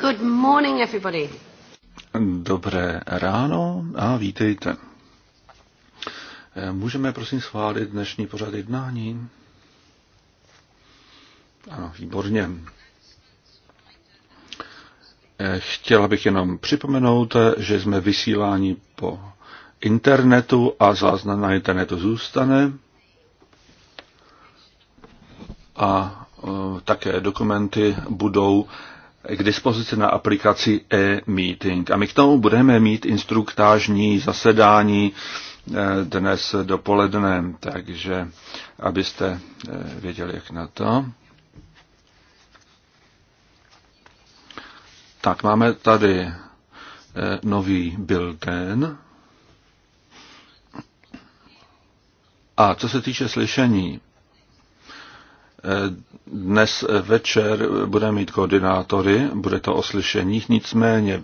Good morning, everybody. Dobré ráno a vítejte. Můžeme prosím schválit dnešní pořad jednání? Ano, výborně. Chtěla bych jenom připomenout, že jsme vysíláni po internetu a záznam na internetu zůstane. A e, také dokumenty budou k dispozici na aplikaci e-meeting. A my k tomu budeme mít instruktážní zasedání e, dnes dopoledne, takže abyste e, věděli, jak na to. Tak, máme tady e, nový bilten. A co se týče slyšení, dnes večer budeme mít koordinátory, bude to o slyšeních, nicméně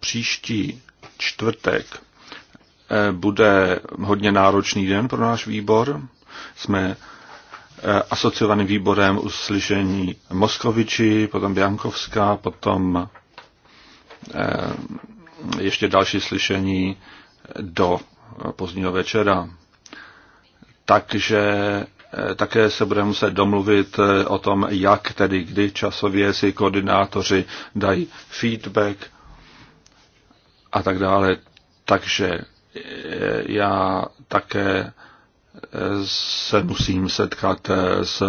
příští čtvrtek eh, bude hodně náročný den pro náš výbor. Jsme eh, asociovaným výborem uslyšení Moskoviči, potom Biankovská, potom eh, ještě další slyšení do pozdního večera. Takže Eh, také se budeme muset domluvit eh, o tom, jak tedy kdy časově si koordinátoři dají feedback a tak dále. Takže eh, já také se musím setkat s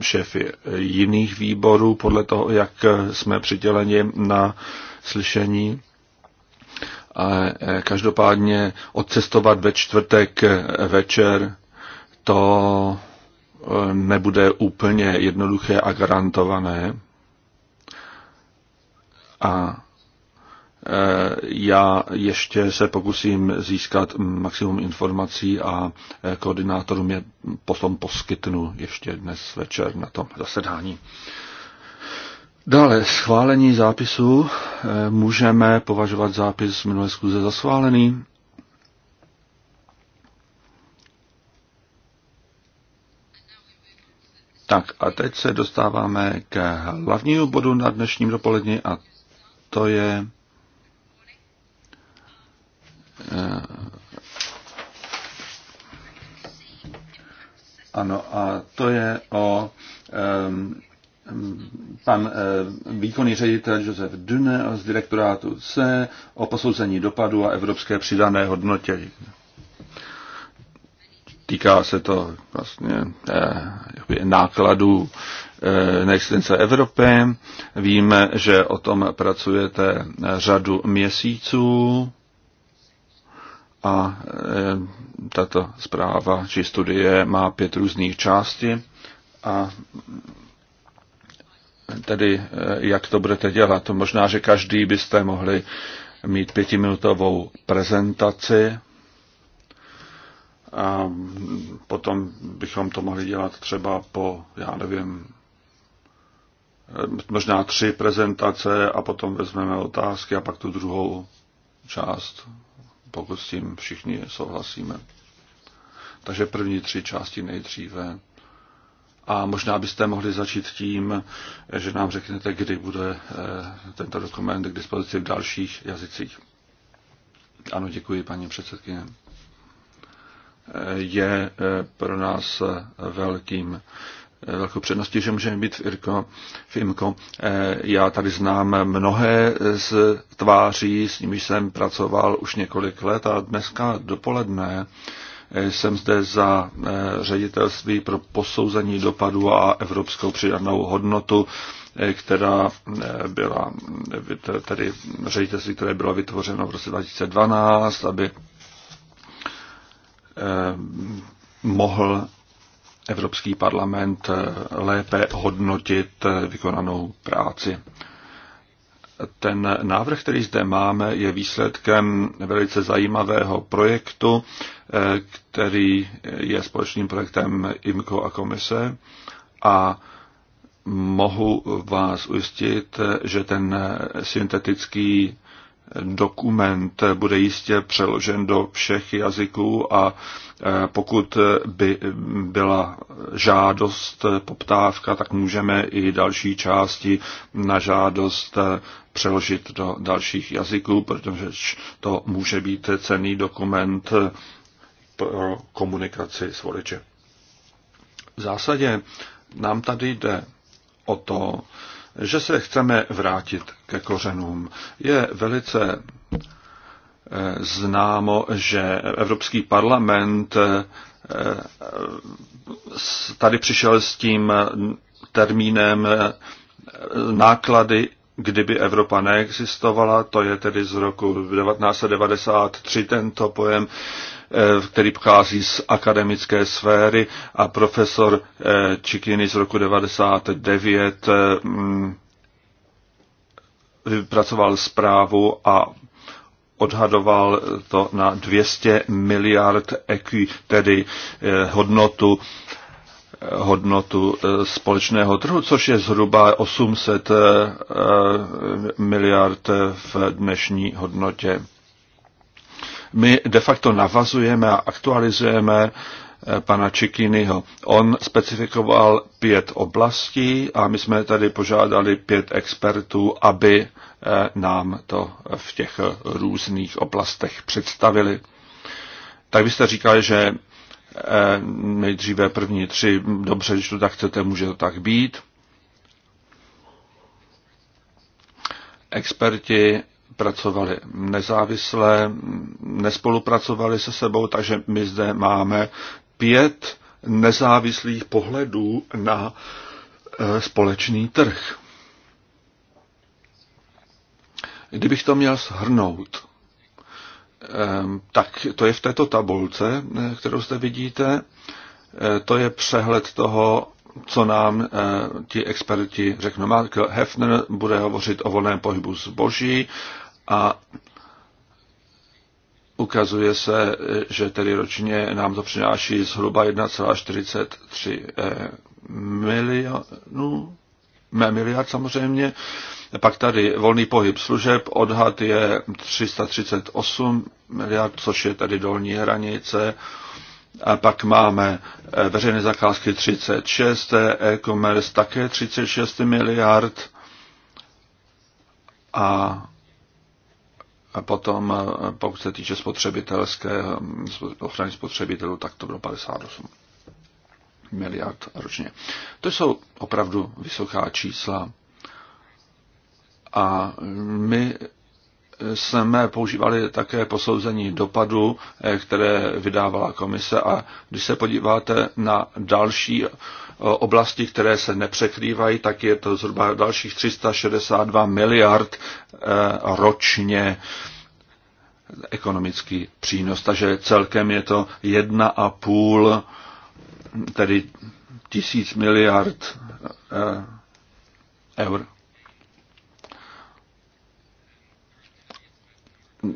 šéfy jiných výborů podle toho, jak jsme přiděleni na slyšení. a každopádně odcestovat ve čtvrtek večer, to nebude úplně jednoduché a garantované. A e, já ještě se pokusím získat maximum informací a e, koordinátorům je potom poskytnu ještě dnes večer na tom zasedání. Dále schválení zápisu. E, můžeme považovat zápis z minulé schůze za schválený. Tak a teď se dostáváme k hlavnímu bodu na dnešním dopoledni a to je eh, ano, a to je o um, pan uh, výkonný ředitel Josef Dune z direktorátu C o posouzení dopadu a evropské přidané hodnotě. Týká se to vlastně eh, nákladů eh, existence Evropy. Víme, že o tom pracujete řadu měsíců a eh, tato zpráva či studie má pět různých částí a tedy eh, jak to budete dělat. Možná, že každý byste mohli mít pětiminutovou prezentaci a potom bychom to mohli dělat třeba po, já nevím, možná tři prezentace a potom vezmeme otázky a pak tu druhou část, pokud s tím všichni souhlasíme. Takže první tři části nejdříve. A možná byste mohli začít tím, že nám řeknete, kdy bude eh, tento dokument k dispozici v dalších jazycích. Ano, děkuji, paní předsedkyně je eh, pro nás eh, velkým eh, velkou předností, že můžeme být v, IRKO, v IMKO. Já tady znám mnohé z tváří, s nimi jsem pracoval už několik let a dneska dopoledne jsem zde za ředitelství pro posouzení dopadu a evropskou přidanou hodnotu, která byla, tedy ředitelství, které bylo vytvořeno v roce 2012, aby Eh, mohl Evropský parlament eh, lépe hodnotit eh, vykonanou práci. Ten návrh, který zde máme, je výsledkem velice zajímavého projektu, který je společným projektem IMCO a komise a mohu vás ujistit, že ten syntetický dokument bude jistě přeložen do všech jazyků a e, pokud by byla žádost, e, poptávka, tak můžeme i další části na žádost e, přeložit do dalších jazyků, protože to může být cený dokument pro komunikaci s voliče. V zásadě nám tady jde o to, že se chceme vrátit ke kořenům. Je velice eh, známo, že Evropský parlament eh, tady přišel s tím eh, termínem náklady, kdyby Evropa neexistovala, to je tedy z roku 1993 tento pojem, Eh, který pochází z akademické sféry a profesor eh, Čikiny z roku 99 eh, mm, vypracoval zprávu a odhadoval to na 200 miliard EQ, tedy hodnotu hodnotu společného trhu, což je zhruba 800 miliard v dnešní hodnotě. My de facto navazujeme a aktualizujeme eh, pana Čekýnyho. On specifikoval pět oblastí a my jsme tady požádali pět expertů, aby eh, nám to v těch různých oblastech představili. Tak byste říkali, že eh, nejdříve první tři, hm, dobře, když to tak chcete, může to tak být. Experti pracovali nezávisle, nespolupracovali se sebou, takže my zde máme pět nezávislých pohledů na e, společný trh. Kdybych to měl shrnout, e, tak to je v této tabulce, e, kterou zde vidíte. To je přehled toho, co nám ti experti řeknou. Michael Hefner bude hovořit o volném pohybu zboží, a ukazuje se, že tedy ročně nám to přináší zhruba 1,43 eh, milionů, miliard samozřejmě. Pak tady volný pohyb služeb, odhad je 338 miliard, což je tady dolní hranice. A pak máme eh, veřejné zakázky 36, eh, e-commerce také 36 miliard a a potom, eh, pokud se týče spotřebitelské eh, ochrany spotřebitelů, tak to bylo 58 miliard ročně. To jsou opravdu vysoká čísla. A my jsme používali také posouzení dopadu, eh, které vydávala komise a když se podíváte na další oblasti, které se nepřekrývají, tak je to zhruba dalších 362 miliard eh, ročně ekonomický přínos. Takže celkem je to 1,5 tedy tisíc miliard eh, eur.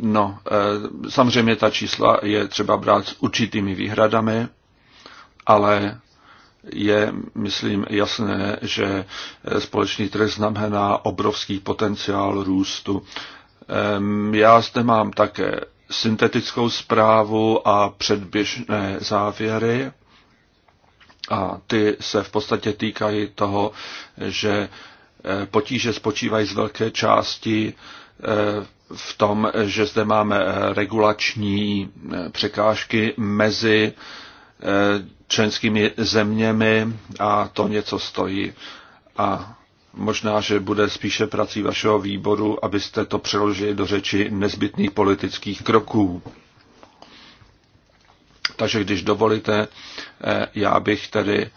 No, eh, samozřejmě ta čísla je třeba brát s určitými výhradami, ale je, myslím, jasné, že společný trh znamená obrovský potenciál růstu. Já zde mám také syntetickou zprávu a předběžné závěry. A ty se v podstatě týkají toho, že eh, potíže spočívají z velké části eh, v tom, že zde máme regulační eh, překážky mezi Eh, členskými zeměmi a to něco stojí. A možná, že bude spíše prací vašeho výboru, abyste to přeložili do řeči nezbytných politických kroků. Takže když dovolíte, eh, já bych tedy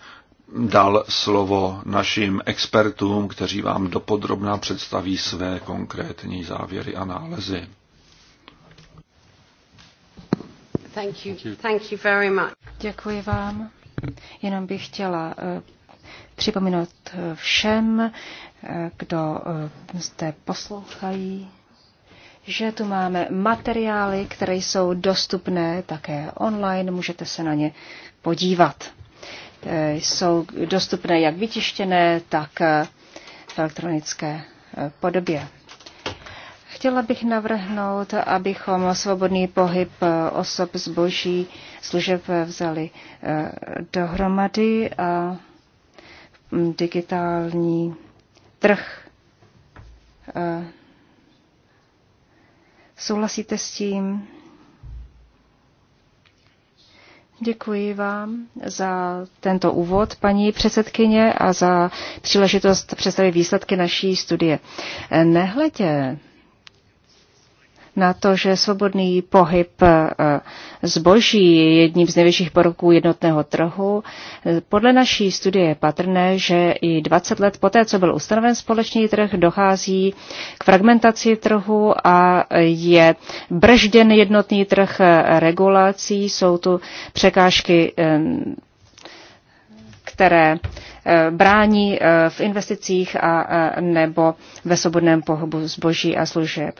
dal slovo našim expertům, kteří vám dopodrobná představí své konkrétní závěry a nálezy. Thank you. Thank you very much. Děkuji vám. Jenom bych chtěla eh, připomínat eh, všem, eh, kdo zde poslouchají, že tu máme materiály, které jsou dostupné také online, můžete se na ně podívat. Jsou dostupné jak vytištěné, tak v elektronické podobě. Chtěla bych navrhnout, abychom svobodný pohyb eh, osob zboží služeb eh, vzali eh, dohromady a mm, digitální trh. Souhlasíte s tím? Děkuji vám za tento úvod, paní předsedkyně, a za příležitost představit výsledky naší studie. Nehledě na to, že svobodný pohyb e, zboží je jedním z největších poroků jednotného trhu. Podle naší studie je patrné, že i 20 let poté, co byl ustanoven společný trh, dochází k fragmentaci trhu a je bržděn jednotný trh e, regulací. Jsou tu překážky e, které brání v investicích a nebo ve svobodném pohybu zboží a služeb.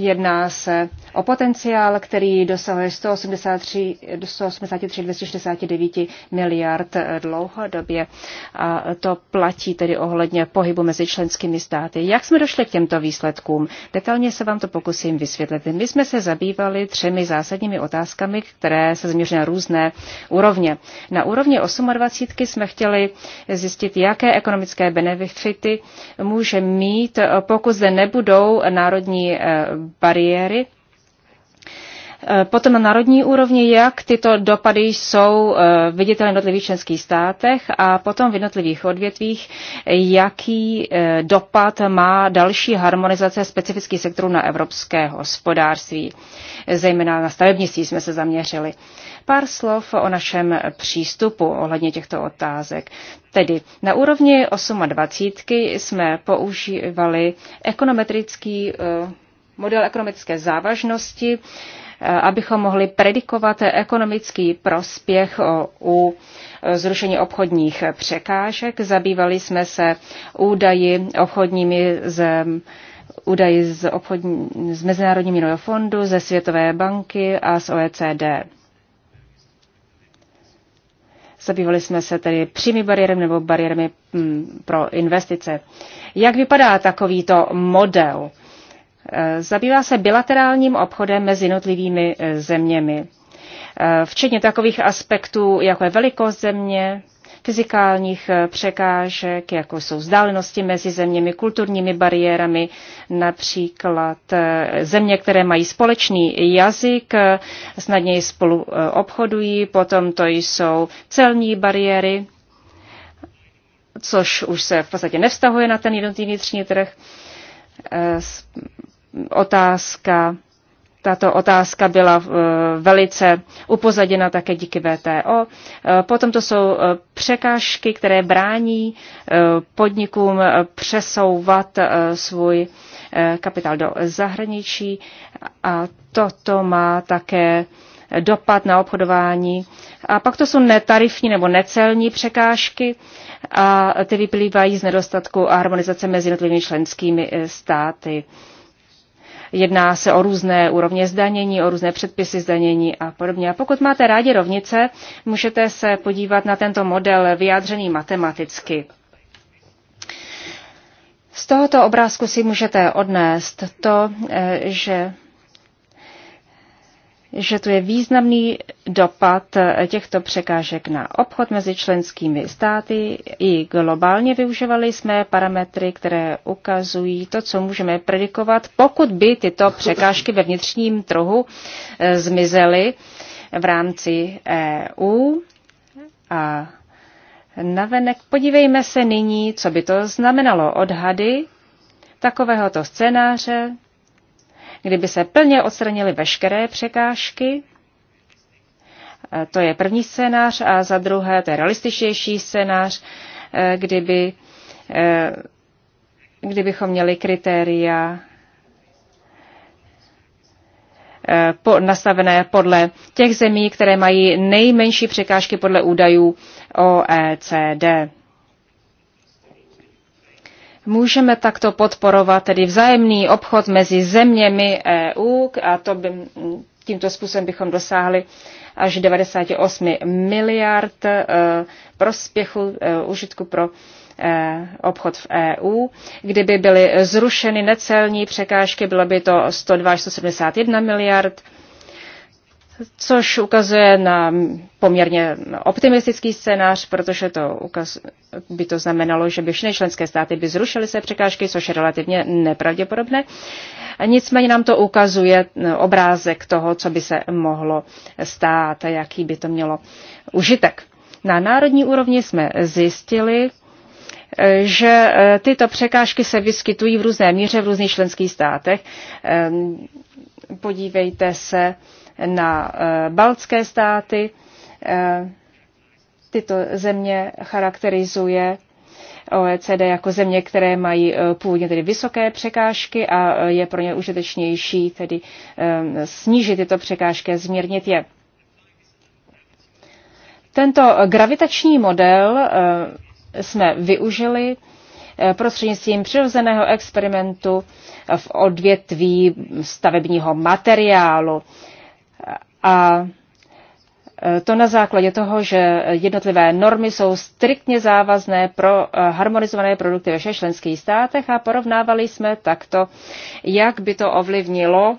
Jedná se o potenciál, který dosahuje 183, 183 269 miliard dlouhodobě. A to platí tedy ohledně pohybu mezi členskými státy. Jak jsme došli k těmto výsledkům? Detailně se vám to pokusím vysvětlit. My jsme se zabývali třemi zásadními otázkami, které se změří na různé úrovně. Na úrovni 28 jsme chtěli zjistit, jaké ekonomické benefity může mít, pokud zde nebudou národní eh, bariéry. Eh, potom na národní úrovni, jak tyto dopady jsou eh, viditelné v jednotlivých členských státech a potom v jednotlivých odvětvích, jaký eh, dopad má další harmonizace specifických sektorů na evropské hospodářství. Zejména na stavebnictví jsme se zaměřili. Pár slov o našem přístupu ohledně těchto otázek. Tedy na úrovni 28 jsme používali ekonometrický model ekonomické závažnosti, eh, abychom mohli predikovat ekonomický prospěch u eh, zrušení obchodních překážek. Zabývali jsme se údaji obchodními z údaji z, obchodní, z Mezinárodního měnového fondu, ze Světové banky a z OECD. Zabývali jsme se tedy přímý bariérem nebo bariérami mm, pro investice. Jak vypadá takovýto model? Eh, zabývá se bilaterálním obchodem mezi jednotlivými eh, zeměmi, eh, včetně takových aspektů, jako je velikost země, fyzikálních překážek, jako jsou vzdálenosti mezi zeměmi, kulturními bariérami, například země, které mají společný jazyk, snadněji spolu obchodují, potom to jsou celní bariéry, což už se v podstatě nevztahuje na ten jednotlivý vnitřní trh otázka, tato otázka byla eh, velice upozaděna také díky VTO. Eh, potom to jsou eh, překážky, které brání podnikům přesouvat svůj kapitál do zahraničí a toto má také dopad na obchodování. A pak to jsou netarifní nebo necelní překážky a ty vyplývají z nedostatku a harmonizace mezi jednotlivými členskými státy. Jedná se o různé úrovně zdanění, o různé předpisy zdanění a podobně. A pokud máte rádi rovnice, můžete se podívat na tento model vyjádřený matematicky. Z tohoto obrázku si můžete odnést to, eh, že že tu je významný dopad eh, těchto překážek na obchod mezi členskými státy. I globálně využívali jsme parametry, které ukazují to, co můžeme predikovat, pokud by tyto překážky ve vnitřním trhu eh, zmizely v rámci EU. A navenek podívejme se nyní, co by to znamenalo odhady takovéhoto scénáře kdyby se plně odstranily veškeré překážky, to je první scénář a za druhé, to je realističtější scénář, eh, kdyby, eh, kdybychom měli kritéria eh, nastavené podle těch zemí, které mají nejmenší překážky podle údajů OECD. Můžeme takto podporovat tedy vzájemný obchod mezi zeměmi EU a to by, tímto způsobem bychom dosáhli až 98 miliard eh, prospěchu eh, užitku pro eh, obchod v EU. Kdyby byly zrušeny necelní překážky, bylo by to 102 až 171 miliard což ukazuje na poměrně optimistický scénář, protože to ukaz, by to znamenalo, že by všechny členské státy by zrušily se překážky, což je relativně nepravděpodobné. Nicméně nám to ukazuje eh, obrázek toho, co by se mohlo stát a jaký by to mělo užitek. Na národní úrovni jsme zjistili, eh, že eh, tyto překážky se vyskytují v různé míře v různých členských státech. Ehm, podívejte se na eh, baltské státy. Eh, tyto země charakterizuje OECD jako země, které mají eh, původně tedy vysoké překážky a je pro ně užitečnější tedy snížit tyto překážky, zmírnit je. Tento gravitační model jsme využili prostřednictvím přirozeného experimentu v odvětví stavebního materiálu. A e, to na základě toho, že jednotlivé normy jsou striktně závazné pro e, harmonizované produkty ve všech členských státech a porovnávali jsme takto, jak by to ovlivnilo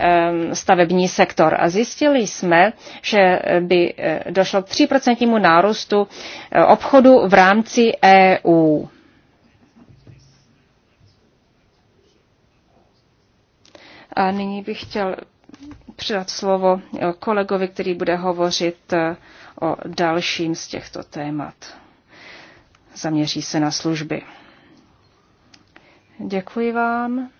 e, stavební sektor. A zjistili jsme, že by došlo k 3% nárůstu obchodu v rámci EU. A nyní bych chtěl předat slovo eh, kolegovi, který bude hovořit eh, o dalším z těchto témat. Zaměří se na služby. Děkuji vám.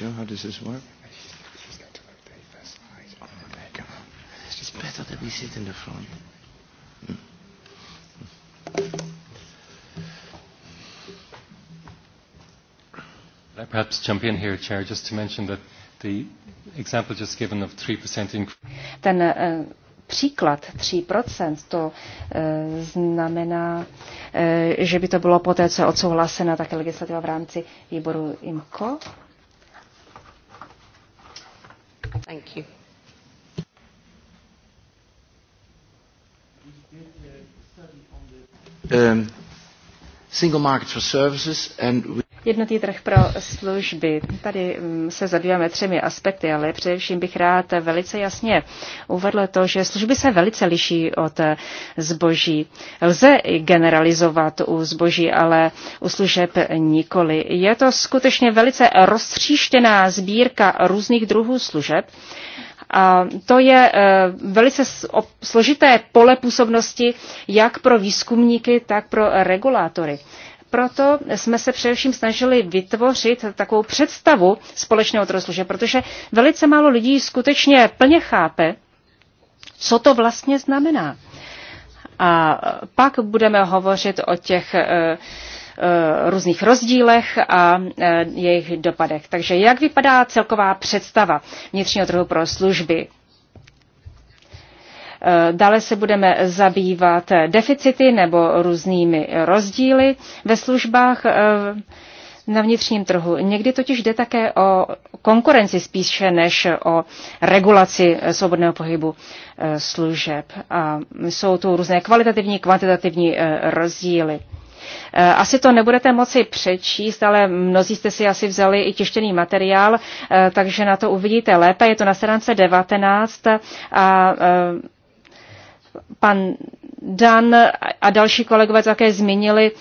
Joe, how does this work? got to slides. Oh, my God. It's better that we sit in the front. I perhaps jump in here, Chair, just to mention that the example just given of 3% increase. Ten uh, příklad 3%, to e, znamená, e, že by to bylo poté, co je odsouhlasena také legislativa v rámci výboru IMCO. Thank you. um, single market for services and we Jednotný trh pro služby. Tady mm, se zabýváme třemi aspekty, ale především bych rád velice jasně uvedl to, že služby se velice liší od eh, zboží. Lze generalizovat u zboží, ale u služeb nikoli. Je to skutečně velice roztříštěná sbírka různých druhů služeb to je eh, velice složité pole působnosti jak pro výzkumníky, tak pro regulátory. Proto jsme se především snažili vytvořit takovou představu společného trhu služeb, protože velice málo lidí skutečně plně chápe, co to vlastně znamená. A pak budeme hovořit o těch uh, Eh, různých rozdílech a eh, jejich dopadech. Takže jak vypadá celková představa vnitřního trhu pro služby? Eh, dále se budeme zabývat deficity nebo různými rozdíly ve službách na vnitřním trhu. Někdy totiž jde také o konkurenci spíše než o regulaci svobodného pohybu služeb. A jsou tu různé kvalitativní, kvantitativní rozdíly. Eh, asi to nebudete moci přečíst, ale mnozí jste si asi vzali i tištěný materiál, eh, takže na to uvidíte lépe. Je to na stránce 19 a eh, pan Dan a další kolegové také zmínili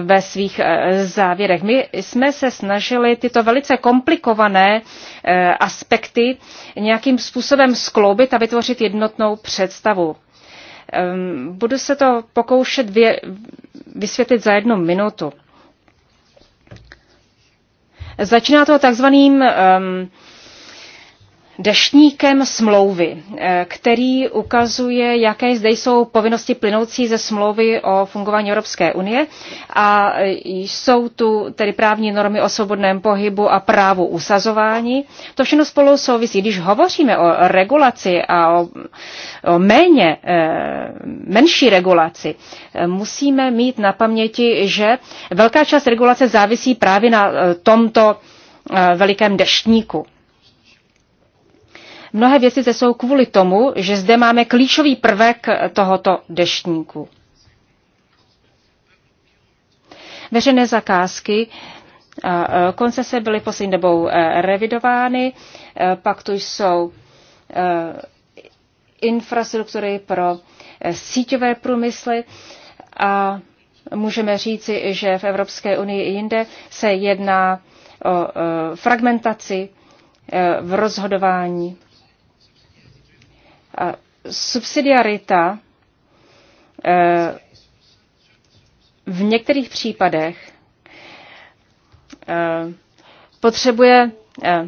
ve svých závěrech. My jsme se snažili tyto velice komplikované aspekty nějakým způsobem skloubit a vytvořit jednotnou představu. Budu se to pokoušet vysvětlit za jednu minutu. Začíná to takzvaným um, deštníkem smlouvy, eh, který ukazuje, jaké zde jsou povinnosti plynoucí ze smlouvy o fungování Evropské unie a eh, jsou tu tedy právní normy o svobodném pohybu a právu usazování. To všechno spolu souvisí. Když hovoříme o regulaci a o, o méně, eh, menší regulaci, musíme mít na paměti, že velká část regulace závisí právě na tomto velikém deštníku. Mnohé věci zde jsou kvůli tomu, že zde máme klíčový prvek tohoto deštníku. Veřejné zakázky koncese byly poslední dobou e, revidovány, e, pak tu jsou e, infrastruktury pro síťové průmysly a můžeme říci, že v Evropské unii i jinde se jedná o fragmentaci v rozhodování. A subsidiarita eh, v některých případech eh, potřebuje eh,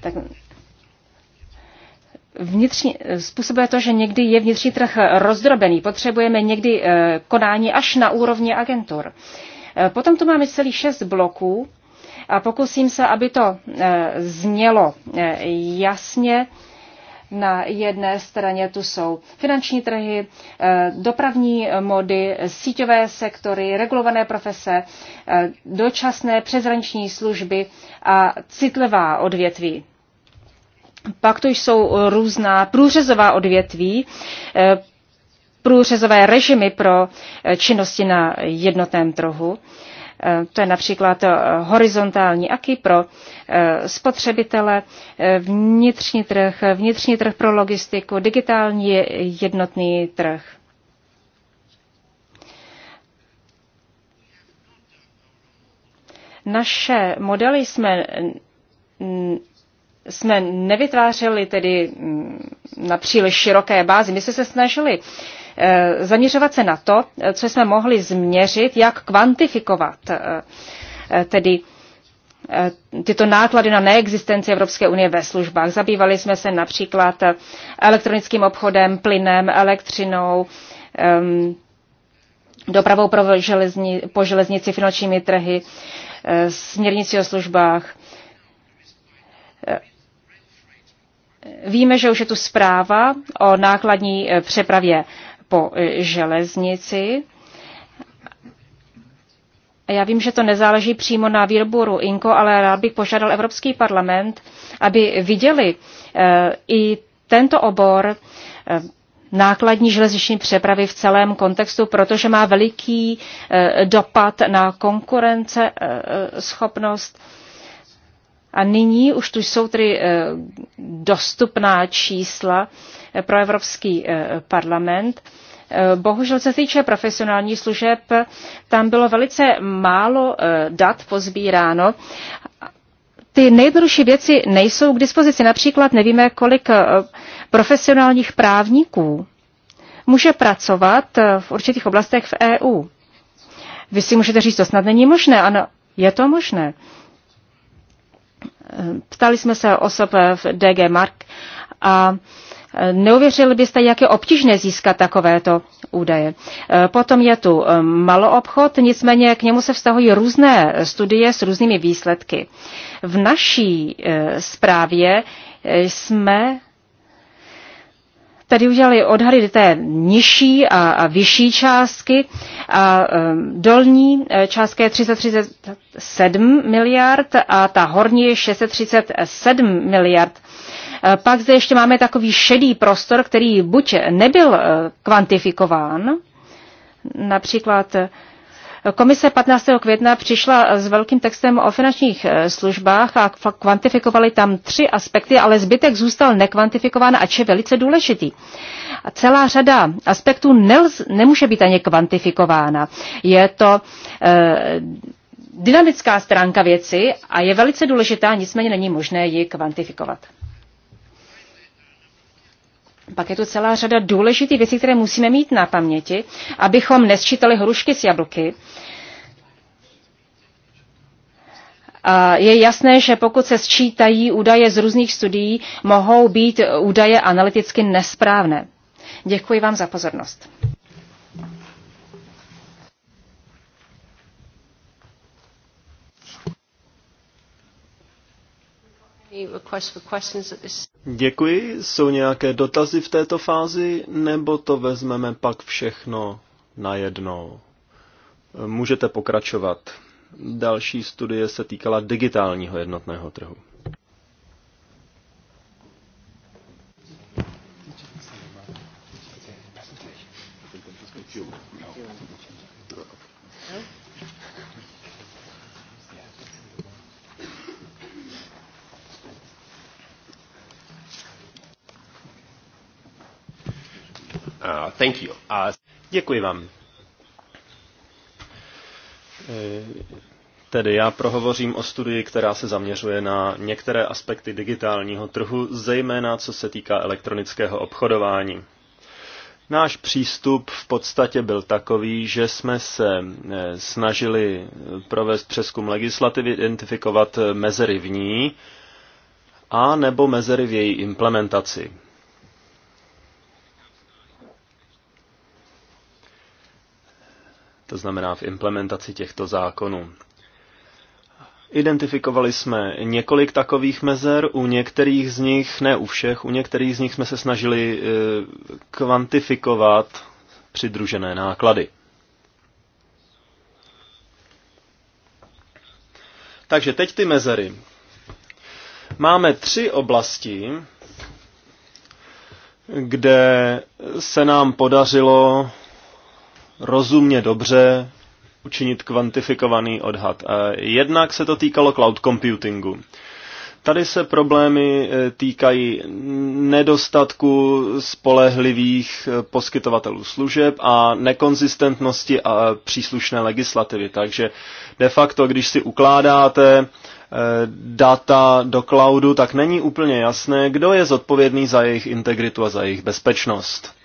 tak vnitřní, způsobuje to, že někdy je vnitřní trh rozdrobený. Potřebujeme někdy konání až na úrovni agentur. Potom tu máme celý šest bloků a pokusím se, aby to znělo jasně na jedné straně tu jsou finanční trhy, eh, dopravní mody, síťové sektory, regulované profese, eh, dočasné přezraniční služby a citlivá odvětví. Pak tu jsou různá průřezová odvětví, eh, průřezové režimy pro činnosti na jednotném trhu. Eh, to je například eh, horizontální aky pro eh, spotřebitele, vnitřní trh, vnitřní trh pro logistiku, digitální jednotný trh. Naše modely jsme jsme nevytvářeli tedy mm, na příliš široké bázi. My jsme se snažili Eh, zaměřovat se na to, co jsme mohli změřit, jak kvantifikovat eh, eh, tedy tyto náklady na neexistenci Evropské unie ve službách. Zabývali jsme se například elektronickým obchodem, plynem, elektřinou, ehm, dopravou pro železni, po železnici, finančními trhy, směrnici o službách. Víme, že už je tu zpráva o nákladní přepravě po e, železnici. Já vím, že to nezáleží přímo na výboru INKO, ale rád bych požádal Evropský parlament, aby viděli e, i tento obor e, nákladní železniční přepravy v celém kontextu, protože má veliký dopad na konkurence, schopnost. A nyní už tu jsou tedy dostupná čísla, pro Evropský eh, parlament. Eh, bohužel, co se týče profesionální služeb, tam bylo velice málo eh, dat pozbíráno. Ty nejjednodušší věci nejsou k dispozici. Například nevíme, kolik profesionálních právníků může pracovat v určitých oblastech v EU. Vy si můžete říct, to snad není možné. Ano, je to možné. Ptali jsme se osob v DG Mark a Neuvěřili byste, jak je obtížné získat takovéto údaje. Eh, potom je tu eh, maloobchod, nicméně k němu se vztahují různé studie s různými výsledky. V naší eh, zprávě jsme tady udělali odhady té nižší a, a vyšší částky a ehm, dolní částka je 337 miliard a ta horní je 637 miliard. Eh, pak zde ještě máme takový šedý prostor, který buď nebyl eh, kvantifikován, například eh, Komise 15. května přišla s velkým textem o finančních službách a kvantifikovali tam tři aspekty, ale zbytek zůstal nekvantifikován, ač je velice důležitý. A celá řada aspektů nelz, nemůže být ani kvantifikována. Je to e, dynamická stránka věci a je velice důležitá, nicméně není možné ji kvantifikovat. Pak je tu celá řada důležitých věcí, které musíme mít na paměti, abychom nesčítali hrušky s jablky. A je jasné, že pokud se sčítají údaje z různých studií, mohou být údaje analyticky nesprávné. Děkuji vám za pozornost. Děkuji. Jsou nějaké dotazy v této fázi, nebo to vezmeme pak všechno najednou? Můžete pokračovat. Další studie se týkala digitálního jednotného trhu. Děkuji vám. Eh, tedy já prohovořím o studii, která se zaměřuje na některé aspekty digitálního trhu, zejména co se týká elektronického obchodování. Náš přístup v podstatě byl takový, že jsme se eh, snažili provést přeskum legislativy, identifikovat mezery v ní a nebo mezery v její implementaci. to znamená v implementaci těchto zákonů. Identifikovali jsme několik takových mezer, u některých z nich, ne u všech, u některých z nich jsme se snažili e, kvantifikovat přidružené náklady. Takže teď ty mezery. Máme tři oblasti, kde se nám podařilo rozumně dobře učinit kvantifikovaný odhad. E, jednak se to týkalo cloud computingu. Tady se problémy e, týkají nedostatku spolehlivých e, poskytovatelů služeb a nekonzistentnosti a příslušné legislativy. Takže de facto, když si ukládáte data do cloudu, tak není úplně jasné, kdo je zodpovědný za jejich integritu a za jejich bezpečnost.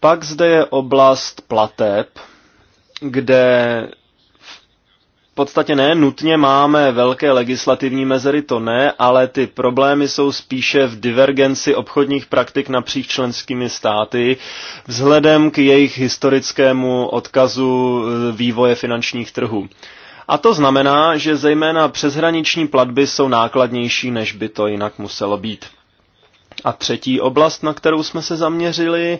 Pak zde je oblast plateb, kde v podstatě ne nutně máme velké legislativní mezery, to ne, ale ty problémy jsou spíše v divergenci obchodních praktik napříč členskými státy vzhledem k jejich historickému odkazu e, vývoje finančních trhů. A to znamená, že zejména přeshraniční platby jsou nákladnější, než by to jinak muselo být. A třetí oblast, na kterou jsme se zaměřili,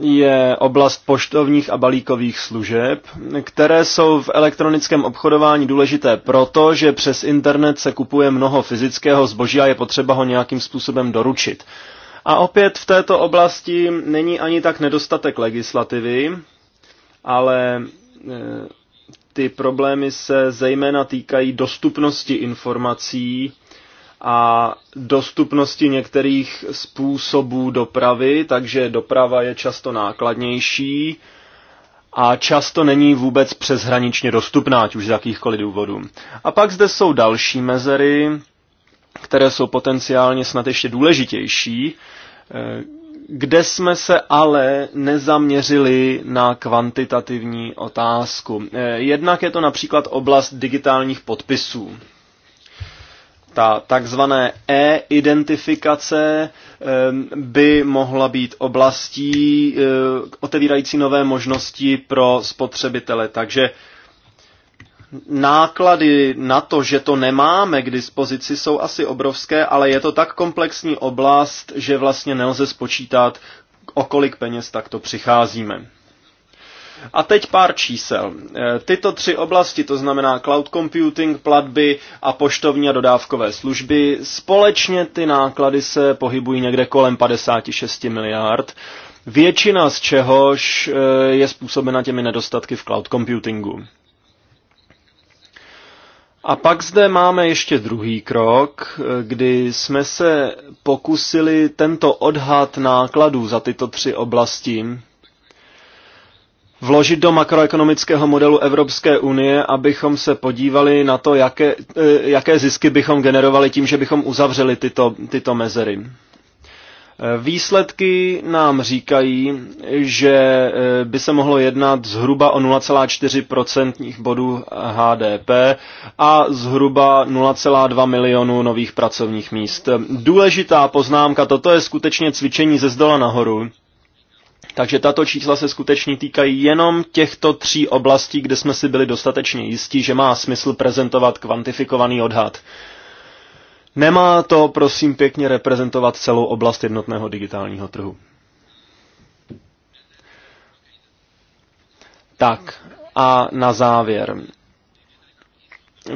je oblast poštovních a balíkových služeb, které jsou v elektronickém obchodování důležité proto, že přes internet se kupuje mnoho fyzického zboží a je potřeba ho nějakým způsobem doručit. A opět v této oblasti není ani tak nedostatek legislativy, ale e, ty problémy se zejména týkají dostupnosti informací a dostupnosti některých způsobů dopravy, takže doprava je často nákladnější a často není vůbec přeshraničně dostupná, ať už z jakýchkoliv důvodů. A pak zde jsou další mezery, které jsou potenciálně snad ještě důležitější, eh, kde jsme se ale nezaměřili na kvantitativní otázku. Eh, jednak je to například oblast digitálních podpisů ta takzvané e-identifikace by mohla být oblastí e, otevírající nové možnosti pro spotřebitele. Takže náklady na to, že to nemáme k dispozici, jsou asi obrovské, ale je to tak komplexní oblast, že vlastně nelze spočítat, o kolik peněz takto přicházíme. A teď pár čísel. Eh, tyto tři oblasti, to znamená cloud computing, platby a poštovní a dodávkové služby, společně ty náklady se pohybují někde kolem 56 miliard, většina z čehož eh, je způsobena těmi nedostatky v cloud computingu. A pak zde máme ještě druhý krok, eh, kdy jsme se pokusili tento odhad nákladů za tyto tři oblasti vložit do makroekonomického modelu Evropské unie, abychom se podívali na to, jaké, eh, jaké zisky bychom generovali tím, že bychom uzavřeli tyto, tyto mezery. Eh, výsledky nám říkají, že eh, by se mohlo jednat zhruba o 0,4% bodů HDP a zhruba 0,2 milionu nových pracovních míst. Důležitá poznámka, toto je skutečně cvičení ze zdola nahoru takže tato čísla se skutečně týkají jenom těchto tří oblastí, kde jsme si byli dostatečně jistí, že má smysl prezentovat kvantifikovaný odhad. Nemá to, prosím, pěkně reprezentovat celou oblast jednotného digitálního trhu. Tak a na závěr.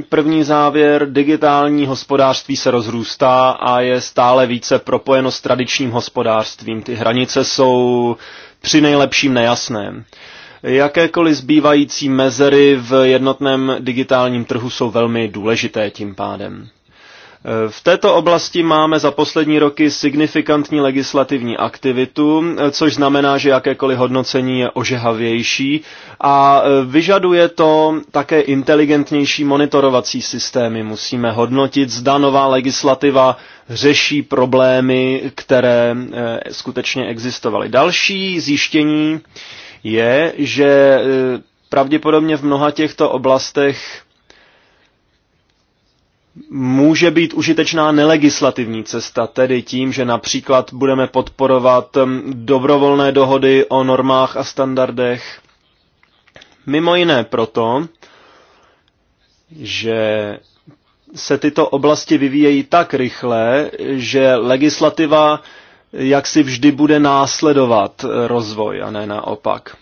První závěr, digitální hospodářství se rozrůstá a je stále více propojeno s tradičním hospodářstvím. Ty hranice jsou při nejlepším nejasném. Jakékoliv zbývající mezery v jednotném digitálním trhu jsou velmi důležité tím pádem. V této oblasti máme za poslední roky signifikantní legislativní aktivitu, což znamená, že jakékoliv hodnocení je ožehavější a e, vyžaduje to také inteligentnější monitorovací systémy. Musíme hodnotit, zda nová legislativa řeší problémy, které e, skutečně existovaly. Další zjištění je, že e, pravděpodobně v mnoha těchto oblastech může být užitečná nelegislativní cesta, tedy tím, že například budeme podporovat um, dobrovolné dohody o normách a standardech. Mimo jiné proto, že se tyto oblasti vyvíjejí tak rychle, že legislativa jaksi vždy bude následovat eh, rozvoj a ne naopak.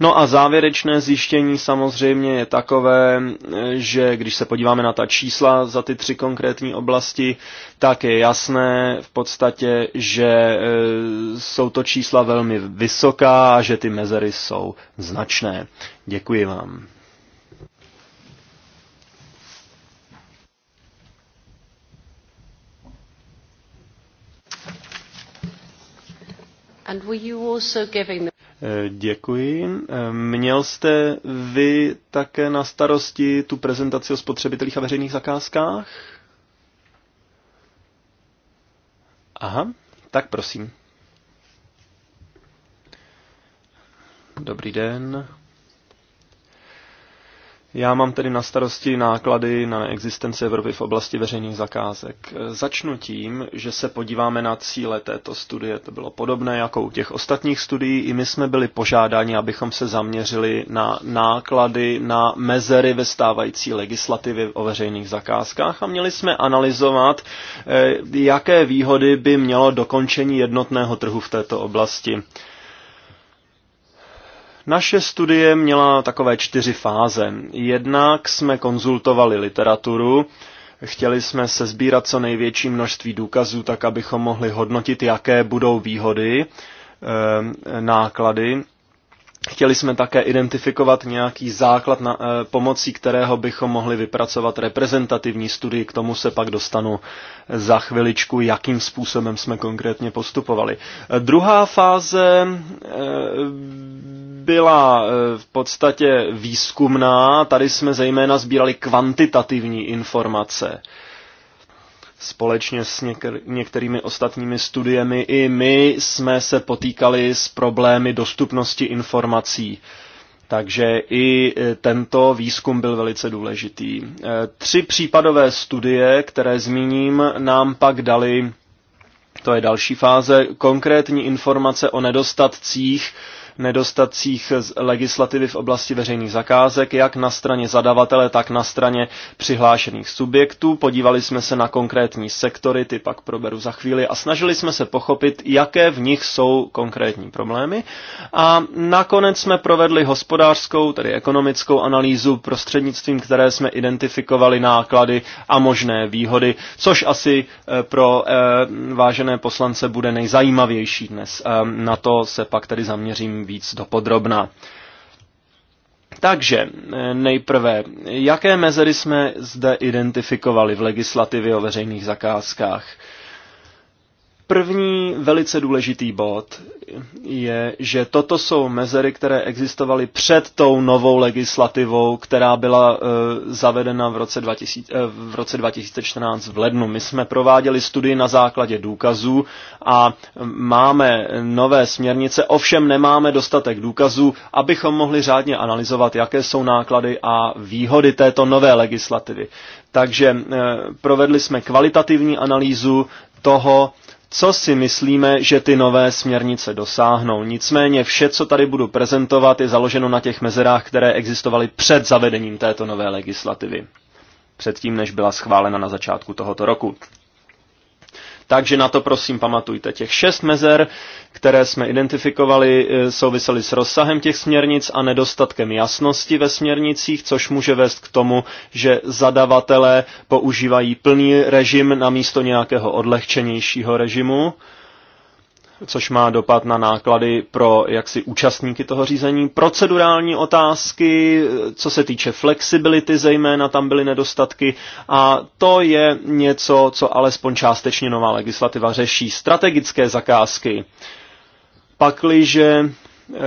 No a závěrečné zjištění samozřejmě je takové, že když se podíváme na ta čísla za ty tři konkrétní oblasti, tak je jasné v podstatě, že e, jsou to čísla velmi vysoká a že ty mezery jsou značné. Děkuji vám. And were you also giving Děkuji. Měl jste vy také na starosti tu prezentaci o spotřebitelích a veřejných zakázkách? Aha, tak prosím. Dobrý den. Já mám tedy na starosti náklady na existenci Evropy v oblasti veřejných zakázek. Začnu tím, že se podíváme na cíle této studie. To bylo podobné jako u těch ostatních studií. I my jsme byli požádáni, abychom se zaměřili na náklady, na mezery ve stávající legislativě o veřejných zakázkách a měli jsme analyzovat, eh, jaké výhody by mělo dokončení jednotného trhu v této oblasti. Naše studie měla takové čtyři fáze. Jednak jsme konzultovali literaturu, Chtěli jsme se sbírat co největší množství důkazů, tak abychom mohli hodnotit, jaké budou výhody, eh, náklady Chtěli jsme také identifikovat nějaký základ, na, e, pomocí kterého bychom mohli vypracovat reprezentativní studii. K tomu se pak dostanu eh, za chviličku, jakým způsobem jsme konkrétně postupovali. E, druhá fáze e, byla e, v podstatě výzkumná. Tady jsme zejména sbírali kvantitativní informace. E, společně s některými ostatními studiemi i my jsme se potýkali s problémy dostupnosti informací. Takže i e, tento výzkum byl velice důležitý. E, tři případové studie, které zmíním, nám pak dali, to je další fáze, konkrétní informace o nedostatcích nedostacích legislativy v oblasti veřejných zakázek, jak na straně zadavatele, tak na straně přihlášených subjektů. Podívali jsme se na konkrétní sektory, ty pak proberu za chvíli, a snažili jsme se pochopit, jaké v nich jsou konkrétní problémy. A nakonec jsme provedli hospodářskou, tedy ekonomickou analýzu, prostřednictvím které jsme identifikovali náklady a možné výhody, což asi eh, pro eh, vážené poslance bude nejzajímavější dnes. Ehm, na to se pak tedy zaměřím víc dopodrobna. Takže eh, nejprve, jaké mezery jsme zde identifikovali v legislativě o veřejných zakázkách? První velice důležitý bod je, že toto jsou mezery, které existovaly před tou novou legislativou, která byla e, zavedena v roce, 2000, e, eh, v roce 2014 v lednu. My jsme prováděli studii na základě důkazů a máme nové směrnice, ovšem nemáme dostatek důkazů, abychom mohli řádně analyzovat, jaké jsou náklady a výhody této nové legislativy. Takže e, provedli jsme kvalitativní analýzu toho, co si myslíme, že ty nové směrnice dosáhnou. Nicméně vše, co tady budu prezentovat, je založeno na těch mezerách, které existovaly před zavedením této nové legislativy. Předtím, než byla schválena na začátku tohoto roku. Takže na to prosím pamatujte. Těch šest mezer, které jsme identifikovali, e, souvisely s rozsahem těch směrnic a nedostatkem jasnosti ve směrnicích, což může vést k tomu, že zadavatelé používají plný režim na místo nějakého odlehčenějšího režimu což má dopad na náklady pro jaksi účastníky toho řízení. Procedurální otázky, co se týče flexibility zejména, tam byly nedostatky a to je něco, co alespoň částečně nová legislativa řeší. Strategické zakázky. Pakliže Eh,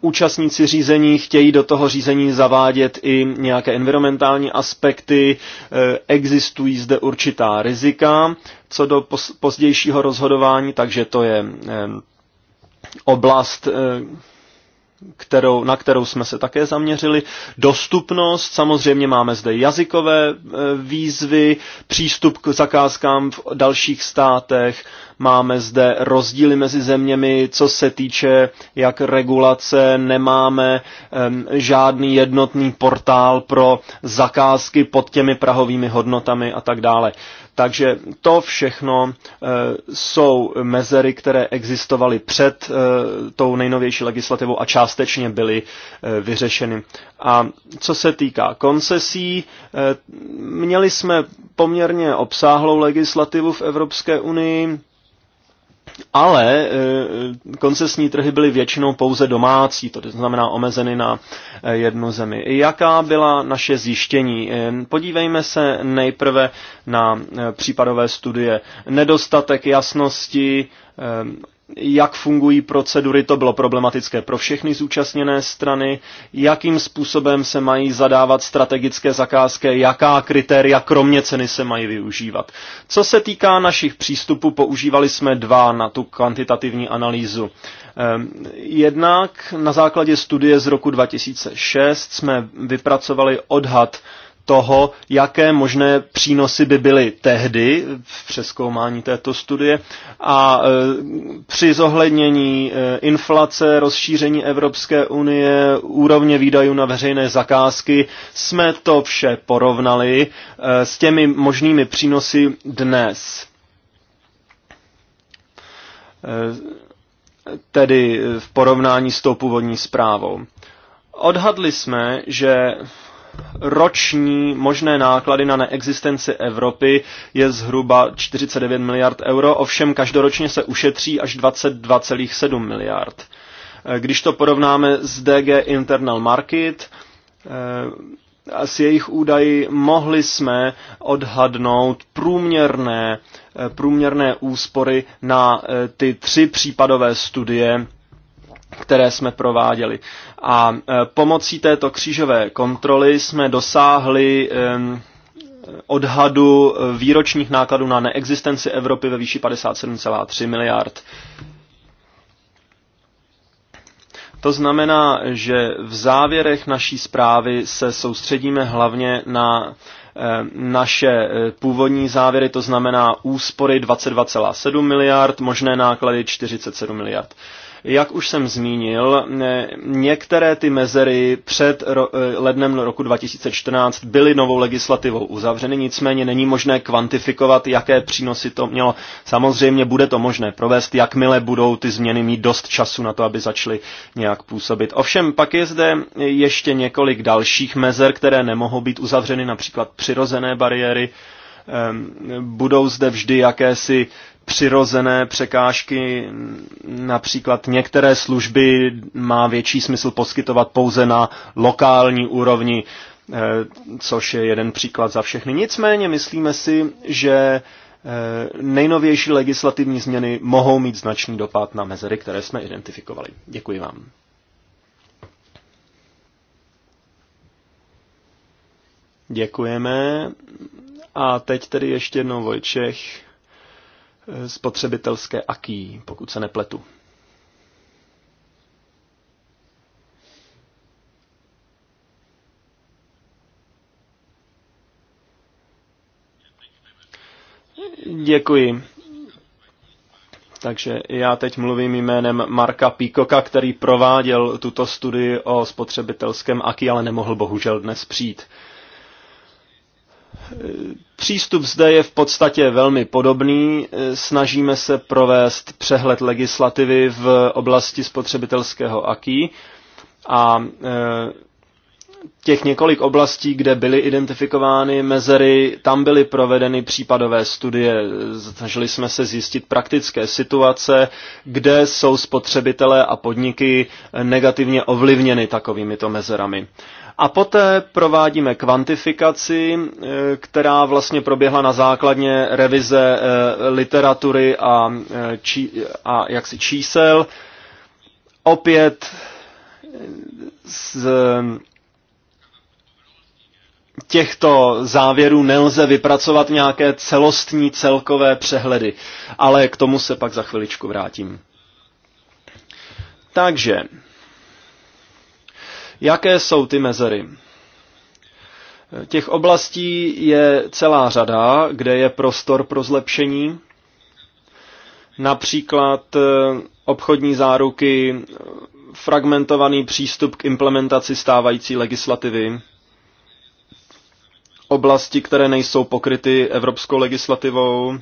účastníci řízení chtějí do toho řízení zavádět i nějaké environmentální aspekty, eh, existují zde určitá rizika co do pozdějšího rozhodování, takže to je eh, oblast, kterou, na kterou jsme se také zaměřili. Dostupnost, samozřejmě máme zde jazykové e, výzvy, přístup k zakázkám v dalších státech, máme zde rozdíly mezi zeměmi, co se týče jak regulace, nemáme um, žádný jednotný portál pro zakázky pod těmi prahovými hodnotami a tak dále. Takže to všechno eh, jsou mezery, které existovaly před eh, tou nejnovější legislativou a částečně byly eh, vyřešeny. A co se týká koncesí, měli jsme poměrně obsáhlou legislativu v Evropské unii, ale e, koncesní trhy byly většinou pouze domácí, to znamená omezeny na e, jednu zemi. Jaká byla naše zjištění? E, podívejme se nejprve na případové studie. Nedostatek jasnosti, jak fungují procedury, to bylo problematické pro všechny zúčastněné strany, jakým způsobem se mají zadávat strategické zakázky, jaká kritéria kromě ceny se mají využívat. Co se týká našich přístupů, používali jsme dva na tu kvantitativní analýzu. Ehm, jednak na základě studie z roku 2006 jsme vypracovali odhad toho, jaké možné přínosy by byly tehdy v přeskoumání této studie a e, při zohlednění e, inflace, rozšíření Evropské unie, úrovně výdajů na veřejné zakázky jsme to vše porovnali e, s těmi možnými přínosy dnes. Tedy v porovnání s tou původní zprávou. Odhadli jsme, že roční možné náklady na neexistenci Evropy je zhruba 49 miliard euro, ovšem každoročně se ušetří až 22,7 miliard. Eh, když to porovnáme s DG Internal Market, eh, a s jejich údaji mohli jsme odhadnout průměrné, eh, průměrné úspory na ty tři případové studie které jsme prováděli. A e, pomocí této křížové kontroly jsme dosáhli odhadu e, výročních nákladů na neexistenci Evropy ve výši 57,3 miliard. To znamená, že v závěrech naší zprávy se soustředíme hlavně na e, naše původní závěry, to znamená úspory 22,7 miliard, možné náklady 47 miliard. Jak už jsem zmínil, eh, některé ty mezery před eh, lednem roku 2014 byly novou legislativou uzavřeny, nicméně není možné kvantifikovat, jaké přínosy to mělo. Samozřejmě bude to možné provést, jakmile budou ty změny mít dost času na to, aby začaly nějak působit. Ovšem pak je zde ještě několik dalších mezer, které nemohou být uzavřeny, například přirozené bariéry, ehm, budou zde vždy jakési přirozené překážky, například některé služby má větší smysl poskytovat pouze na lokální úrovni, eh, což je jeden příklad za všechny. Nicméně myslíme si, že eh, nejnovější legislativní změny mohou mít značný dopad na mezery, které jsme identifikovali. Děkuji vám. Děkujeme. A teď tedy ještě jednou Vojčech. Eh, spotřebitelské aký, pokud se nepletu. Děkuji. Takže já teď mluvím jménem Marka Píkoka, který prováděl tuto studii o spotřebitelském AKI, ale nemohl bohužel dnes přijít. Přístup zde je v podstatě velmi podobný. Snažíme se provést přehled legislativy v oblasti spotřebitelského AKI a e, těch několik oblastí, kde byly identifikovány mezery, tam byly provedeny případové studie. Snažili jsme se zjistit praktické situace, kde jsou spotřebitelé a podniky negativně ovlivněny takovýmito mezerami. A poté provádíme kvantifikaci, e, která vlastně proběhla na základně revize e, literatury a, e, či, a jaksi čísel. Opět z těchto závěrů nelze vypracovat nějaké celostní celkové přehledy, ale k tomu se pak za chviličku vrátím. Takže Jaké jsou ty mezery? Těch oblastí je celá řada, kde je prostor pro zlepšení. Například eh, obchodní záruky, fragmentovaný přístup k implementaci stávající legislativy, oblasti, které nejsou pokryty evropskou legislativou,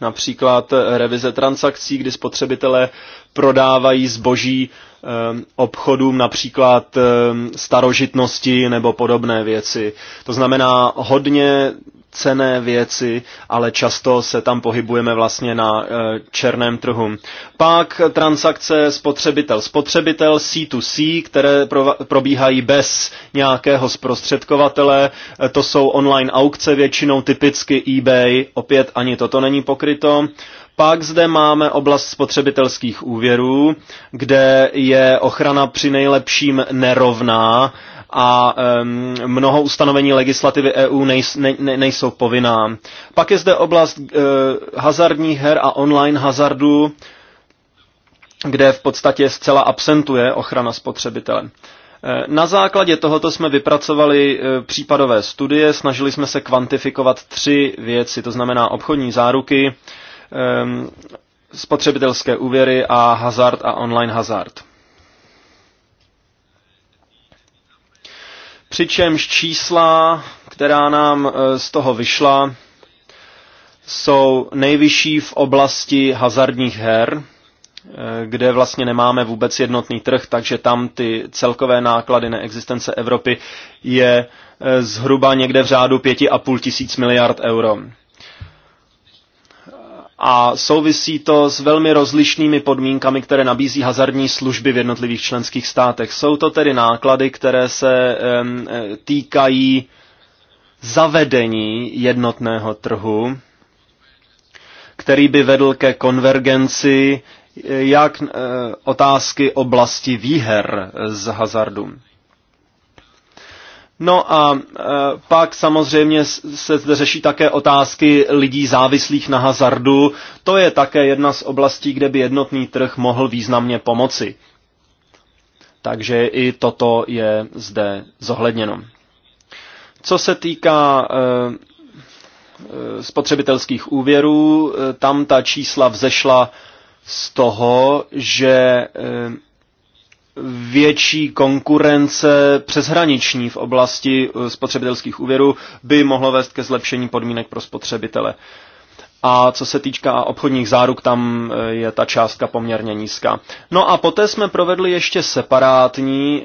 Například revize transakcí, kdy spotřebitelé prodávají zboží ehm, obchodům, například ehm, starožitnosti nebo podobné věci. To znamená, hodně cené věci, ale často se tam pohybujeme vlastně na eh, černém trhu. Pak transakce spotřebitel-spotřebitel C2C, které probíhají bez nějakého zprostředkovatele. Eh, to jsou online aukce většinou, typicky eBay, opět ani toto není pokryto. Pak zde máme oblast spotřebitelských úvěrů, kde je ochrana při nejlepším nerovná a mnoho ustanovení legislativy EU nejsou povinná. Pak je zde oblast e, hazardních her a online hazardu, kde v podstatě zcela absentuje ochrana spotřebitele. E, na základě tohoto jsme vypracovali e, případové studie, snažili jsme se kvantifikovat tři věci, to znamená obchodní záruky, spotřebitelské úvěry a hazard a online hazard. přičemž čísla, která nám e, z toho vyšla, jsou nejvyšší v oblasti hazardních her, e, kde vlastně nemáme vůbec jednotný trh, takže tam ty celkové náklady na existence Evropy je e, zhruba někde v řádu 5,5 tisíc miliard euro a souvisí to s velmi rozlišnými podmínkami, které nabízí hazardní služby v jednotlivých členských státech. Jsou to tedy náklady, které se e, týkají zavedení jednotného trhu, který by vedl ke konvergenci e, jak e, otázky oblasti výher z hazardu. No a e, pak samozřejmě se zde řeší také otázky lidí závislých na hazardu. To je také jedna z oblastí, kde by jednotný trh mohl významně pomoci. Takže i toto je zde zohledněno. Co se týká e, e, spotřebitelských úvěrů, tam ta čísla vzešla z toho, že větší konkurence přeshraniční v oblasti eh, spotřebitelských úvěrů by mohlo vést ke zlepšení podmínek pro spotřebitele. A co se týká obchodních záruk, tam eh, je ta částka poměrně nízká. No a poté jsme provedli ještě separátní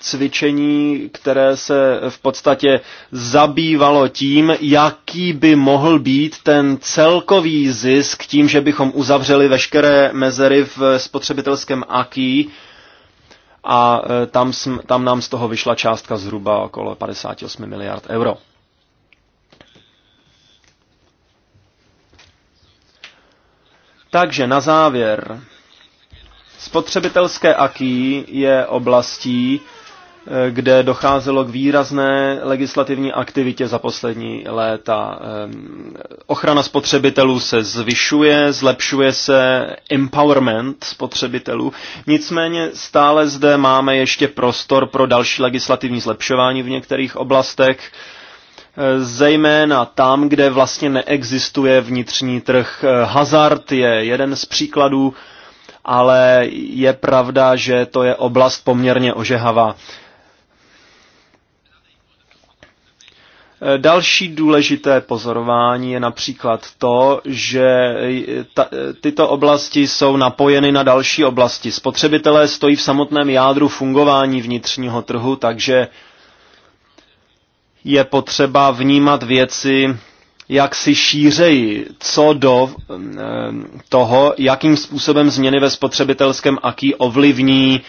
cvičení, které se v podstatě zabývalo tím, jaký by mohl být ten celkový zisk tím, že bychom uzavřeli veškeré mezery v spotřebitelském AKI a e, tam, tam nám z toho vyšla částka zhruba okolo 58 miliard euro. Takže na závěr. Spotřebitelské aký je oblastí, Eh, kde docházelo k výrazné legislativní aktivitě za poslední léta. Ehm, ochrana spotřebitelů se zvyšuje, zlepšuje se empowerment spotřebitelů, nicméně stále zde máme ještě prostor pro další legislativní zlepšování v některých oblastech, eh, zejména tam, kde vlastně neexistuje vnitřní trh. Eh, hazard je jeden z příkladů, ale je pravda, že to je oblast poměrně ožehavá. Eh, další důležité pozorování je například to, že ta, eh, tyto oblasti jsou napojeny na další oblasti. Spotřebitelé stojí v samotném jádru fungování vnitřního trhu, takže je potřeba vnímat věci jak si šířejí, co do eh, toho, jakým způsobem změny ve spotřebitelském aký ovlivní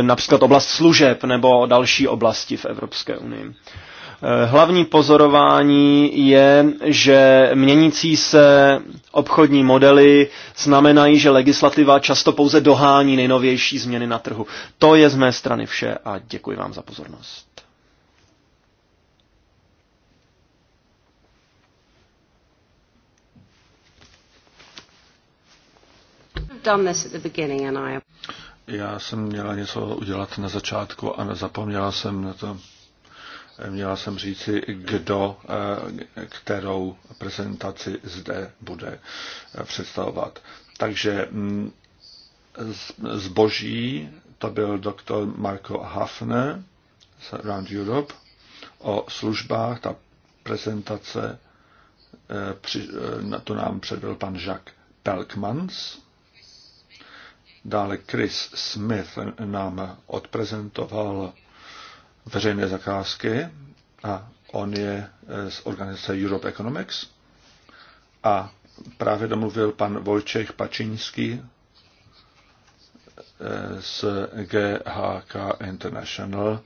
například oblast služeb nebo další oblasti v Evropské unii. Eh, hlavní pozorování je, že měnící se obchodní modely znamenají, že legislativa často pouze dohání nejnovější změny na trhu. To je z mé strany vše a děkuji vám za pozornost. Já jsem měla něco udělat na začátku a zapomněla jsem na to. Měla jsem říci, kdo eh, kterou prezentaci zde bude eh, představovat. Takže mm, zboží to byl doktor Marko Hafne z Round Europe o službách. Ta prezentace eh, to nám předvedl pan Jacques Pelkmans. Dále Chris Smith nám odprezentoval veřejné zakázky a on je eh, z organizace Europe Economics a právě domluvil pan Vojčech Pačínský eh, z GHK International.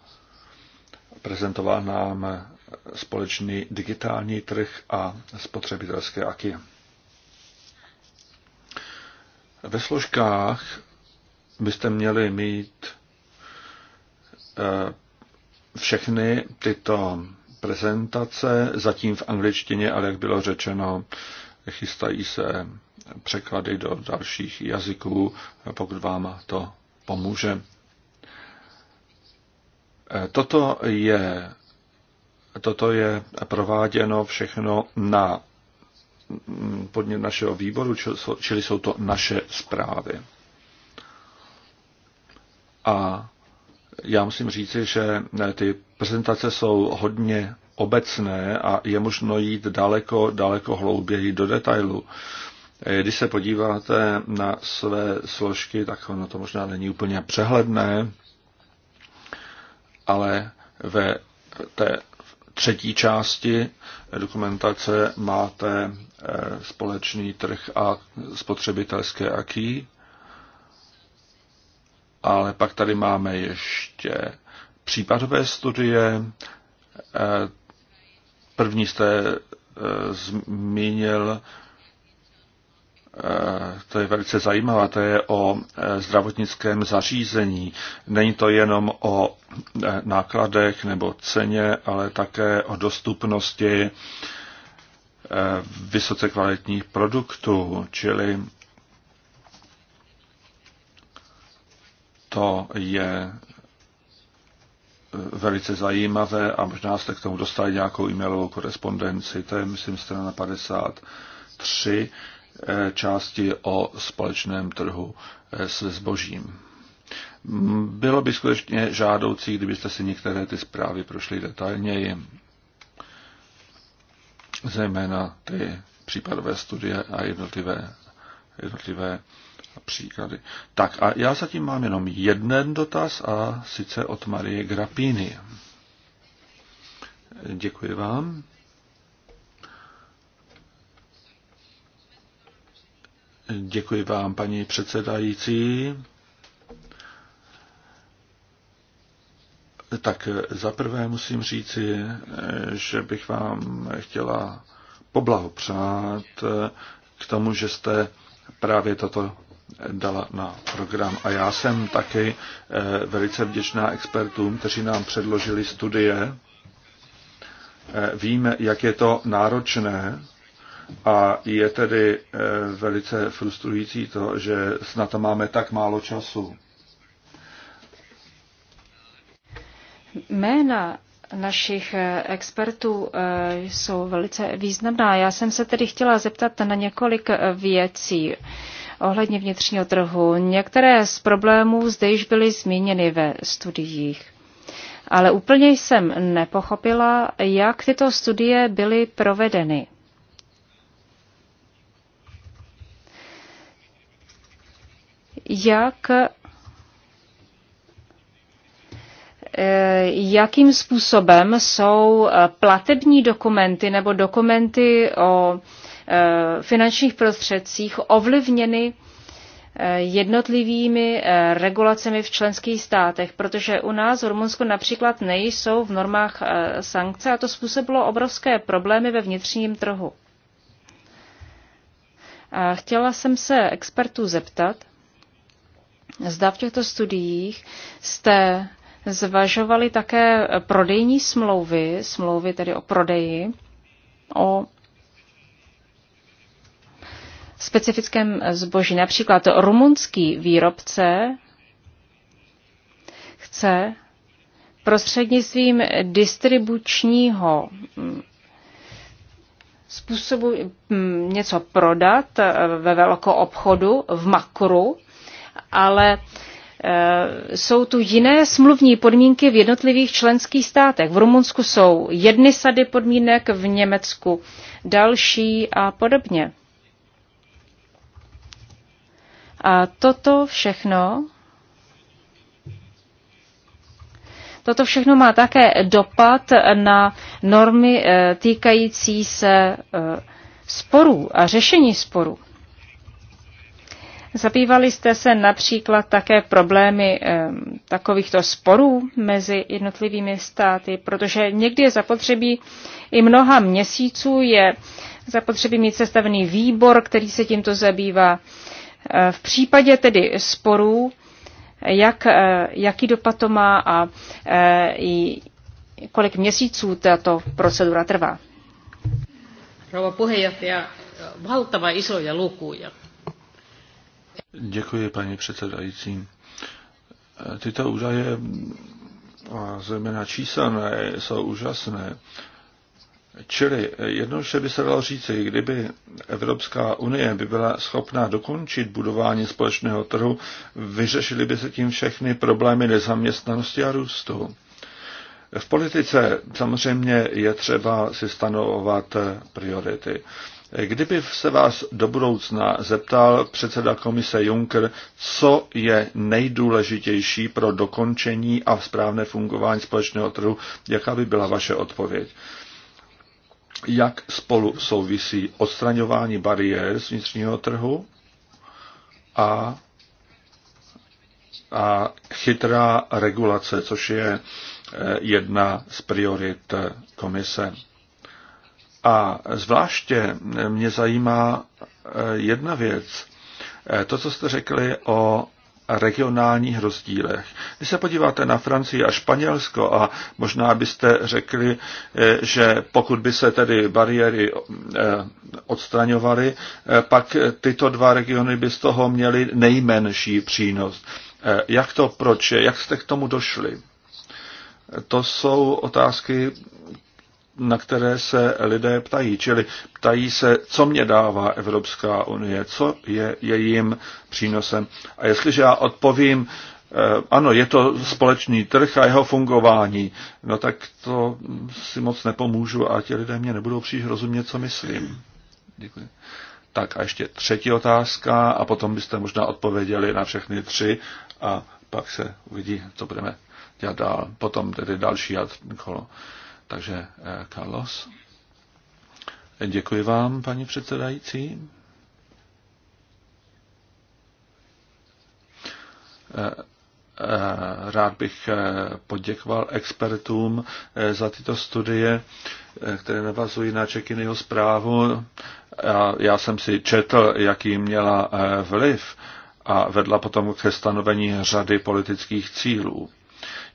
Prezentoval nám společný digitální trh a spotřebitelské aky. Ve složkách byste měli mít eh, všechny tyto prezentace, zatím v angličtině, ale jak bylo řečeno, chystají se překlady do dalších jazyků, pokud vám to pomůže. E, toto je, toto je prováděno všechno na podnět našeho výboru, čili jsou to naše zprávy. A já musím říci, že eh, ty prezentace jsou hodně obecné a je možno jít daleko, daleko hlouběji do detailu. Eh, když se podíváte na své složky, tak ono to možná není úplně přehledné, ale ve té třetí části dokumentace máte eh, společný trh a spotřebitelské aký ale pak tady máme ještě případové studie. Eh, první jste eh, zmínil, eh, to je velice zajímavé, to je o zdravotnickém zařízení. Není to jenom o nákladech nebo ceně, ale také o dostupnosti vysoce kvalitních produktů, čili To je eh, velice zajímavé a možná jste k tomu dostali nějakou e-mailovou korespondenci. To je, myslím, strana 53 eh, části o společném trhu eh, se zbožím. Bylo by skutečně žádoucí, kdybyste si některé ty zprávy prošli detailněji, zejména ty případové studie a jednotlivé, jednotlivé příklady. Tak a já zatím mám jenom jeden dotaz a sice od Marie Grapíny. Děkuji vám. Děkuji vám, paní předsedající. Tak zaprvé musím říci, že bych vám chtěla poblahopřát k tomu, že jste právě toto dala na program. A já jsem taky eh, velice vděčná expertům, kteří nám předložili studie. Eh, Víme, jak je to náročné a je tedy eh, velice frustrující to, že snad máme tak málo času. Jména našich expertů jsou velice významná. Já jsem se tedy chtěla zeptat na několik věcí ohledně vnitřního trhu. Některé z problémů zde již byly zmíněny ve studiích. Ale úplně jsem nepochopila, jak tyto studie byly provedeny. Jak eh, jakým způsobem jsou platební dokumenty nebo dokumenty o Eh, finančních prostředcích ovlivněny eh, jednotlivými eh, regulacemi v členských státech, protože u nás v Rumunsku například nejsou v normách sankce a to způsobilo obrovské problémy ve vnitřním trhu. A chtěla jsem se expertů zeptat, zda v těchto studiích jste zvažovali také prodejní smlouvy, smlouvy tedy o prodeji, o specifickém zboží. Například rumunský výrobce chce prostřednictvím distribučního mm, způsobu mm, něco prodat eh, ve velkou obchodu, v makru, ale eh, jsou tu jiné smluvní podmínky v jednotlivých členských státech. V Rumunsku jsou jedny sady podmínek, v Německu další a podobně. A toto všechno Toto všechno má také dopad na normy eh, týkající se eh, sporů a řešení sporů. Zabývali jste se například také problémy eh, takovýchto sporů mezi jednotlivými státy, protože někdy je zapotřebí i mnoha měsíců, je zapotřebí mít sestavený výbor, který se tímto zabývá. V případě tedy sporů, jak, eh, jaký dopad to má a eh, kolik měsíců tato procedura trvá? Děkuji, paní předsedající. Tyto údaje, zejména číselné, jsou úžasné. Čili jednoduše by se dalo říci, kdyby Evropská unie by byla schopná dokončit budování společného trhu, vyřešily by se tím všechny problémy nezaměstnanosti a růstu. V politice samozřejmě je třeba si stanovovat priority. Kdyby se vás do budoucna zeptal předseda komise Juncker, co je nejdůležitější pro dokončení a správné fungování společného trhu, jaká by byla vaše odpověď? jak spolu souvisí odstraňování bariér z vnitřního trhu a, a chytrá regulace, což je eh, jedna z priorit eh, komise. A zvláště mě zajímá eh, jedna věc. To, co jste řekli o regionálních rozdílech. Když se podíváte na Francii a Španělsko a možná byste řekli, eh, že pokud by se tedy bariéry eh, odstraňovaly, eh, pak tyto dva regiony by z toho měly nejmenší přínos. Jak to, proč, jak jste k tomu došli? To jsou otázky, na které se lidé ptají. Čili ptají se, co mě dává Evropská unie, co je jejím přínosem. A jestliže já odpovím, eh, ano, je to společný trh a jeho fungování, no tak to si moc nepomůžu a ti lidé mě nebudou příliš rozumět, co myslím. Děkuji. Tak a ještě třetí otázka a potom byste možná odpověděli na všechny tři a pak se uvidí, co budeme dělat dál. Potom tedy další kolo. Takže eh, Carlos. Děkuji vám, paní předsedající. Eh, eh, rád bych poděkoval expertům za tyto studie, které navazují na Čekinyho zprávu. Já jsem si četl, jaký měla vliv a vedla potom ke stanovení řady politických cílů.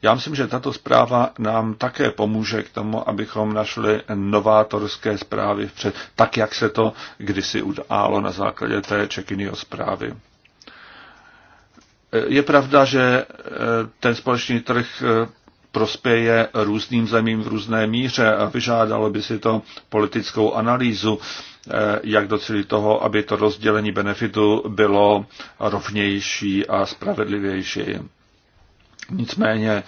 Já myslím, že tato zpráva nám také pomůže k tomu, abychom našli novátorské zprávy vpřed, tak jak se to kdysi událo na základě té Čekinyho zprávy. E, je pravda, že e, ten společný trh e, prospěje různým zemím v různé míře a vyžádalo by si to politickou analýzu, jak docelit toho, aby to rozdělení benefitu bylo rovnější a spravedlivější. Nicméně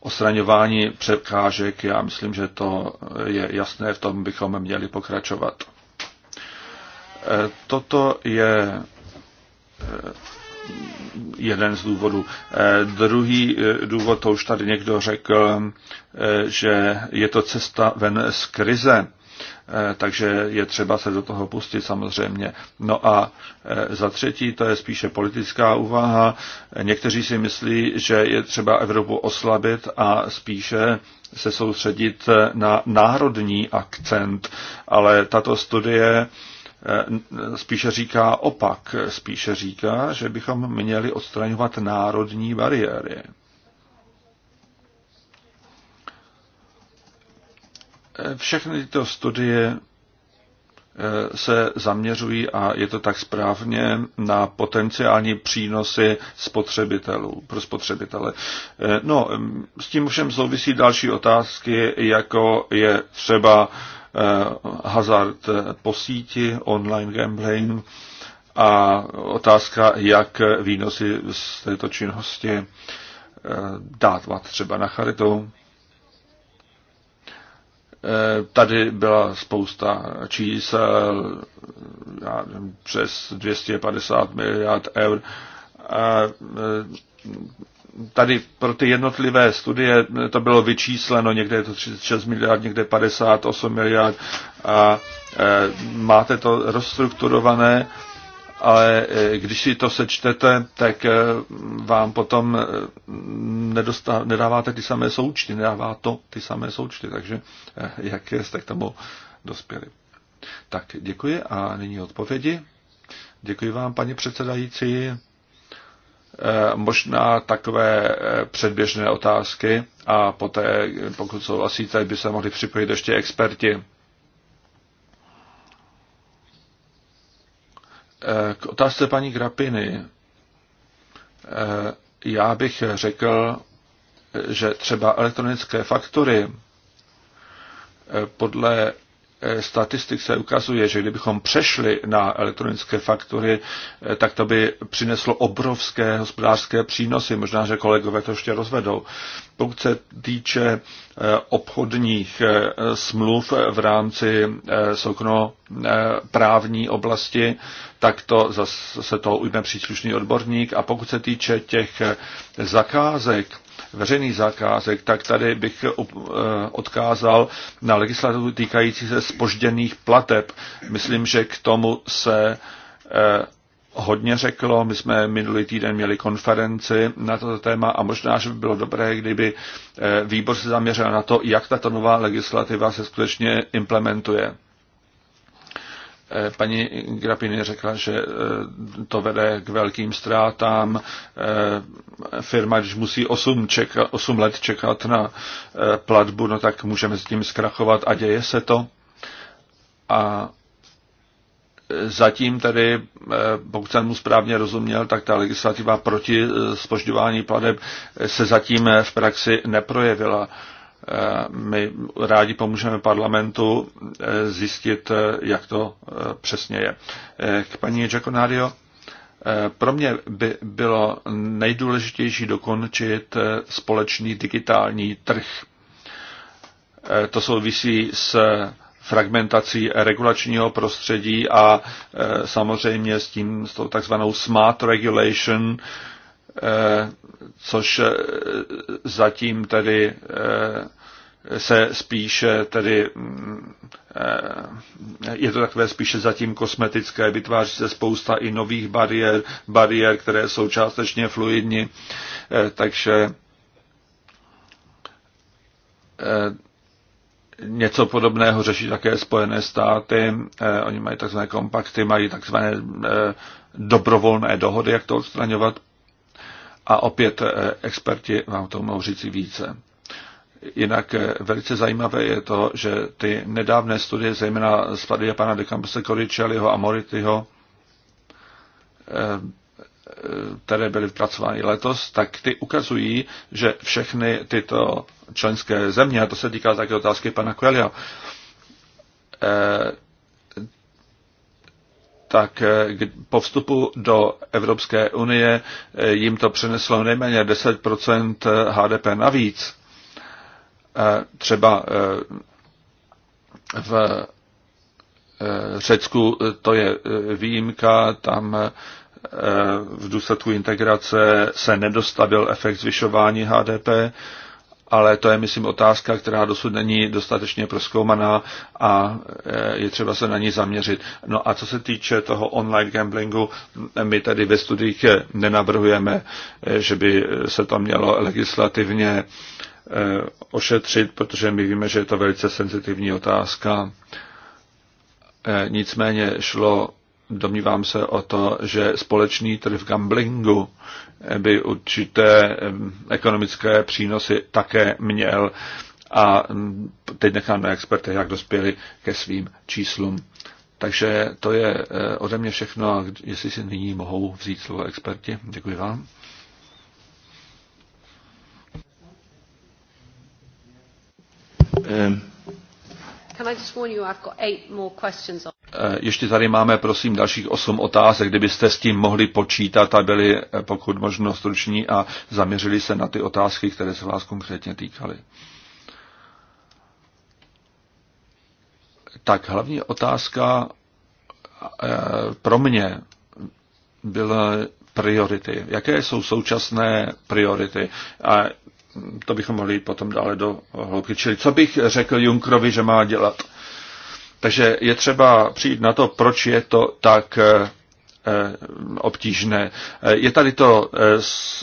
osraňování překážek, já myslím, že to je jasné, v tom bychom měli pokračovat. E, toto je e, jeden z důvodů. E, druhý důvod, to už tady někdo řekl, že je to cesta ven z krize. Eh, takže je třeba se do toho pustit samozřejmě. No a eh, za třetí, to je spíše politická úvaha. Někteří si myslí, že je třeba Evropu oslabit a spíše se soustředit eh, na národní akcent, ale tato studie spíše říká opak, spíše říká, že bychom měli odstraňovat národní bariéry. Všechny tyto studie eh, se zaměřují, a je to tak správně, na potenciální přínosy spotřebitelů, pro spotřebitele. Eh, no, s tím všem souvisí další otázky, jako je třeba eh, hazard po síti, online gambling a otázka, jak výnosy z této činnosti dát třeba na charitu. Eh, tady byla spousta čísel, já nevím, přes 250 miliard eur. A eh, tady pro ty jednotlivé studie eh, to bylo vyčísleno, někde je to 36 miliard, někde 58 miliard a máte to rozstrukturované ale e, když si to sečtete, tak e, vám potom e, nedostá, nedáváte ty samé součty, nedává to ty samé součty, takže jak jste k tomu dospěli. Tak, děkuji a nyní odpovědi. Děkuji vám, paní předsedající. Možná takové předběžné otázky a poté, pokud souhlasíte, by se mohli připojit ještě experti. K otázce paní Grapiny. Eh, já bych řekl, že třeba elektronické faktory eh, podle Eh, statistik se ukazuje, že kdybychom přešli na elektronické faktury, eh, tak to by přineslo obrovské hospodářské přínosy. Možná, že kolegové to ještě rozvedou. Pokud se týče eh, obchodních smluv v rámci soukno právní oblasti, tak to zase to ujme příslušný odborník. A pokud se týče těch zakázek, veřejných zakázek, tak tady bych eh, eh, odkázal na legislativu týkající se spožděných plateb. Myslím, že k tomu se eh, hodně řeklo. My jsme minulý týden měli konferenci na toto téma a možná, že by bylo dobré, kdyby výbor se zaměřil na to, jak tato nová legislativa se skutečně implementuje. Eh, paní Grapiny řekla, že eh, to vede k velkým ztrátám. Eh, firma, když musí 8, čeka, 8 let čekat na platbu, no tak můžeme s tím zkrachovat a děje se to. A zatím tedy, pokud jsem mu správně rozuměl, tak ta legislativa proti spožďování plateb se zatím v praxi neprojevila. Eh, my rádi pomůžeme parlamentu eh, zjistit, eh, jak to přesně je. K paní Giaconario, pro mě by bylo nejdůležitější dokončit společný digitální trh. To souvisí s fragmentací regulačního prostředí a samozřejmě s tím s tou takzvanou smart regulation, Eh, což eh, zatím tedy eh, se spíše tedy mm, je to takové spíše zatím kosmetické, vytváří se spousta i nových bariér, bariér, které jsou částečně fluidní, takže něco podobného řeší také Spojené státy, oni mají takzvané kompakty, mají takzvané dobrovolné dohody, jak to odstraňovat a opět eh, experti vám to mohou říct více. Jinak eh, velice zajímavé je to, že ty nedávné studie, zejména z Fadia pana de Campose Coricelliho a Moritiho, eh, které byly vpracovány letos, tak ty ukazují, že všechny tyto členské země, a to se týká také otázky pana Coelho, tak eh, po vstupu do Evropské unie eh, jim to přineslo nejméně 10 eh, HDP navíc. Třeba v Řecku to je výjimka, tam v důsledku integrace se nedostavil efekt zvyšování HDP, ale to je, myslím, otázka, která dosud není dostatečně proskoumaná a e, je třeba se na ní zaměřit. No a co se týče toho online gamblingu, my tady ve studiích nenavrhujeme, e, že by se to mělo legislativně e, ošetřit, protože my víme, že je to velice senzitivní otázka. Nicméně šlo domnívám se o to, že společný trh v gamblingu by určité ekonomické přínosy také měl a teď nechám na experty, jak dospěli ke svým číslům. Takže to je e, ode mě všechno a jestli si nyní mohou vzít slovo experti. Děkuji vám. Um. Eh, ještě tady máme, prosím, dalších osm otázek, kdybyste s tím mohli počítat a byli eh, pokud možno struční a zaměřili se na ty otázky, které se vás konkrétně týkaly. Tak hlavní otázka eh, pro mě byla priority. Jaké jsou současné priority? A to bychom mohli jít potom dále do hloubky. Čili co bych řekl Junkrovi, že má dělat? Takže je třeba přijít na to, proč je to tak eh, eh, obtížné. Eh, je tady to,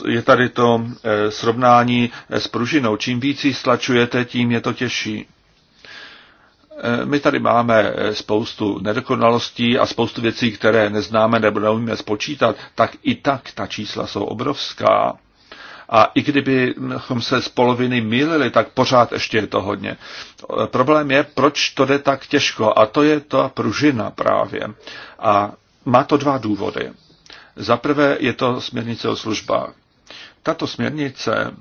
je tady to srovnání s pružinou. Čím víc ji stlačujete, tím je to těžší. My tady máme spoustu nedokonalostí a spoustu věcí, které neznáme nebo neumíme spočítat, tak i tak ta čísla jsou obrovská. A i kdybychom se z poloviny mýlili, tak pořád ještě je to hodně. Problém je, proč to jde tak těžko. A to je ta pružina právě. A má to dva důvody. Za prvé je to směrnice o službách. Tato směrnice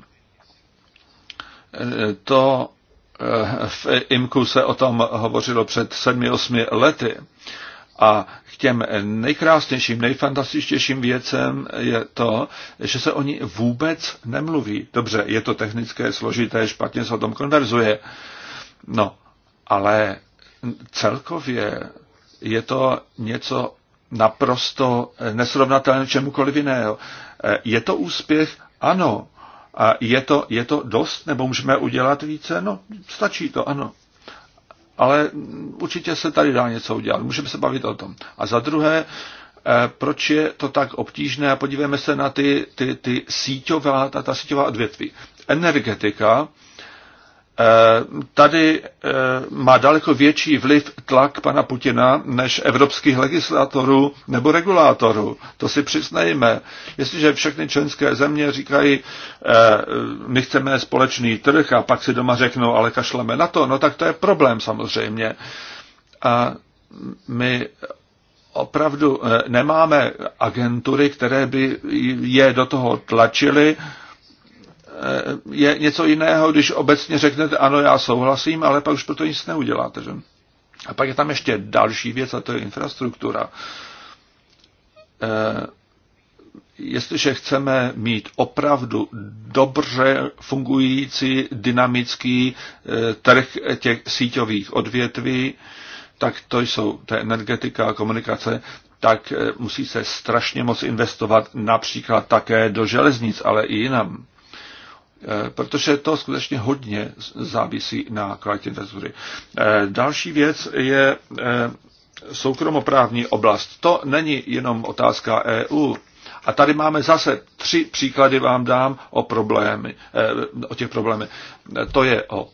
eh, to eh, v IMKU se o tom hovořilo před 7-8 lety a k těm nejkrásnějším, nejfantastičtějším věcem je to, že se o ní vůbec nemluví. Dobře, je to technické, složité, špatně se o tom konverzuje. No, ale celkově je to něco naprosto nesrovnatelné čemukoliv jiného. Je to úspěch? Ano. A je to, je to dost? Nebo můžeme udělat více? No, stačí to, ano. Ale určitě se tady dá něco udělat. Můžeme se bavit o tom. A za druhé, eh, proč je to tak obtížné? Podívejme se na ty, ty, ty síťová, ta, ta síťová odvětví. Energetika, Eh, tady eh, má daleko větší vliv tlak pana Putina než evropských legislatorů nebo regulátorů. To si přiznejme. Jestliže všechny členské země říkají, eh, my chceme společný trh a pak si doma řeknou, ale kašleme na to, no tak to je problém samozřejmě. A my opravdu nemáme agentury, které by je do toho tlačily Eh, je něco jiného, když obecně řeknete, ano, já souhlasím, ale pak už proto nic neuděláte. Že? A pak je tam ještě další věc, a to je infrastruktura. Eh, jestliže chceme mít opravdu dobře fungující, dynamický eh, trh těch síťových odvětví, tak to jsou ta energetika a komunikace, tak musí se strašně moc investovat například také do železnic, ale i jinam. Eh, protože to skutečně hodně závisí na kvalitě infrastruktury. Eh, další věc je eh, soukromoprávní oblast. To není jenom otázka EU. A tady máme zase tři příklady vám dám o, problémy, o těch problémech. To je o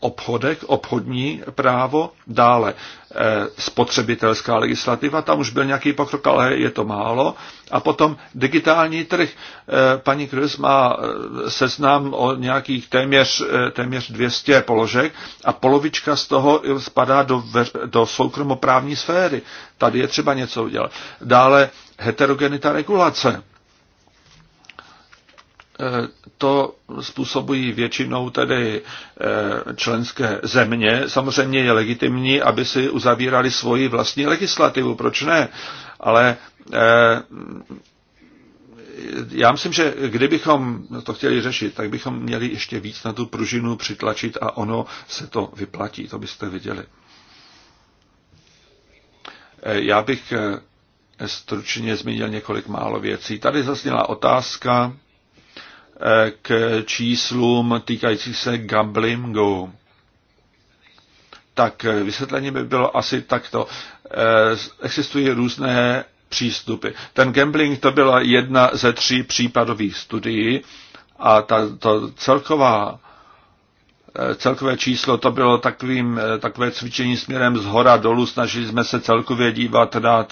obchodech, obchodní právo, dále eh, spotřebitelská legislativa, tam už byl nějaký pokrok, ale je to málo. A potom digitální trh. Eh, paní Kruz má eh, seznam o nějakých téměř, téměř 200 položek a polovička z toho spadá do, do soukromoprávní sféry. Tady je třeba něco udělat. Dále heterogenita regulace to způsobují většinou tedy eh, členské země. Samozřejmě je legitimní, aby si uzavírali svoji vlastní legislativu, proč ne? Ale eh, já myslím, že kdybychom no to chtěli řešit, tak bychom měli ještě víc na tu pružinu přitlačit a ono se to vyplatí, to byste viděli. Eh, já bych stručně zmínil několik málo věcí. Tady zazněla otázka, k číslům týkající se gamblingu. Tak vysvětlení by bylo asi takto. Eh, existují různé přístupy. Ten gambling to byla jedna ze tří případových studií a ta, to celková eh, celkové číslo, to bylo takovým, eh, takové cvičení směrem z hora dolů, snažili jsme se celkově dívat na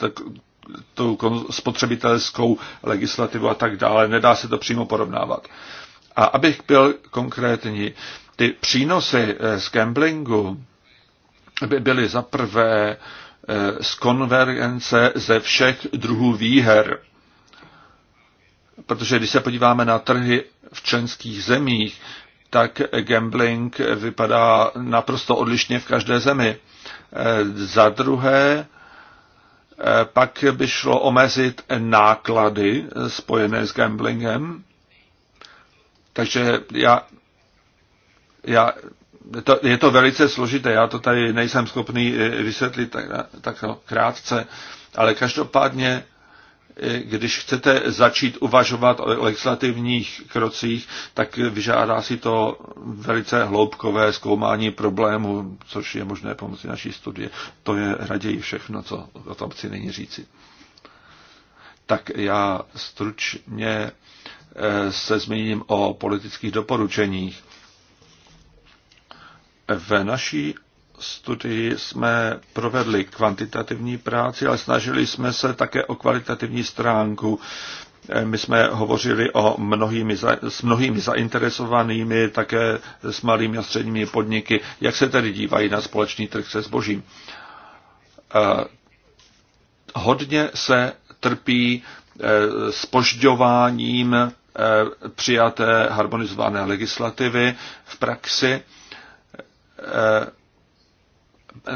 tu spotřebitelskou legislativu a tak dále. Nedá se to přímo porovnávat. A abych byl konkrétní, ty přínosy eh, z gamblingu by byly zaprvé eh, z konvergence ze všech druhů výher. Protože když se podíváme na trhy v členských zemích, tak gambling vypadá naprosto odlišně v každé zemi. Eh, za druhé, Eh, pak by šlo omezit náklady spojené s gamblingem. Takže já, já to, je to velice složité, já to tady nejsem schopný eh, vysvětlit tak, tak krátce, ale každopádně když chcete začít uvažovat o legislativních krocích, tak vyžádá si to velice hloubkové zkoumání problému, což je možné pomocí naší studie. To je raději všechno, co o tom chci nyní říci. Tak já stručně eh, se zmíním o politických doporučeních. V naší studii jsme provedli kvantitativní práci, ale snažili jsme se také o kvalitativní stránku. Eh, my jsme hovořili o mnohými, s mnohými zainteresovanými, také s malými a středními podniky, jak se tedy dívají na společný trh se zbožím. Eh, hodně se trpí eh, spožďováním přijaté harmonizované legislativy v praxi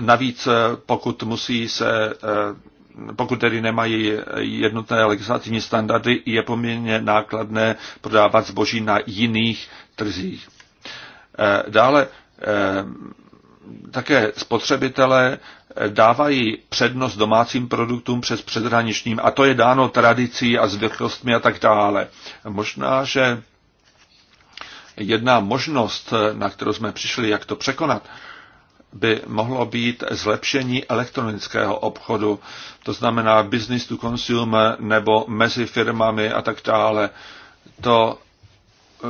Navíc eh, pokud musí se eh, pokud tedy nemají jednotné legislativní standardy, je poměrně nákladné prodávat zboží na jiných trzích. Eh, dále také spotřebitelé dávají přednost domácím produktům přes předhraničním a to je dáno tradicí a zvyklostmi a tak dále. Možná, že jedna možnost, na kterou jsme přišli, jak to překonat, by mohlo být zlepšení elektronického obchodu, to znamená business to consumer nebo mezi firmami a tak dále. To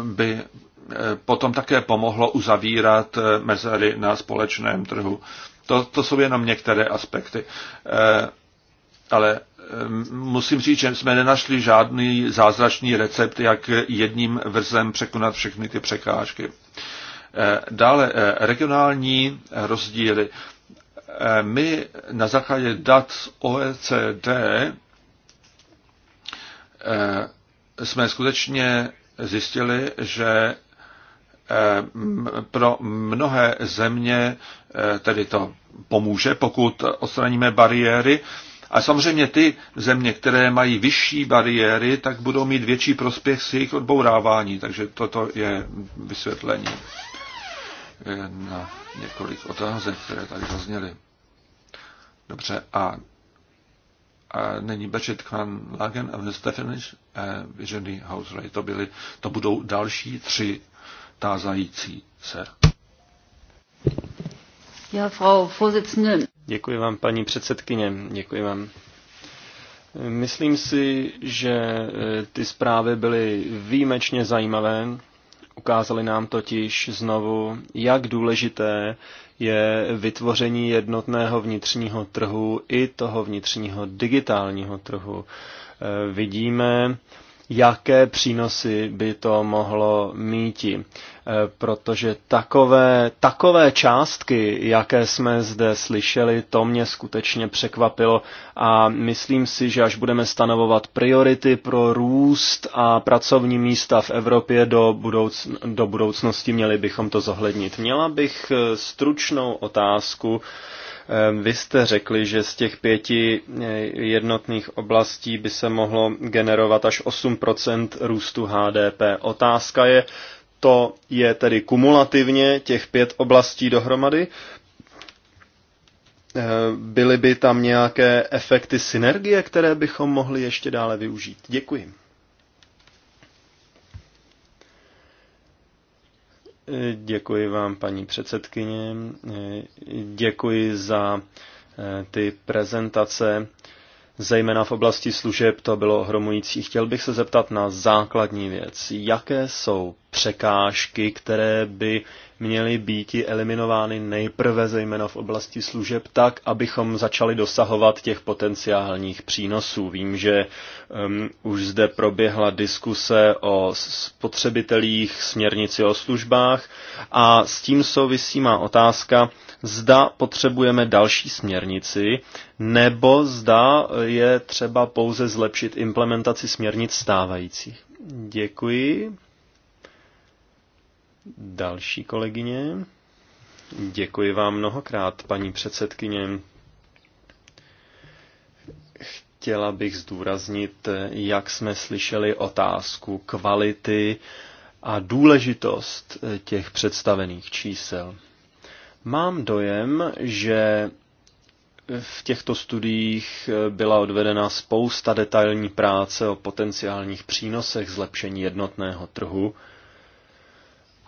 by eh, potom také pomohlo uzavírat eh, mezery na společném trhu. To, to jsou jenom některé aspekty. Eh, ale musím říct, že jsme nenašli žádný zázračný recept, jak jedním vrzem překonat všechny ty překážky. Eh, dále eh, regionální rozdíly. Eh, my na základě dat OECD jsme skutečně zjistili, že pro mnohé země tedy to pomůže, pokud odstraníme bariéry. A samozřejmě ty země, které mají vyšší bariéry, tak budou mít větší prospěch s jejich odbourávání. Takže toto je vysvětlení na několik otázek, které tady zazněly. Dobře, a, a není Bečet Khan Lagen a Stefanič eh, Vižený Hausrey. To, byly, to budou další tři tázající se. Ja, Frau Vorsitzende. Děkuji vám, paní předsedkyně. Děkuji vám. Myslím si, že eh, ty zprávy byly výjimečně zajímavé Ukázali nám totiž znovu, jak důležité je vytvoření jednotného vnitřního trhu i toho vnitřního digitálního trhu. Eh, vidíme, jaké přínosy by to mohlo mít, e, Protože takové, takové částky, jaké jsme zde slyšeli, to mě skutečně překvapilo a myslím si, že až budeme stanovovat priority pro růst a pracovní místa v Evropě do, budouc, do budoucnosti, měli bychom to zohlednit. Měla bych e, stručnou otázku Ehm, vy jste řekli, že z těch pěti eh, jednotných oblastí by se mohlo generovat až 8% růstu HDP. Otázka je, to je tedy kumulativně těch pět oblastí dohromady. Ehm, byly by tam nějaké efekty synergie, které bychom mohli ještě dále využít? Děkuji. Děkuji vám, paní předsedkyně. Děkuji za eh, ty prezentace. Zejména v oblasti služeb to bylo hromující. Chtěl bych se zeptat na základní věc. Jaké jsou překážky, které by měly být eliminovány nejprve zejména v oblasti služeb tak, abychom začali dosahovat těch potenciálních přínosů. Vím, že um, už zde proběhla diskuse o spotřebitelích, směrnici o službách a s tím souvisí má otázka, zda potřebujeme další směrnici, nebo zda je třeba pouze zlepšit implementaci směrnic stávajících. Děkuji. Další kolegyně. Děkuji vám mnohokrát, paní předsedkyně. Chtěla bych zdůraznit, jak jsme slyšeli otázku kvality a důležitost těch představených čísel. Mám dojem, že v těchto studiích byla odvedena spousta detailní práce o potenciálních přínosech zlepšení jednotného trhu,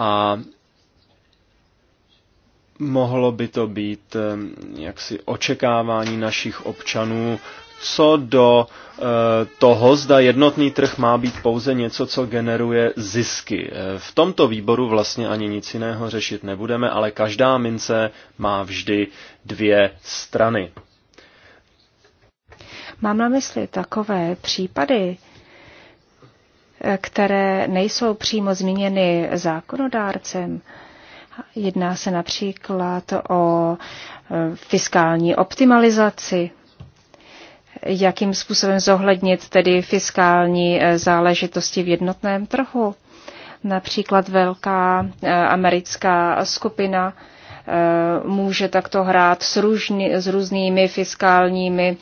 a mohlo by to být eh, jaksi očekávání našich občanů co do eh, toho, zda jednotný trh má být pouze něco, co generuje zisky. Eh, v tomto výboru vlastně ani nic jiného řešit nebudeme, ale každá mince má vždy dvě strany. Mám na mysli takové případy, které nejsou přímo zmíněny zákonodárcem. Jedná se například o e, fiskální optimalizaci, jakým způsobem zohlednit tedy fiskální e, záležitosti v jednotném trhu. Například velká e, americká skupina může takto hrát s, růžny, s různými fiskálními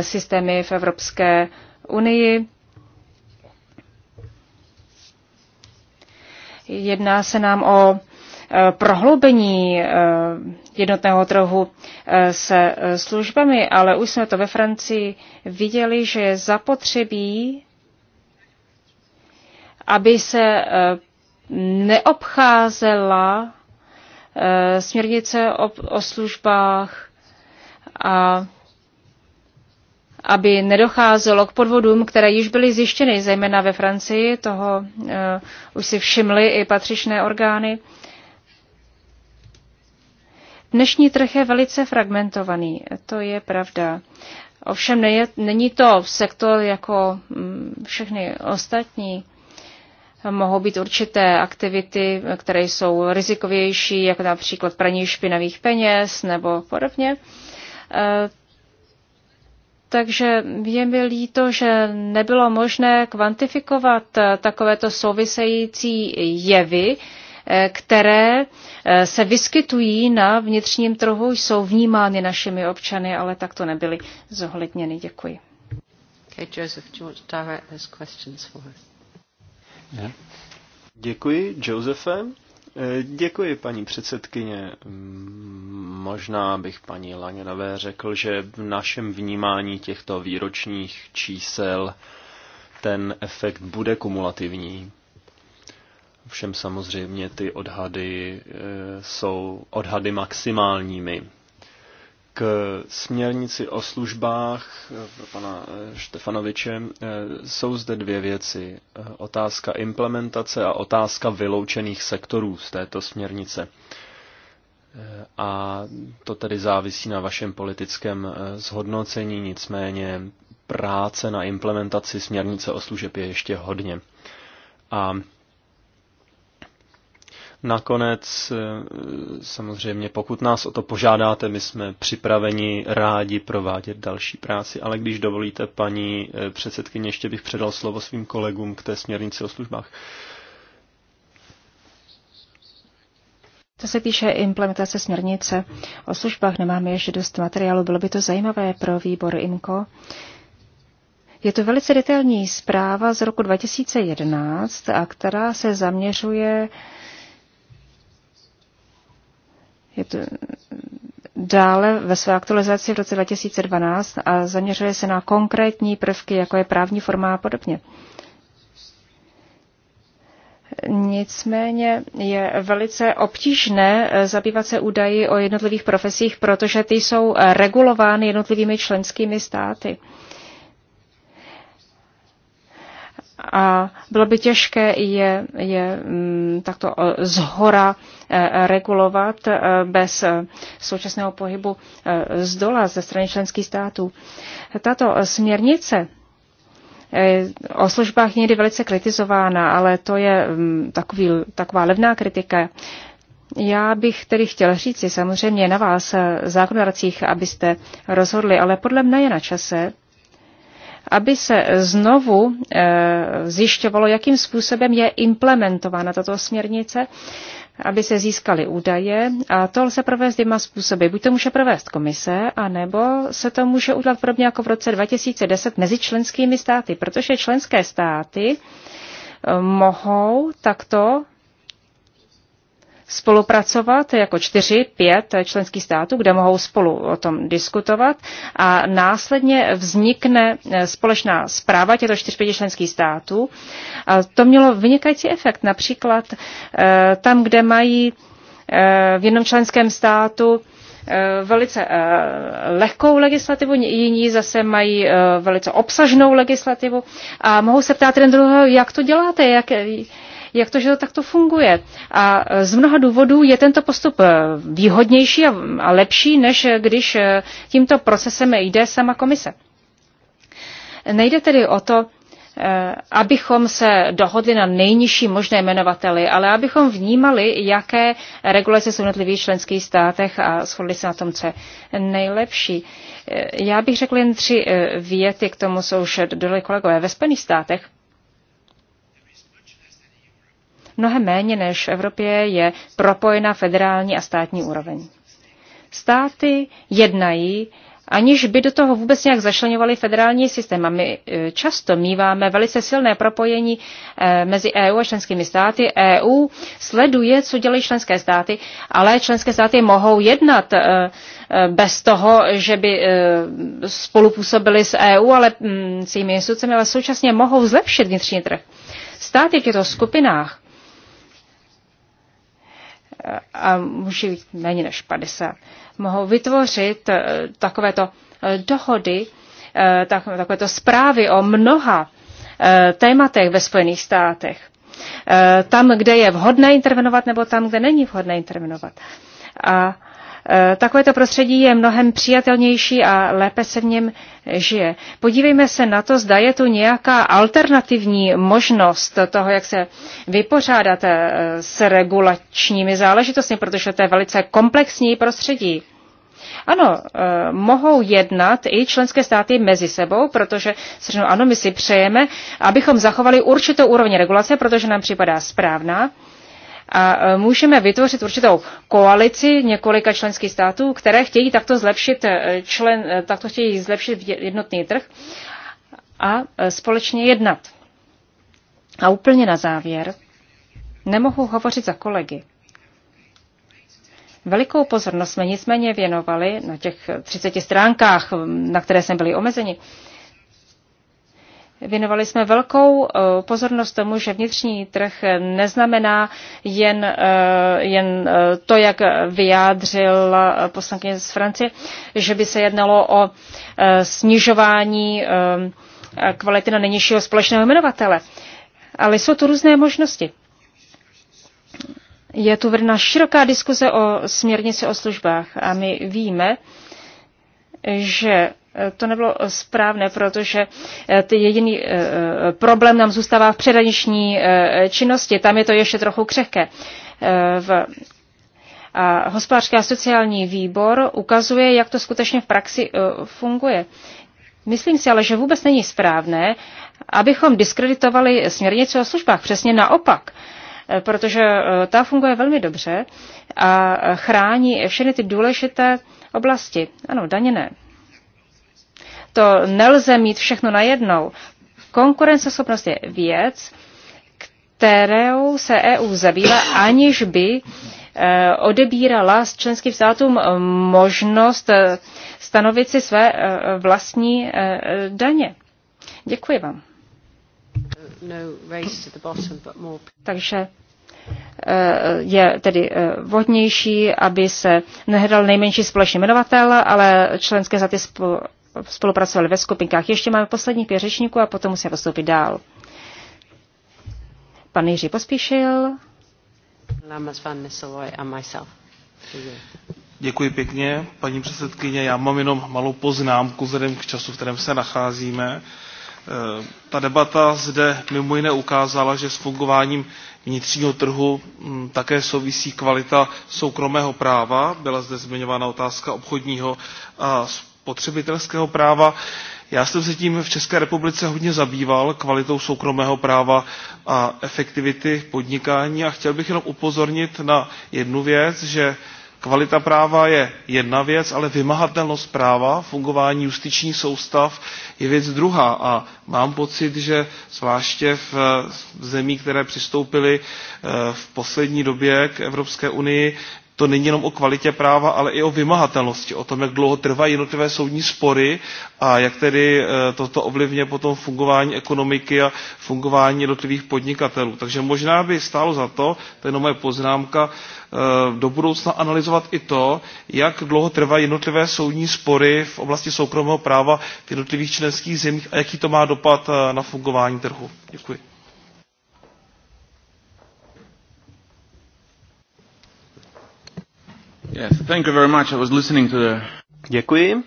systémy v Evropské unii Jedná se nám o eh, prohloubení eh, jednotného trhu eh, se službami, ale už jsme to ve Francii viděli, že je zapotřebí, aby se neobcházela směrnice o, o službách a aby nedocházelo k podvodům, které již byly zjištěny, zejména ve Francii, toho uh, už si všimly i patřičné orgány. Dnešní trh je velice fragmentovaný, to je pravda. Ovšem neje, není to sektor jako mm, všechny ostatní. Mohou být určité aktivity, které jsou rizikovější, jako například praní špinavých peněz nebo podobně. Eh, takže je mi líto, že nebylo možné kvantifikovat eh, takovéto související jevy, eh, které eh, se vyskytují na vnitřním trhu, jsou vnímány našimi občany, ale takto nebyly zohledněny. Děkuji. Okay, Joseph, to those for Yeah. Děkuji, Josefe. Eh, děkuji, paní předsedkyně. Mm, možná bych paní Langenové řekl, že v našem vnímání těchto výročních čísel ten efekt bude kumulativní. Všem samozřejmě ty odhady eh, jsou odhady maximálními k směrnici o službách eh, pro pana eh, Štefanoviče eh, jsou zde dvě věci. Otázka implementace a otázka vyloučených sektorů z této směrnice. A to tedy závisí na vašem politickém zhodnocení, nicméně práce na implementaci směrnice o služeb je ještě hodně. A Nakonec, eh, samozřejmě, pokud nás o to požádáte, my jsme připraveni rádi provádět další práci, ale když dovolíte, paní eh, předsedkyně, ještě bych předal slovo svým kolegům k té směrnici o službách. Co se týče implementace směrnice o službách, nemáme ještě dost materiálu, bylo by to zajímavé pro výbor IMCO. Je to velice detailní zpráva z roku 2011, a která se zaměřuje je to dále ve své aktualizaci v roce 2012 a zaměřuje se na konkrétní prvky, jako je právní forma a podobně. Nicméně je velice obtížné eh, zabývat se údaji o jednotlivých profesích, protože ty jsou eh, regulovány jednotlivými členskými státy. a bylo by těžké je, je mm, takto e, zhora e, regulovat e, bez současného pohybu z dola ze strany členských států. Tato směrnice o službách někdy velice kritizována, ale to je mm, takový, taková levná kritika. Já bych tedy chtěl říct, samozřejmě na vás zákonodarcích, abyste rozhodli, ale podle mne je na čase, aby se znovu eh, zjišťovalo, jakým způsobem je implementována tato směrnice, aby se získaly údaje a to lze provést dvěma způsoby. Buď to může provést komise, anebo se to může udělat podobně jako v roce 2010 mezi členskými státy, protože členské státy eh, mohou takto spolupracovat jako čtyři, pět členských států, kde mohou spolu o tom diskutovat a následně vznikne eh, společná zpráva těchto čtyř, pěti členských států. A to mělo vynikající efekt. Například eh, tam, kde mají eh, v jednom členském státu velice lehkou legislativu, jiní zase mají velice obsažnou legislativu a mohou se ptát jeden druhého, jak to děláte, jak, jak to, že to takto funguje. A z mnoha důvodů je tento postup eh, výhodnější a lepší, než eh, když eh, tímto procesem jde sama komise. Nejde tedy o to, abychom se dohodli na nejnižší možné jmenovateli, ale abychom vnímali, jaké regulace jsou v jednotlivých členských státech a shodli se na tom, co je nejlepší. Já bych řekl jen tři věty, k tomu jsou už dodali kolegové. Ve Spojených státech Mnohem méně než v Evropě je propojena federální a státní úroveň. Státy jednají, aniž by do toho vůbec nějak zašleňovali federální systém. A my e, často míváme velice silné propojení e, mezi EU a členskými státy. EU sleduje, co dělají členské státy, ale členské státy mohou jednat e, bez toho, že by spolupůsobili s EU, ale mm, s jejími institucemi, ale současně mohou zlepšit vnitřní trh. Státy v těchto skupinách a může být méně než 50, mohou vytvořit eh, takovéto eh, dohody, eh, takovéto zprávy o mnoha tématech ve Spojených státech. Tam, kde je vhodné intervenovat, nebo tam, kde není vhodné intervenovat. A Eh, takovéto prostředí je mnohem přijatelnější a lépe se v něm žije. Podívejme se na to, zda je tu nějaká alternativní možnost toho, jak se vypořádat eh, s regulačními záležitostmi, protože to je velice komplexní prostředí. Ano, eh, mohou jednat i členské státy mezi sebou, protože ano, my si přejeme, abychom zachovali určitou úroveň regulace, protože nám připadá správná a e, můžeme vytvořit určitou koalici několika členských států, které chtějí takto zlepšit, e, člen, e, takto chtějí zlepšit jednotný trh a společně jednat. A úplně na závěr, nemohu hovořit za kolegy. Velikou pozornost jsme nicméně věnovali na těch 30 stránkách, na které jsme byli omezeni, Věnovali jsme velkou eh, pozornost tomu, že vnitřní trh neznamená jen, eh, jen eh, to, jak vyjádřil poslankyně z Francie, že by se jednalo o snižování kvality na nejnižšího společného jmenovatele. Ale jsou tu různé možnosti. Je tu vedena široká diskuze o směrnici o službách a my víme, že to nebylo správné, protože eh, ty jediný eh, eh, problém nám zůstává v předaniční činnosti. Tam je to ještě trochu křehké. V a hospodářský a sociální výbor ukazuje, jak to skutečně v praxi funguje. Myslím si ale, že vůbec není správné, abychom diskreditovali směrnici o službách. Přesně naopak protože ta funguje velmi dobře a chrání všechny ty důležité oblasti. Ano, daně ne. To nelze mít všechno najednou. Konkurenceschopnost je věc, kterou se EU zabývá, aniž by eh, odebírala s členským státům eh, možnost eh, stanovit si své vlastní daně. Děkuji vám. No Takže je tedy vhodnější, aby se nehledal nejmenší společný jmenovatel, ale členské státy spolupracovali ve skupinkách. Ještě máme poslední pět řečníků a potom musíme postoupit dál. Pan Jiří Pospíšil. Děkuji pěkně, paní předsedkyně. Já mám jenom malou poznámku vzhledem k času, v kterém se nacházíme. Eh, ta debata zde mimo jiné ukázala, že s fungováním vnitřního trhu hm, také souvisí kvalita soukromého práva. Byla zde zmiňována otázka obchodního a spotřebitelského práva. Já jsem se tím v České republice hodně zabýval kvalitou soukromého práva a efektivity podnikání a chtěl bych jenom upozornit na jednu věc, že Kvalita práva je jedna věc, ale vymahatelnost práva, fungování justičních soustav je věc druhá. A mám pocit, že zvláště v zemí, které přistoupily eh, v poslední době k Evropské unii, to není jenom o kvalitě práva, ale i o vymahatelnosti, o tom, jak dlouho trvají jednotlivé soudní spory a jak tedy eh, toto ovlivňuje potom fungování ekonomiky a fungování jednotlivých podnikatelů. Takže možná by stálo za to, to je jenom moje poznámka, eh, do budoucna analyzovat i to, jak dlouho trvají jednotlivé soudní spory v oblasti soukromého práva v jednotlivých členských zemích a jaký to má dopad eh, na fungování trhu. Děkuji. Děkuji.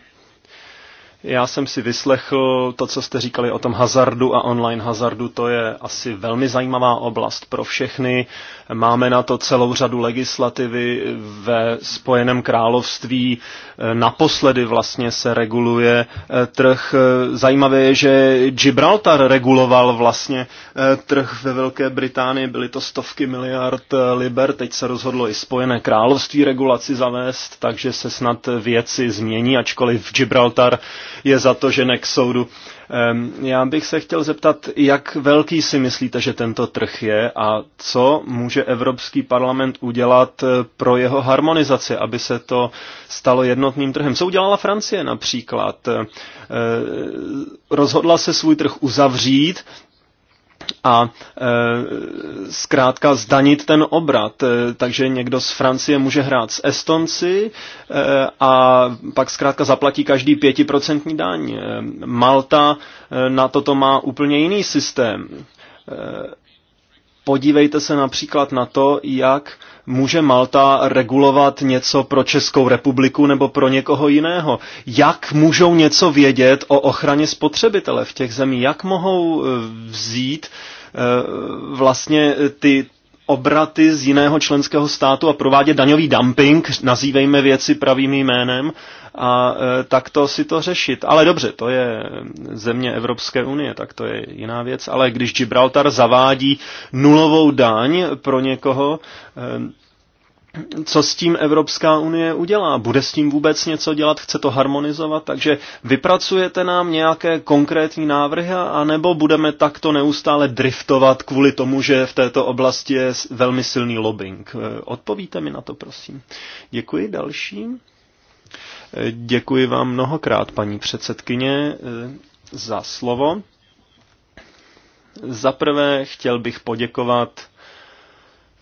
Já jsem si vyslechl to, co jste říkali o tom hazardu a online hazardu. To je asi velmi zajímavá oblast pro všechny. Máme na to celou řadu legislativy ve Spojeném království. Naposledy vlastně se reguluje eh, trh. Zajímavé je, že Gibraltar reguloval vlastně eh, trh ve Velké Británii. Byly to stovky miliard eh, liber. Teď se rozhodlo i Spojené království regulaci zavést, takže se snad věci změní, ačkoliv Gibraltar je za to, že ne k soudu. Já bych se chtěl zeptat, jak velký si myslíte, že tento trh je a co může Evropský parlament udělat eh, pro jeho harmonizaci, aby se to stalo jednotným trhem. Co udělala Francie například? Eh, eh, rozhodla se svůj trh uzavřít, a e, zkrátka zdanit ten obrat. E, takže někdo z Francie může hrát s Estonci e, a pak zkrátka zaplatí každý pětiprocentní daň. E, Malta e, na toto má úplně jiný systém. E, podívejte se například na to, jak e, Může Malta regulovat něco pro Českou republiku nebo pro někoho jiného? Jak můžou něco vědět o ochraně spotřebitele v těch zemích? Jak mohou eh, vzít eh, vlastně eh, ty obraty z jiného členského státu a provádět daňový dumping, nazývejme věci pravým jménem, a e, takto si to řešit. Ale dobře, to je země Evropské unie, tak to je jiná věc, ale když Gibraltar zavádí nulovou daň pro někoho, e, co s tím Evropská unie udělá? Bude s tím vůbec něco dělat? Chce to harmonizovat? Takže vypracujete nám nějaké konkrétní návrhy, anebo budeme takto neustále driftovat kvůli tomu, že v této oblasti je velmi silný lobbying? E, odpovíte mi na to, prosím. Děkuji. Další. Děkuji vám mnohokrát, paní předsedkyně, za slovo. Zaprvé chtěl bych poděkovat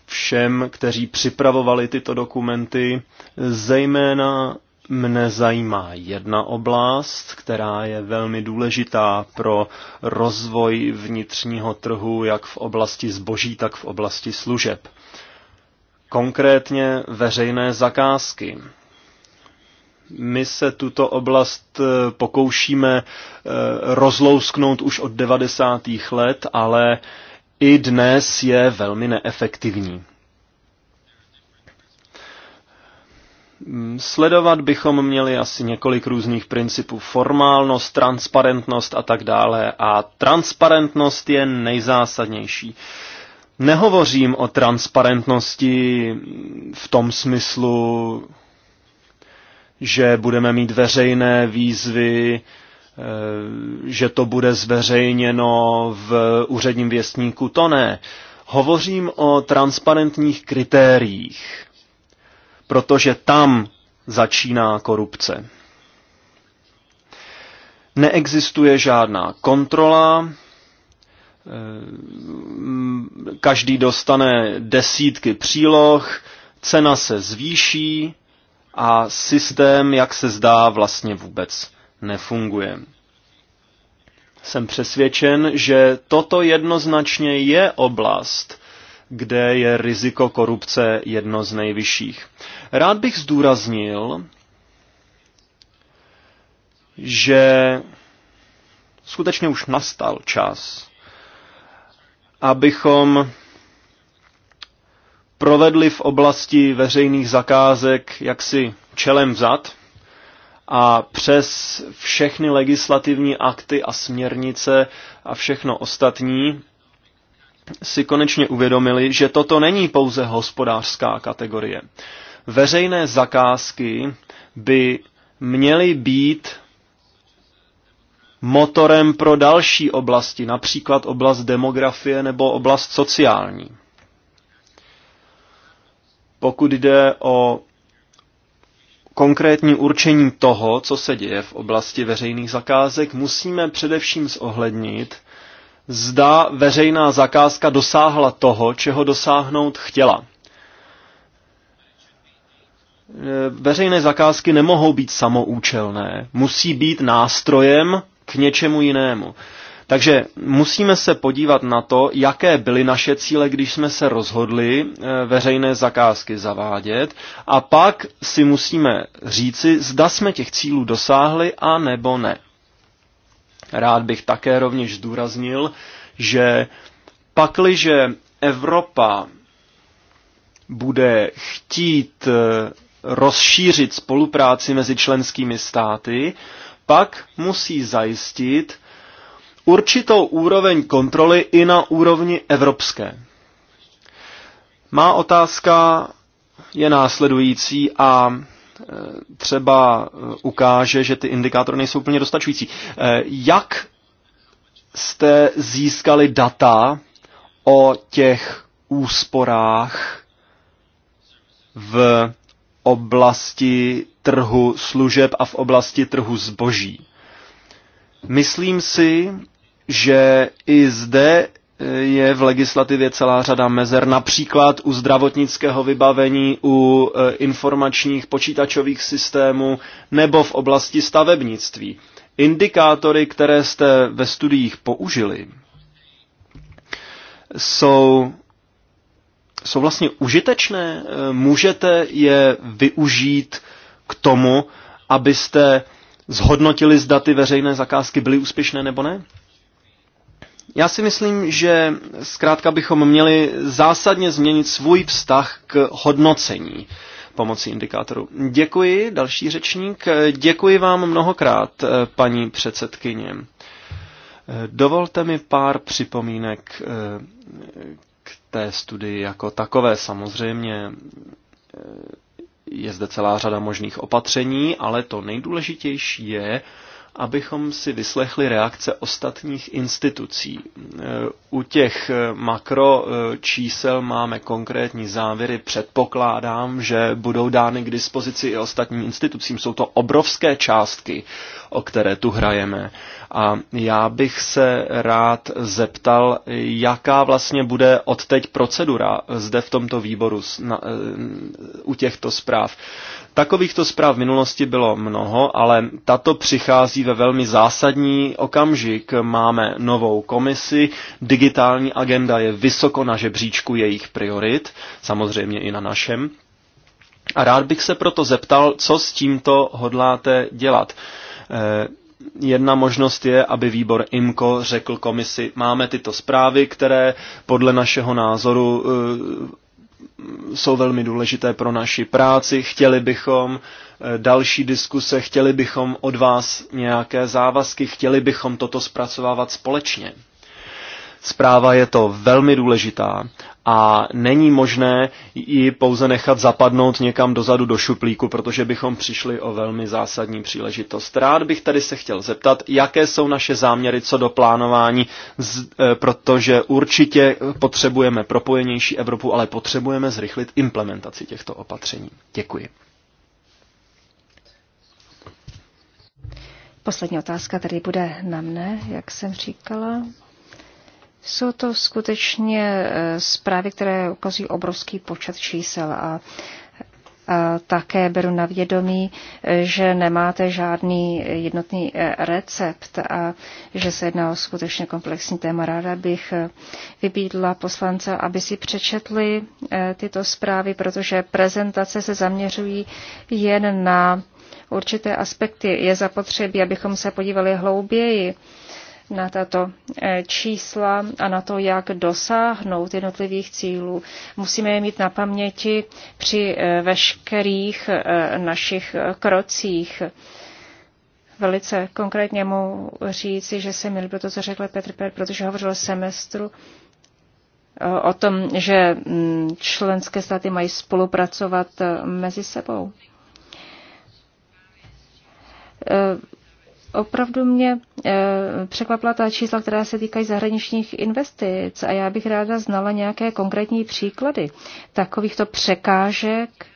všem, kteří připravovali tyto dokumenty. Zejména mne zajímá jedna oblast, která je velmi důležitá pro rozvoj vnitřního trhu jak v oblasti zboží, tak v oblasti služeb. Konkrétně veřejné zakázky my se tuto oblast eh, pokoušíme eh, rozlousknout už od 90. let, ale i dnes je velmi neefektivní. Sledovat bychom měli asi několik různých principů. Formálnost, transparentnost a tak dále. A transparentnost je nejzásadnější. Nehovořím o transparentnosti v tom smyslu, že budeme mít veřejné výzvy, eh, že to bude zveřejněno v úředním věstníku, to ne. Hovořím o transparentních kritériích, protože tam začíná korupce. Neexistuje žádná kontrola, eh, každý dostane desítky příloh, cena se zvýší, a systém, jak se zdá, vlastně vůbec nefunguje. Jsem přesvědčen, že toto jednoznačně je oblast, kde je riziko korupce jedno z nejvyšších. Rád bych zdůraznil, že skutečně už nastal čas, abychom provedli v oblasti veřejných zakázek jaksi čelem vzad a přes všechny legislativní akty a směrnice a všechno ostatní si konečně uvědomili, že toto není pouze hospodářská kategorie. Veřejné zakázky by měly být motorem pro další oblasti, například oblast demografie nebo oblast sociální pokud jde o konkrétní určení toho, co se děje v oblasti veřejných zakázek, musíme především zohlednit, zda veřejná zakázka dosáhla toho, čeho dosáhnout chtěla. Veřejné zakázky nemohou být samoučelné, musí být nástrojem k něčemu jinému. Takže musíme se podívat na to, jaké byly naše cíle, když jsme se rozhodli eh, veřejné zakázky zavádět a pak si musíme říci, zda jsme těch cílů dosáhli a nebo ne. Rád bych také rovněž zdůraznil, že pakliže Evropa bude chtít eh, rozšířit spolupráci mezi členskými státy, pak musí zajistit, určitou úroveň kontroly i na úrovni evropské. Má otázka je následující a e, třeba e, ukáže, že ty indikátory nejsou úplně dostačující. E, jak jste získali data o těch úsporách v oblasti trhu služeb a v oblasti trhu zboží? Myslím si, že i zde e, je v legislativě celá řada mezer, například u zdravotnického vybavení, u e, informačních počítačových systémů nebo v oblasti stavebnictví. Indikátory, které jste ve studiích použili, jsou, jsou vlastně užitečné. E, můžete je využít k tomu, abyste zhodnotili, zda ty veřejné zakázky byly úspěšné nebo ne? Já si myslím, že zkrátka bychom měli zásadně změnit svůj vztah k hodnocení pomocí indikátoru. Děkuji, další řečník. Děkuji vám mnohokrát, eh, paní předsedkyně. Eh, dovolte mi pár připomínek eh, k té studii jako takové. Samozřejmě je zde celá řada možných opatření, ale to nejdůležitější je, abychom si vyslechli reakce ostatních institucí. U těch makro čísel máme konkrétní závěry, předpokládám, že budou dány k dispozici i ostatním institucím. Jsou to obrovské částky, o které tu hrajeme. A já bych se rád zeptal, jaká vlastně bude odteď procedura zde v tomto výboru na, eh, u těchto zpráv. Takovýchto zpráv v minulosti bylo mnoho, ale tato přichází ve velmi zásadní okamžik. Máme novou komisi, digitální agenda je vysoko na žebříčku jejich priorit, samozřejmě i na našem. A rád bych se proto zeptal, co s tímto hodláte dělat. Eh, Jedna možnost je, aby výbor IMCO řekl komisi, máme tyto zprávy, které podle našeho názoru eh, jsou velmi důležité pro naši práci, chtěli bychom eh, další diskuse, chtěli bychom od vás nějaké závazky, chtěli bychom toto zpracovávat společně. Zpráva je to velmi důležitá a není možné ji pouze nechat zapadnout někam dozadu do šuplíku, protože bychom přišli o velmi zásadní příležitost. Rád bych tady se chtěl zeptat, jaké jsou naše záměry co do plánování, e, protože určitě potřebujeme propojenější Evropu, ale potřebujeme zrychlit implementaci těchto opatření. Děkuji. Poslední otázka tady bude na mne, jak jsem říkala. Jsou to skutečně eh, zprávy, které ukazují obrovský počet čísel a a také beru na vědomí, eh, že nemáte žádný jednotný eh, recept a že se jedná o skutečně komplexní téma. Ráda bych vybídla poslance, aby si přečetli tyto zprávy, protože prezentace se zaměřují jen na určité aspekty. Je zapotřebí, abychom se podívali hlouběji na tato eh, čísla a na to, jak dosáhnout jednotlivých cílů. Musíme je mít na paměti při eh, veškerých eh, našich krocích. Velice konkrétně mu říci, že se mi líbilo to, co řekl Petr Per, protože hovořil o semestru, o tom, že mm, členské státy mají spolupracovat mezi sebou Opravdu mě eh, překvapila ta čísla, která se týkají zahraničních investic a já bych ráda znala nějaké konkrétní příklady takovýchto překážek,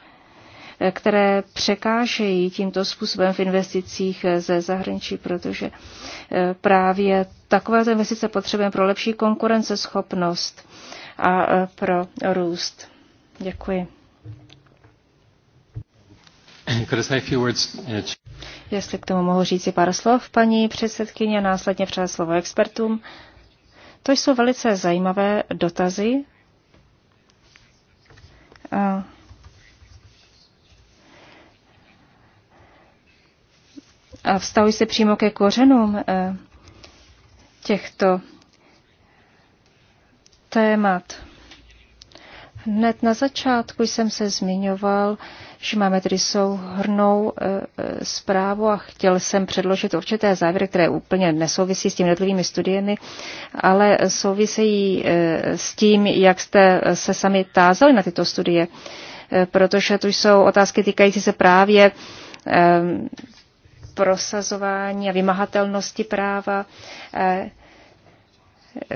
eh, které překážejí tímto způsobem v investicích eh, ze zahraničí, protože právě takové investice potřebujeme pro lepší konkurenceschopnost a pro růst. Děkuji. Could I say a few words Jestli k tomu mohu říct i pár slov, paní předsedkyně, následně před slovo expertům. To jsou velice zajímavé dotazy. A a vztahují se přímo ke kořenům eh, těchto témat. Hned na začátku jsem se zmiňoval, že máme tedy souhrnou e, e, zprávu a chtěl jsem předložit určité závěry, které úplně nesouvisí s těmi jednotlivými studiemi, ale souvisejí e, s tím, jak jste se sami tázali na tyto studie, protože tu jsou otázky týkající se právě prosazování a vymahatelnosti práva.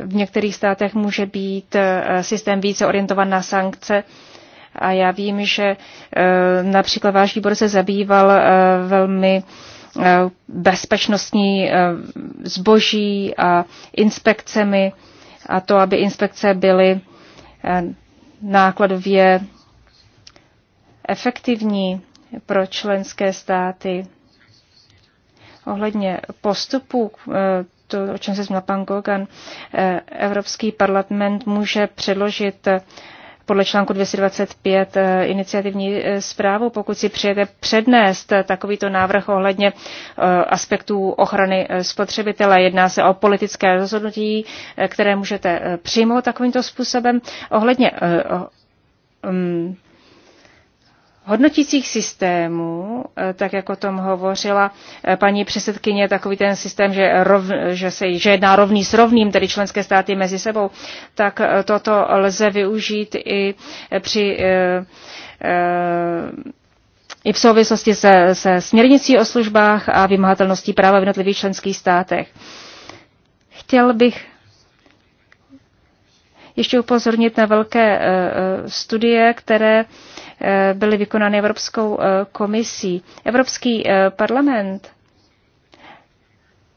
V některých státech může být systém více orientovan na sankce a já vím, že e, například váš výbor se zabýval e, velmi e, bezpečnostní zboží a inspekcemi a to, aby inspekce byly nákladově efektivní pro členské státy. Ohledně postupu, to, o čem se zmínil pan Gogan, Evropský parlament může předložit podle článku 225 eh, iniciativní eh, zprávu, pokud si přijete přednést eh, takovýto návrh ohledně aspektů ochrany spotřebitele. Jedná se o politické rozhodnutí, které můžete přijmout takovýmto způsobem. Ohledně mm, hodnotících systémů, eh, tak jak o tom hovořila eh, paní předsedkyně, takový ten systém, že, rov, že se že jedná rovný s rovným, tedy členské státy mezi sebou, tak eh, toto lze využít i při i v souvislosti se, se směrnicí o službách a vymahatelností práva v jednotlivých členských státech. Chtěl bych ještě upozornit na velké studie, které Eh, byly vykonány Evropskou eh, komisí. Evropský eh, parlament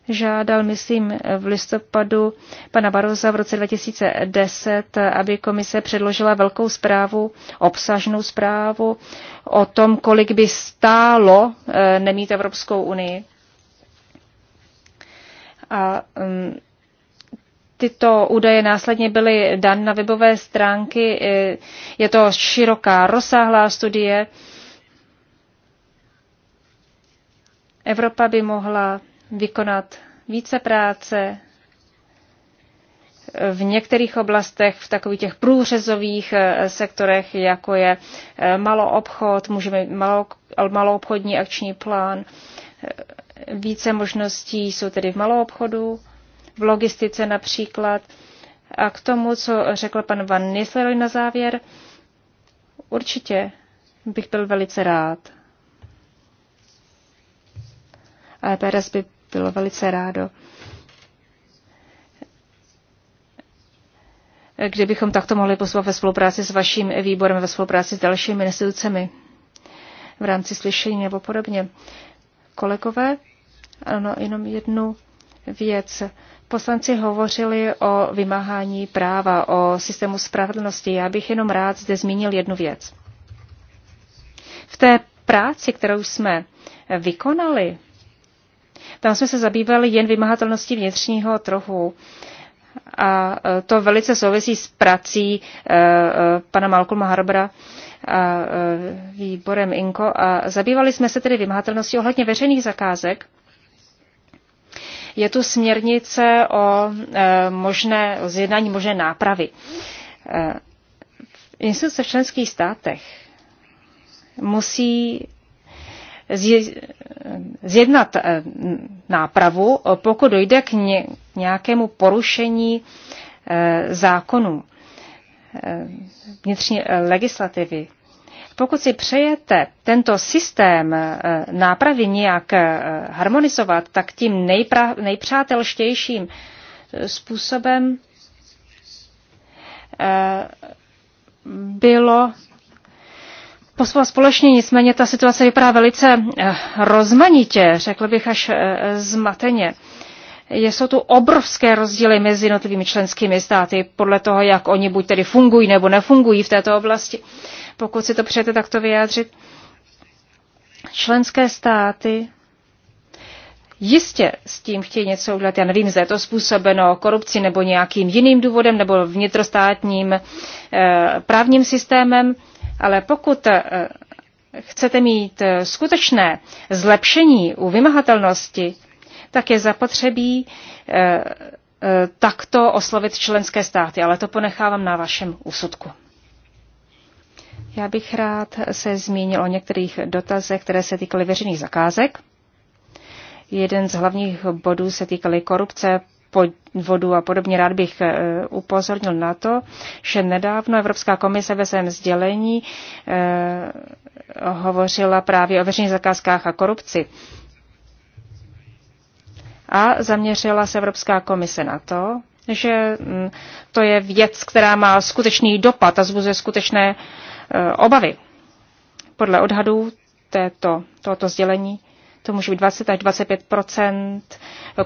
žádal, myslím, v listopadu pana Baroza v roce 2010, aby komise předložila velkou zprávu, obsažnou zprávu o tom, kolik by stálo nemít Evropskou unii. A um, tyto údaje následně byly dan na webové stránky. Je to široká, rozsáhlá studie. Evropa by mohla vykonat více práce v některých oblastech, v takových těch průřezových eh, sektorech, jako je eh, maloobchod, můžeme malou maloobchodní akční plán. Eh, více možností jsou tedy v maloobchodu. obchodu v logistice například. A k tomu, co řekl pan Van Nisleroy na závěr, určitě bych byl velice rád. A EPRS by bylo velice rádo. kdybychom takto mohli poslat ve spolupráci s vaším výborem, ve spolupráci s dalšími institucemi v rámci slyšení nebo podobně. Kolegové, ano, jenom jednu věc. Poslanci hovořili o vymáhání práva, o systému spravedlnosti. Já bych jenom rád zde zmínil jednu věc. V té práci, kterou jsme vykonali, tam jsme se zabývali jen vymahatelností vnitřního trhu. A e, to velice souvisí s prací e, e, pana Malcolma Harbra a výborem INKO. A zabývali jsme se tedy vymahatelností ohledně veřejných zakázek je tu směrnice o e, možné, o zjednání možné nápravy. E, instituce v členských státech musí zjednat e, nápravu, pokud dojde k nějakému porušení zákonů vnitřní legislativy. Pokud si přejete tento systém eh, nápravy nějak eh, harmonizovat, tak tím nejpra, nejpřátelštějším eh, způsobem bylo poslat společně, nicméně ta situace vypadá velice rozmanitě, řekl bych až zmateně. Jsou tu obrovské rozdíly mezi jednotlivými členskými státy podle toho, jak oni buď tedy fungují nebo nefungují v této oblasti. Uh, pokud si to přejete takto vyjádřit. Členské státy jistě s tím chtějí něco udělat. Já nevím, zda je to způsobeno korupci nebo nějakým jiným důvodem nebo vnitrostátním eh, právním systémem, ale pokud eh, chcete mít eh, skutečné zlepšení u vymahatelnosti, tak je zapotřebí takto oslovit členské státy, ale to ponechávám na vašem úsudku. Já bych rád se zmínil o některých dotazech, které se týkaly veřejných zakázek. Jeden z hlavních bodů se týkaly korupce, podvodu a podobně. Rád bych eh, upozornil na to, že nedávno Evropská komise ve svém sdělení eh, hovořila právě o veřejných zakázkách a korupci. A zaměřila se Evropská komise na to, že mm, to je věc, která má skutečný dopad a zbuzuje skutečné eh, Eh, obavy. Podle odhadů této, tohoto sdělení to může být 20 až 25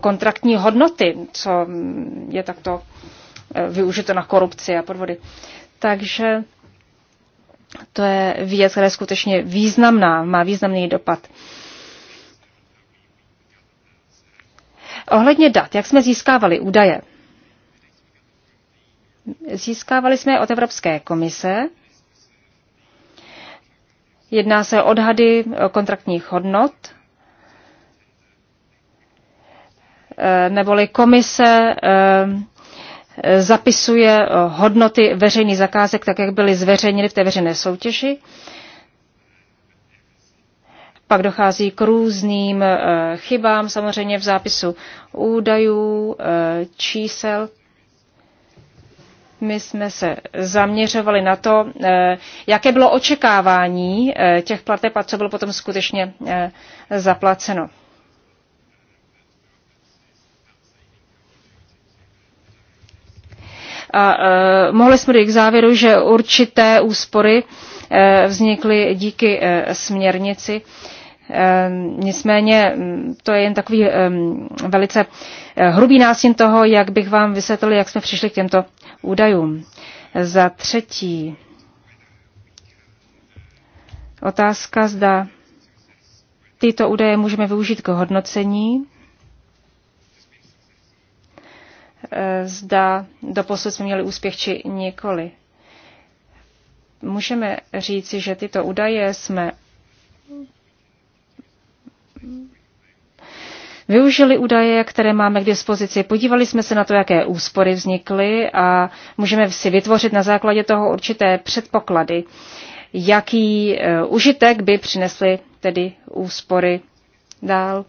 kontraktní hodnoty, co mm, je takto eh, využito na korupci a podvody. Takže to je věc, která je skutečně významná, má významný dopad. Ohledně dat, jak jsme získávali údaje? Získávali jsme je od Evropské komise, Jedná se o odhady kontraktních hodnot, eh, neboli komise eh, zapisuje eh, hodnoty veřejných zakázek, tak jak byly zveřejněny v té veřejné soutěži. Pak dochází k různým chybám, samozřejmě v zápisu údajů, čísel my jsme se zaměřovali na to, eh, jaké bylo očekávání eh, těch plateb a co bylo potom skutečně eh, zaplaceno. A mohli jsme dojít k závěru, že určité úspory vznikly díky směrnici. Nicméně mm, to je jen takový velice hrubý nástin toho, jak bych vám vysvětlil, jak jsme přišli k těmto údajům. Za třetí, otázka, zda tyto údaje můžeme využít k hodnocení, eh, zda doposud jsme měli úspěch či nikoli. Můžeme říci, že tyto údaje jsme využili údaje, které máme k dispozici, podívali jsme se na to, jaké úspory vznikly a můžeme si vytvořit na základě toho určité předpoklady, jaký eh, užitek by přinesly tedy úspory dál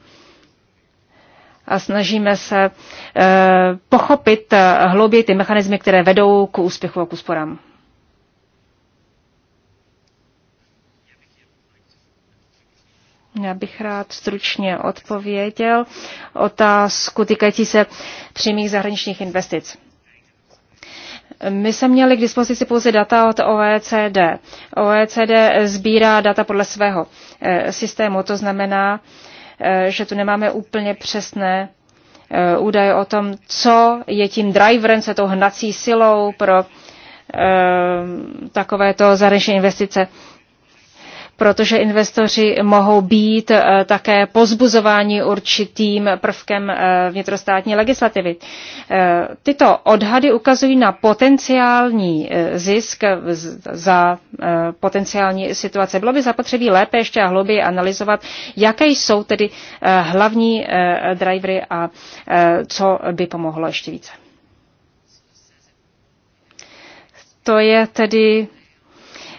a snažíme se eh, pochopit eh, hlouběji ty mechanismy, které vedou k úspěchu a k úsporám. Já bych rád stručně odpověděl otázku týkající se přímých zahraničních investic. My jsme měli k dispozici pouze data od OECD. OECD sbírá data podle svého eh, systému, to znamená, eh, že tu nemáme úplně přesné eh, údaje o tom, co je tím driverem, co je tou hnací silou pro takovéto zahraniční investice protože investoři mohou být eh, také pozbuzováni určitým prvkem eh, vnitrostátní legislativy. Eh, tyto odhady ukazují na potenciální zisk za potenciální situace. Bylo by zapotřebí lépe ještě a hlouběji analyzovat, jaké jsou tedy hlavní drivery a co by pomohlo ještě více. To je tedy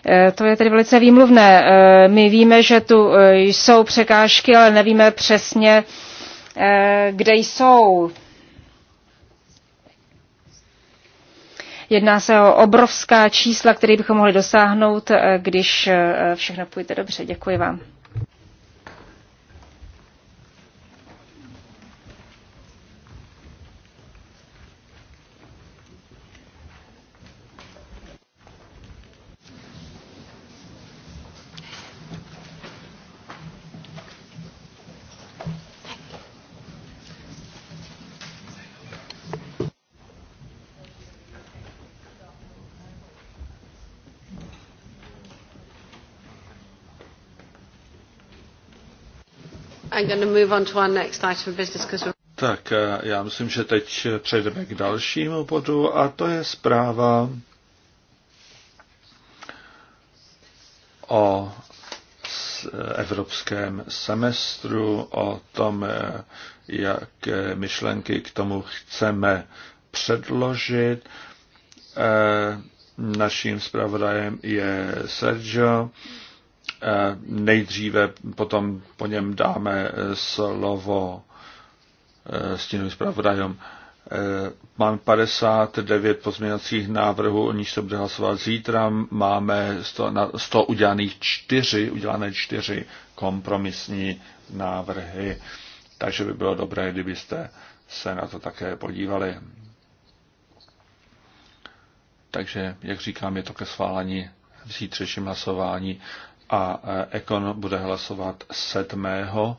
Eh, to je tedy velice výmluvné. Eh, my víme, že tu eh, jsou překážky, ale nevíme přesně, kde jsou. Jedná se o obrovská čísla, které bychom mohli dosáhnout, když všechno půjde dobře. Děkuji vám. Tak eh, já myslím, že teď přejdeme k dalšímu bodu a to je zpráva o eh, evropském semestru, o tom, eh, jak myšlenky k tomu chceme předložit. Naším zpravodajem je Sergio Eh, nejdříve potom po něm dáme eh, slovo eh, tím zpravodajem. Mám 59 pozměňovacích návrhů, o nich se bude hlasovat zítra. Máme 100, na 100 udělaných 4, udělané 4 kompromisní návrhy. Takže by bylo dobré, kdybyste se na to také podívali. Takže, jak říkám, je to ke schválení v zítřejším hlasování a Ekon bude hlasovat 7. E,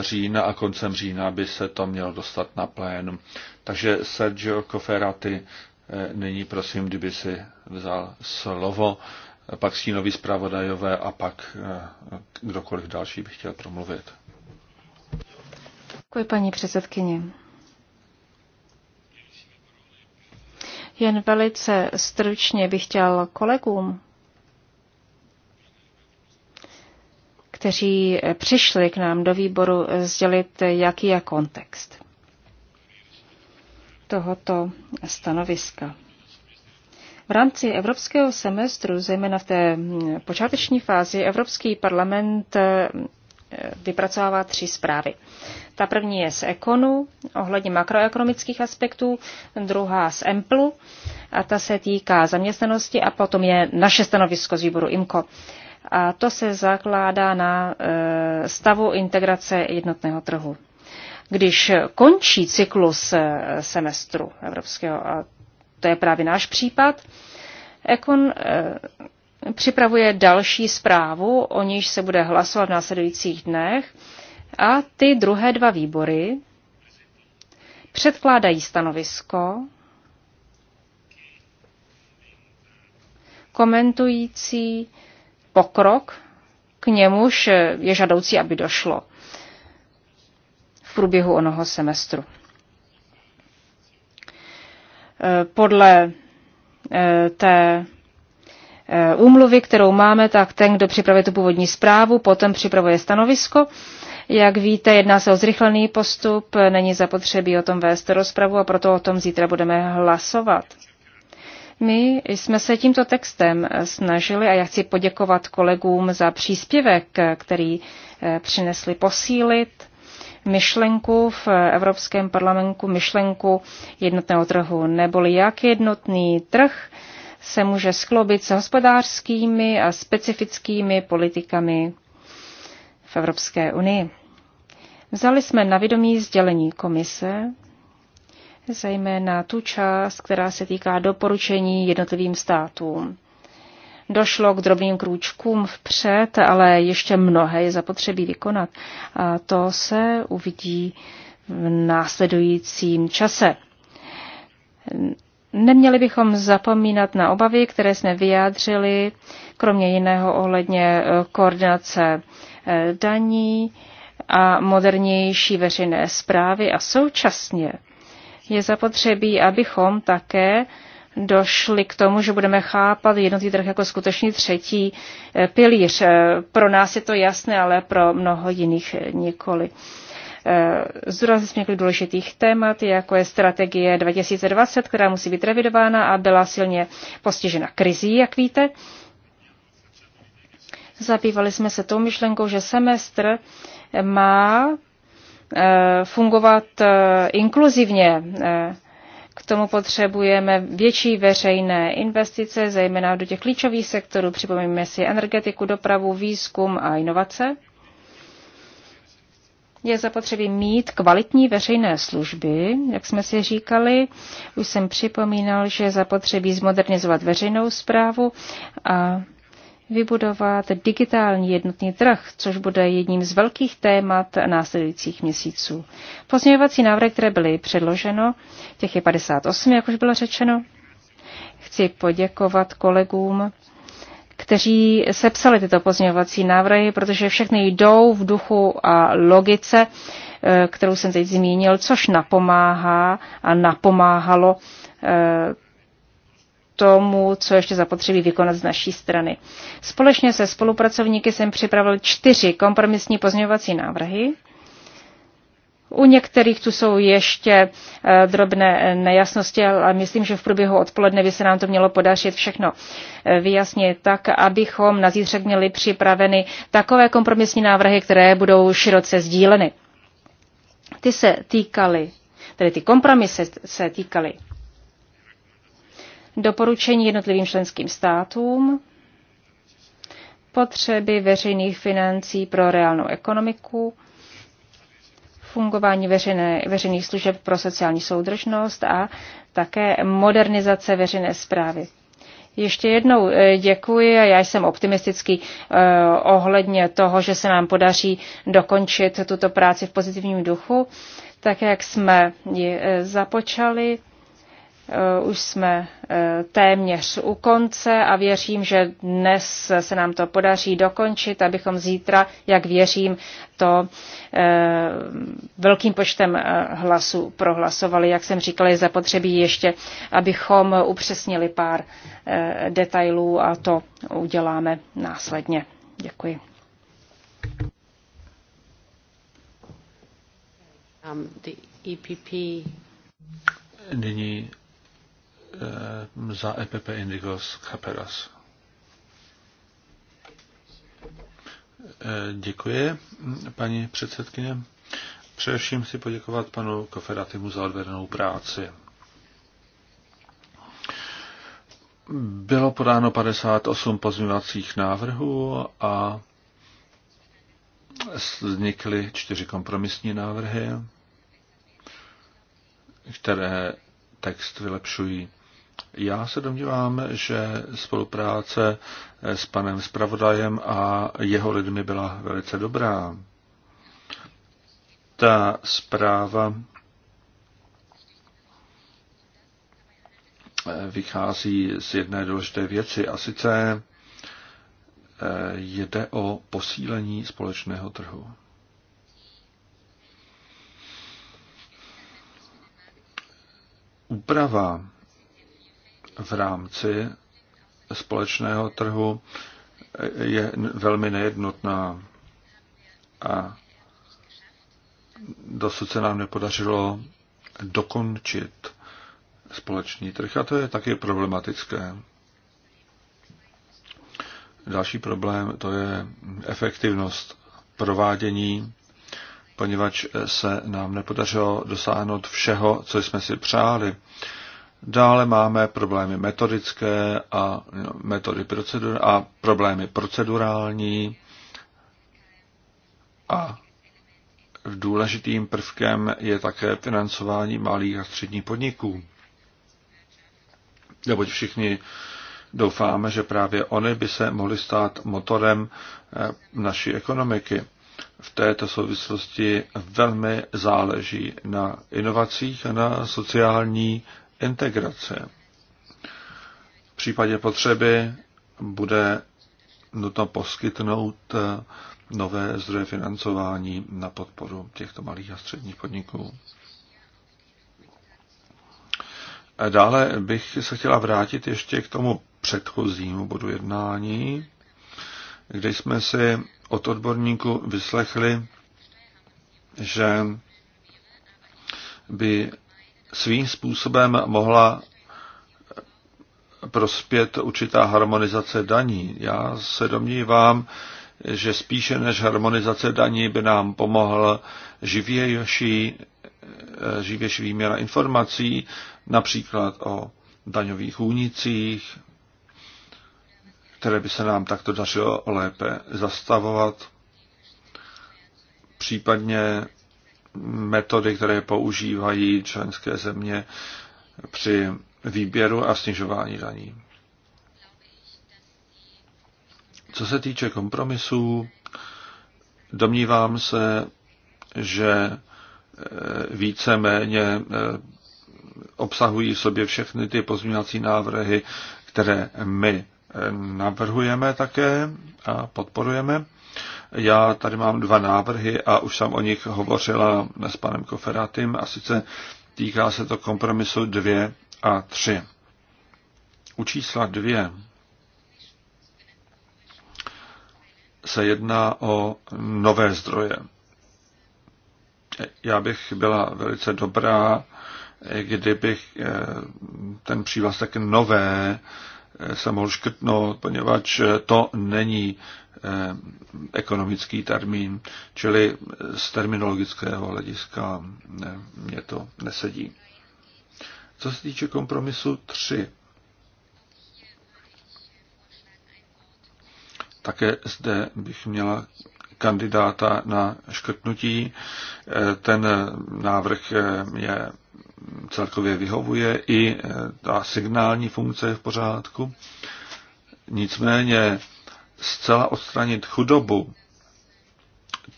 října a koncem října by se to mělo dostat na plénum. Takže Sergio Coferati, e, nyní prosím, kdyby si vzal slovo, e, pak stínoví zpravodajové a pak kdokoliv další by chtěl promluvit. Děkuji, paní předsedkyně. Jen velice stručně bych chtěl kolegům kteří eh, přišli k nám do výboru, eh, sdělit, eh, jaký je kontext tohoto stanoviska. V rámci evropského semestru, zejména v té mm, počáteční fázi, Evropský parlament vypracovává tři zprávy. Ta první je z Ekonu ohledně makroekonomických aspektů, druhá z Emplu a ta se týká zaměstnanosti a potom je naše stanovisko z výboru IMCO a to se zakládá na e, stavu integrace jednotného trhu. Když končí cyklus e, semestru evropského, a to je právě náš případ, Ekon e, připravuje další zprávu, o níž se bude hlasovat v následujících dnech a ty druhé dva výbory předkládají stanovisko komentující pokrok, k němuž je žadoucí, aby došlo v průběhu onoho semestru. Eh, podle eh, té eh, úmluvy, kterou máme, tak ten, kdo připravuje tu původní zprávu, potom připravuje stanovisko. Jak víte, jedná se o zrychlený postup, není zapotřebí o tom vést rozpravu a proto o tom zítra budeme hlasovat. My jsme se tímto textem eh, snažili a já chci poděkovat kolegům za příspěvek, eh, který eh, přinesli posílit myšlenku v Evropském parlamentu, myšlenku jednotného trhu, neboli jak jednotný trh se může sklobit s hospodářskými a specifickými politikami v Evropské unii. Vzali jsme na vědomí sdělení komise zejména tu část, která se týká doporučení jednotlivým státům. Došlo k drobným krůčkům vpřed, ale ještě mnohé je zapotřebí vykonat. A to se uvidí v následujícím čase. Neměli bychom zapomínat na obavy, které jsme vyjádřili, kromě jiného ohledně e, koordinace e, daní a modernější veřejné zprávy a současně je zapotřebí, abychom také došli k tomu, že budeme chápat jednotý trh jako skutečný třetí eh, pilíř. Eh, pro nás je to jasné, ale pro mnoho jiných eh, nikoli. Zdůraznili jsme několik důležitých témat, jako je strategie 2020, která musí být revidována a byla silně postižena krizí, jak víte. Zabývali jsme se tou myšlenkou, že semestr má Eh, fungovat eh, inkluzivně. Eh, k tomu potřebujeme větší veřejné investice, zejména do těch klíčových sektorů. Připomeňme si energetiku, dopravu, výzkum a inovace. Je zapotřebí mít kvalitní veřejné služby, jak jsme si říkali. Už jsem připomínal, že je zapotřebí zmodernizovat veřejnou zprávu a vybudovat digitální jednotný trh, což bude jedním z velkých témat následujících měsíců. Pozměňovací návrhy, které byly předloženo, těch je 58, jak už bylo řečeno. Chci poděkovat kolegům, kteří sepsali tyto pozměňovací návrhy, protože všechny jdou v duchu a logice, eh, kterou jsem teď zmínil, což napomáhá a napomáhalo eh, tomu, co ještě zapotřebí vykonat z naší strany. Společně se spolupracovníky jsem připravil čtyři kompromisní pozměňovací návrhy. U některých tu jsou ještě eh, drobné nejasnosti, ale myslím, že v průběhu odpoledne by se nám to mělo podařit všechno eh, vyjasnit tak, abychom na zítřek měli připraveny takové kompromisní návrhy, které budou široce sdíleny. Ty se týkaly, tedy ty kompromisy se týkaly doporučení jednotlivým členským státům, potřeby veřejných financí pro reálnou ekonomiku, fungování veřejné, veřejných služeb pro sociální soudržnost a také modernizace veřejné zprávy. Ještě jednou eh, děkuji a já jsem optimistický eh, ohledně toho, že se nám podaří dokončit tuto práci v pozitivním duchu, tak jak jsme ji eh, započali. Eh, už jsme eh, téměř u konce a věřím, že dnes se nám to podaří dokončit, abychom zítra, jak věřím, to eh, velkým počtem hlasů prohlasovali. Jak jsem říkala, je zapotřebí ještě, abychom upřesnili pár detailů a to uděláme následně. Děkuji. Um, the EPP. Nyní Eh, za EPP Indigos Caperas. Eh, děkuji, paní předsedkyně. Především si poděkovat panu Koferatimu za odvedenou práci. Bylo podáno 58 pozměňovacích návrhů a vznikly čtyři kompromisní návrhy, které text vylepšují. Já se domnívám, že spolupráce s panem Spravodajem a jeho lidmi byla velice dobrá. Ta zpráva vychází z jedné důležité věci a sice eh, jde o posílení společného trhu. Úprava v rámci společného trhu je velmi nejednotná a dosud se nám nepodařilo dokončit společný trh a to je taky problematické. Další problém to je efektivnost provádění, poněvadž se nám nepodařilo dosáhnout všeho, co jsme si přáli. Dále máme problémy metodické a no, metody procedur a problémy procedurální. A důležitým prvkem je také financování malých a středních podniků. Neboť všichni doufáme, že právě oni by se mohli stát motorem eh, naší ekonomiky. V této souvislosti velmi záleží na inovacích a na sociální integrace. V případě potřeby bude nutno poskytnout nové zdroje financování na podporu těchto malých a středních podniků. Dále bych se chtěla vrátit ještě k tomu předchozímu bodu jednání, kde jsme si od odborníku vyslechli, že by svým způsobem mohla prospět určitá harmonizace daní. Já se domnívám, že spíše než harmonizace daní by nám pomohl živější, živější výměna informací, například o daňových únicích, které by se nám takto dařilo lépe zastavovat, případně metody, které používají členské země při výběru a snižování daní. Co se týče kompromisů, domnívám se, že eh, více-méně eh, obsahují v sobě všechny ty pozměňovací návrhy, které my eh, navrhujeme také a podporujeme. Já tady mám dva návrhy a už jsem o nich hovořila s panem Koferatým a sice týká se to kompromisu 2 a 3. U čísla 2 se jedná o nové zdroje. Já bych byla velice dobrá, kdybych eh, ten přívlastek nové Eh, se mohl škrtnout, poněvadž eh, to není eh, ekonomický termín, čili z terminologického hlediska mě to nesedí. Co se týče kompromisu 3, také zde bych měla kandidáta na škrtnutí. Ten návrh je celkově vyhovuje, i eh, ta signální funkce je v pořádku. Nicméně zcela odstranit chudobu,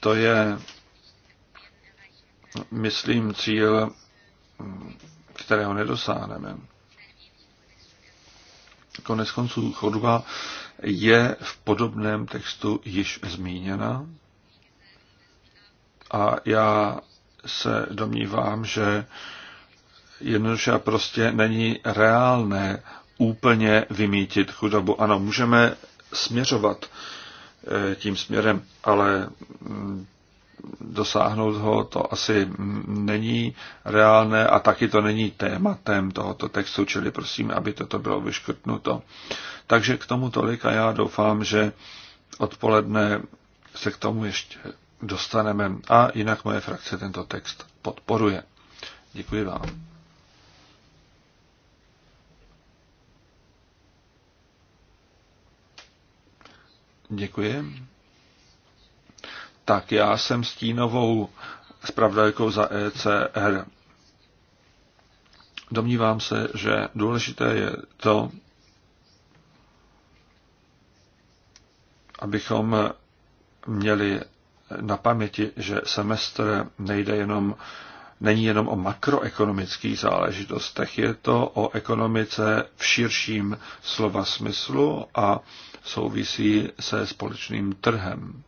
to je, myslím, cíl, hm, kterého nedosáhneme. Konec konců chudoba je v podobném textu již zmíněna a já se domnívám, že jednoduše prostě není reálné úplně vymítit chudobu. Ano, můžeme směřovat eh, tím směrem, ale mm, dosáhnout ho to asi mm, není reálné a taky to není tématem tohoto textu, čili prosím, aby toto bylo vyškrtnuto. Takže k tomu tolik a já doufám, že odpoledne se k tomu ještě dostaneme a jinak moje frakce tento text podporuje. Děkuji vám. Děkuji. Tak já jsem stínovou zpravodajkou za ECR. Domnívám se, že důležité je to, abychom měli na paměti, že semestr nejde jenom není jenom o makroekonomických záležitostech, je to o ekonomice v širším slova smyslu a souvisí se společným trhem.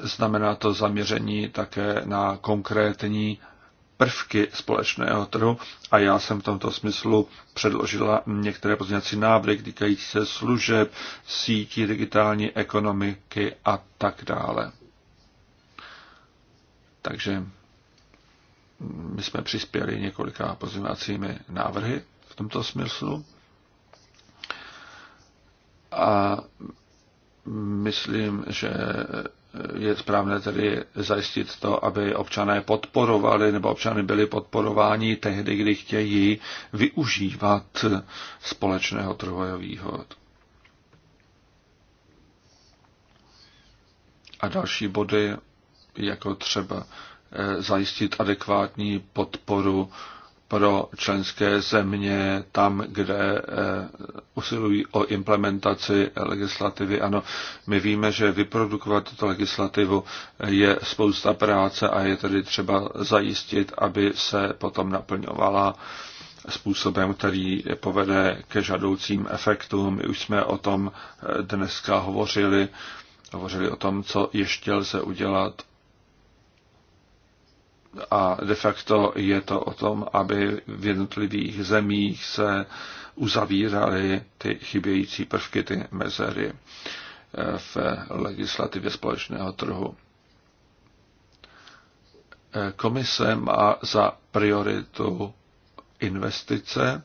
Znamená to zaměření také na konkrétní prvky společného trhu a já jsem v tomto smyslu předložila některé pozměňovací návrhy týkající se služeb, sítí, digitální ekonomiky a tak dále. Takže my jsme přispěli několika pozměňovacími návrhy v tomto smyslu. A myslím, že je správné tedy zajistit to, aby občané podporovali nebo občany byli podporováni tehdy, kdy chtějí využívat společného trhu a výhod. A další body, jako třeba eh, zajistit adekvátní podporu pro členské země tam, kde eh, usilují o implementaci legislativy. Ano, my víme, že vyprodukovat tuto legislativu je spousta práce a je tedy třeba zajistit, aby se potom naplňovala způsobem, který povede ke žadoucím efektům. My už jsme o tom eh, dneska hovořili, hovořili o tom, co ještě lze udělat a de facto je to o tom, aby v jednotlivých zemích se uzavíraly ty chybějící prvky, ty mezery eh, v legislativě společného trhu. Eh, komise má za prioritu investice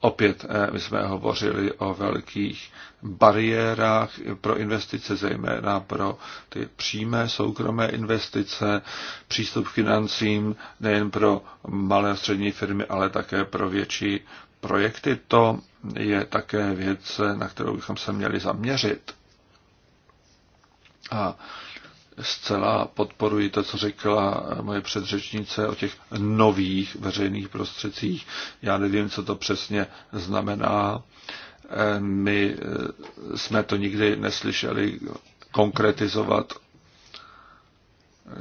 Opět eh, my jsme hovořili o velkých bariérách pro investice, zejména pro ty přímé soukromé investice, přístup k financím nejen pro malé a střední firmy, ale také pro větší projekty. To je také věc, na kterou bychom se měli zaměřit. A zcela podporuji to, co řekla moje předřečnice o těch nových veřejných prostředcích. Já nevím, co to přesně znamená. My eh, jsme to nikdy neslyšeli konkretizovat,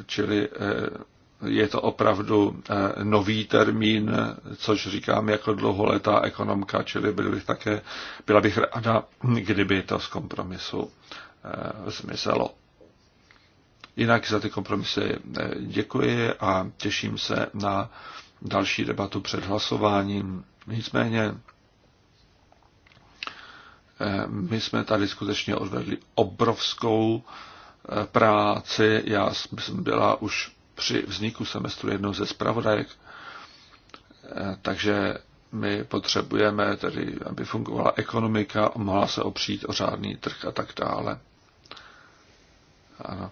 čili eh, je to opravdu eh, nový termín, což říkám jako dlouholetá ekonomka, čili byl bych také, byla bych ráda, kdyby to z kompromisu zmizelo. Jinak za ty kompromisy eh, děkuji a těším se na další debatu před hlasováním. Nicméně eh, my jsme tady skutečně odvedli obrovskou eh, práci. Já jsem byla už při vzniku semestru jednou ze zpravodajek, takže my potřebujeme tedy, aby fungovala ekonomika, mohla se opřít o řádný trh a tak dále. Ano.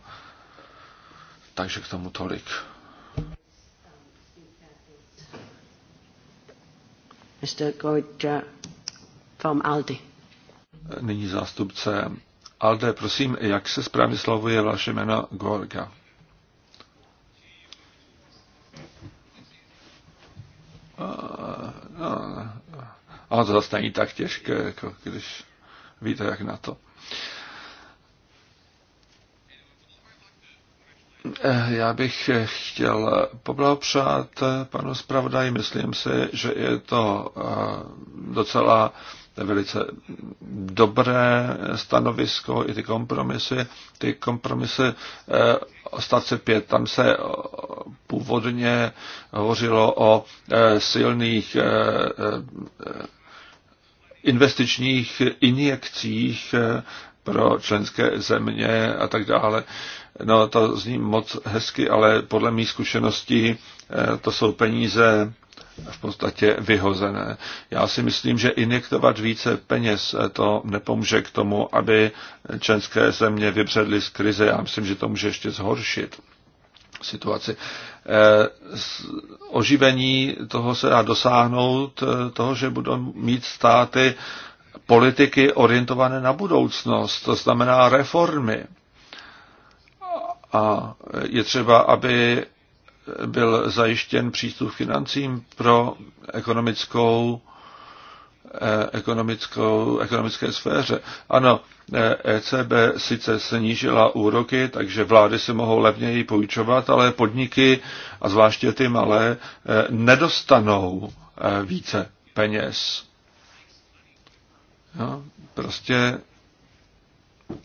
Takže k tomu tolik. Mr. Goja from Aldi. Nyní zástupce Alde, prosím, jak se správně slovuje vaše jméno Gorga? ono to zase není tak těžké, jako když víte, jak na to. Eh, já bych chtěl poblahopřát panu zpravodaji. Myslím si, že je to eh, docela velice dobré stanovisko i ty kompromisy. Ty kompromisy eh, stavce 5, tam se původně hovořilo o silných investičních injekcích pro členské země a tak dále. No to zní moc hezky, ale podle mých zkušeností eh, to jsou peníze v podstatě vyhozené. Já si myslím, že injektovat více peněz eh, to nepomůže k tomu, aby členské země vybředly z krize. Já myslím, že to může ještě zhoršit situaci. Eh, oživení toho se dá dosáhnout, toho, že budou mít státy politiky orientované na budoucnost, to znamená reformy. A je třeba, aby byl zajištěn přístup financím pro ekonomickou, eh, ekonomickou, ekonomické sféře. Ano, ECB eh, e sice snížila úroky, takže vlády si mohou levněji půjčovat, ale podniky, a zvláště ty malé, eh, nedostanou více peněz. Jo? prostě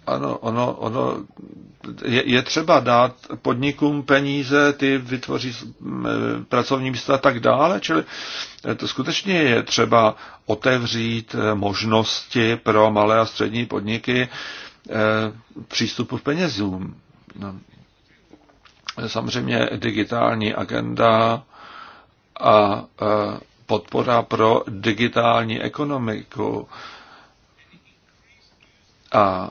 ano, ono, ono je, je třeba dát podnikům peníze, ty vytvoří mm, pracovní místa a tak dále, čili to skutečně je třeba otevřít eh, možnosti pro malé a střední podniky eh, přístupu k penězům. No. Samozřejmě digitální agenda a eh, podpora pro digitální ekonomiku, a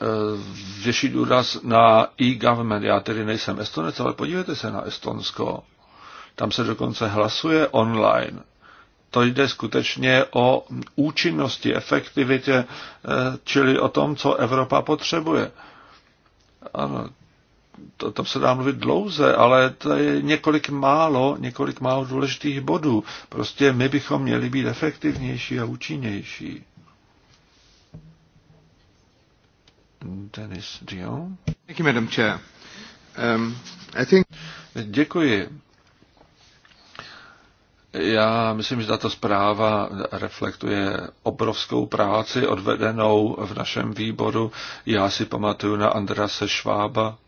e, větší důraz na e-government. Já tedy nejsem Estonec, ale podívejte se na Estonsko. Tam se dokonce hlasuje online. To jde skutečně o účinnosti, efektivitě, e, čili o tom, co Evropa potřebuje. Ano, to, tam se dá mluvit dlouze, ale to je několik málo, několik málo důležitých bodů. Prostě my bychom měli být efektivnější a účinnější. Denis Dion. Thank you, Madam Chair. Um, I think... Děkuji. Já myslím, že tato zpráva reflektuje obrovskou práci odvedenou v našem výboru. Já si pamatuju na Andrase Švába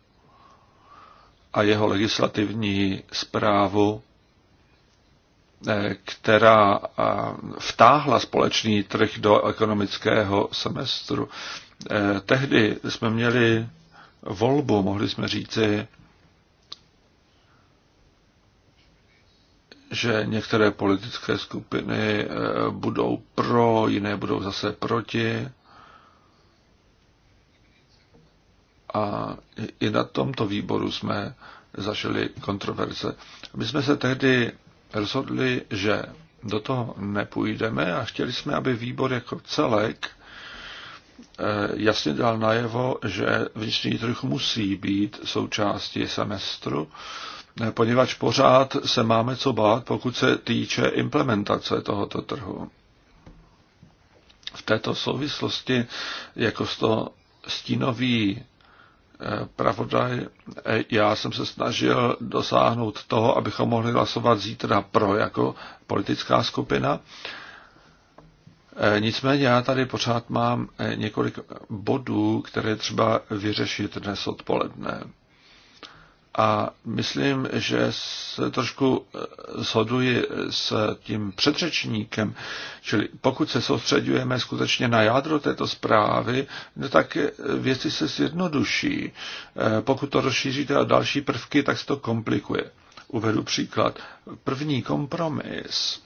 a jeho legislativní zprávu, eh, která eh, vtáhla společný trh do ekonomického semestru. Eh, tehdy jsme měli volbu, mohli jsme říci, že některé politické skupiny eh, budou pro, jiné budou zase proti. A i na tomto výboru jsme zažili kontroverze. My jsme se tehdy rozhodli, že do toho nepůjdeme a chtěli jsme, aby výbor jako celek Eh, jasně dal najevo, že vnitřní trh musí být součástí semestru, eh, poněvadž pořád se máme co bát, pokud se týče implementace tohoto trhu. V této souvislosti, jako to stínový eh, pravodaj, já jsem se snažil dosáhnout toho, abychom mohli hlasovat zítra pro jako politická skupina, Eh, nicméně já tady pořád mám eh, několik bodů, které třeba vyřešit dnes odpoledne. A myslím, že se trošku eh, shoduji s tím předřečníkem, čili pokud se soustředujeme skutečně na jádro této zprávy, no tak věci se zjednoduší. Pokud to rozšíříte o další prvky, tak se to komplikuje. Uvedu příklad. První kompromis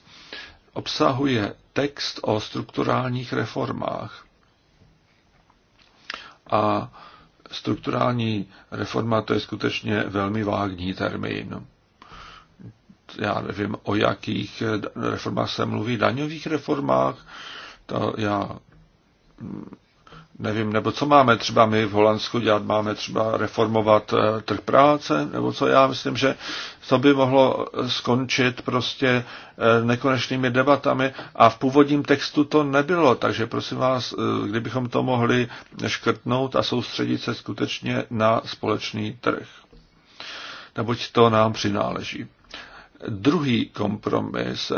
obsahuje text o strukturálních reformách. A strukturální reforma to je skutečně velmi vágní termín. Já nevím, o jakých reformách se mluví, daňových reformách, to já nevím, nebo co máme třeba my v Holandsku dělat, máme třeba reformovat eh, trh práce, nebo co já myslím, že to by mohlo skončit prostě eh, nekonečnými debatami a v původním textu to nebylo, takže prosím vás, eh, kdybychom to mohli škrtnout a soustředit se skutečně na společný trh, neboť to nám přináleží. Druhý kompromis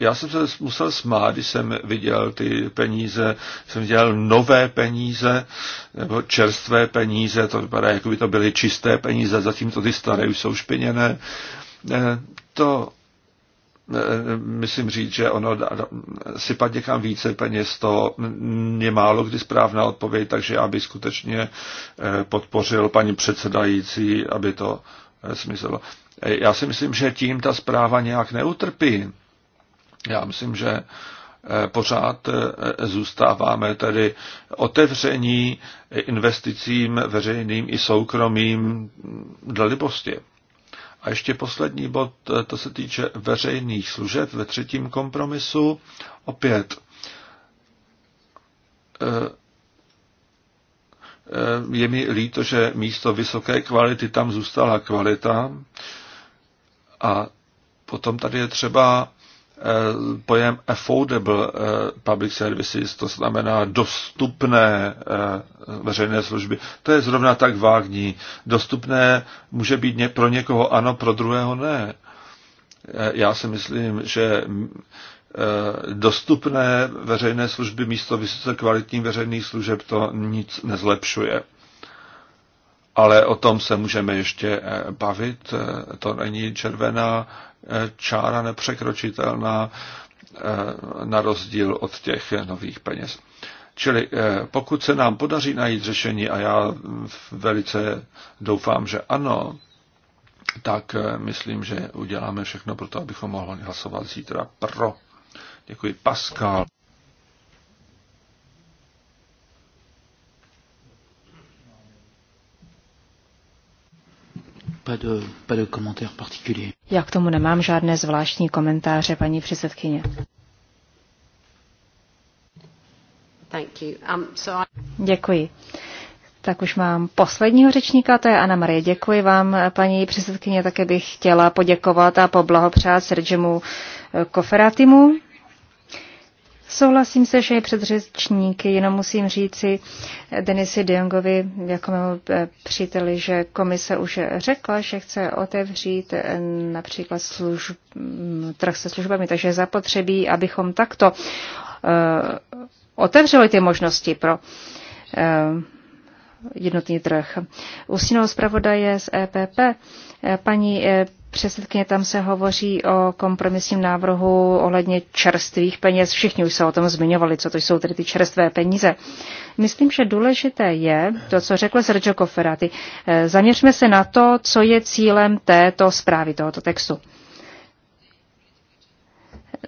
já jsem se musel smát, když jsem viděl ty peníze, jsem viděl nové peníze, nebo čerstvé peníze, to vypadá, jako by to byly čisté peníze, zatímco ty staré už jsou špiněné. To myslím říct, že ono sypat někam více peněz, to je málo kdy správná odpověď, takže já bych skutečně eh, podpořil paní předsedající, aby to eh, smyslelo. Já si myslím, že tím ta zpráva nějak neutrpí. Já myslím, že eh, pořád eh, zůstáváme tedy otevření investicím veřejným i soukromým dlibostě. A ještě poslední bod, eh, to se týče veřejných služeb ve třetím kompromisu. Opět, je mi líto, že místo vysoké kvality tam zůstala kvalita. A potom tady je třeba Eh, pojem affordable eh, public services, to znamená dostupné eh, veřejné služby. To je zrovna tak vágní. Dostupné může být pro někoho ano, pro druhého ne. Já si myslím, že mm, dostupné veřejné služby místo vysoce kvalitních veřejných služeb to nic nezlepšuje ale o tom se můžeme ještě eh, bavit. Eh, to není červená eh, čára nepřekročitelná na rozdíl od těch nových peněz. Čili pokud se nám podaří najít řešení, a já velice doufám, že ano, tak myslím, že uděláme všechno pro to, abychom mohli hlasovat zítra pro. Děkuji, Pascal. Já k tomu nemám žádné zvláštní komentáře, paní předsedkyně. Um, Děkuji. Tak už mám posledního řečníka, to je Anna Marie. Děkuji vám, paní předsedkyně, také bych chtěla poděkovat a poblahopřát Sergemu Koferatimu Souhlasím se všemi předřečníky, jenom musím říci Denisi Diongovi, jako mému eh, příteli, že komise už řekla, že chce otevřít eh, například služb, mm, trh se službami, takže zapotřebí, abychom takto uh, otevřeli ty možnosti pro uh, jednotný trh. Usínou zpravodaje z EPP paní předsedkyně, tam se hovoří o kompromisním návrhu ohledně čerstvých peněz. Všichni už se o tom zmiňovali, co to jsou tedy ty čerstvé peníze. Myslím, že důležité je to, co řekl Sergio Cofferati. Eh, zaměřme se na to, co je cílem této zprávy, tohoto textu.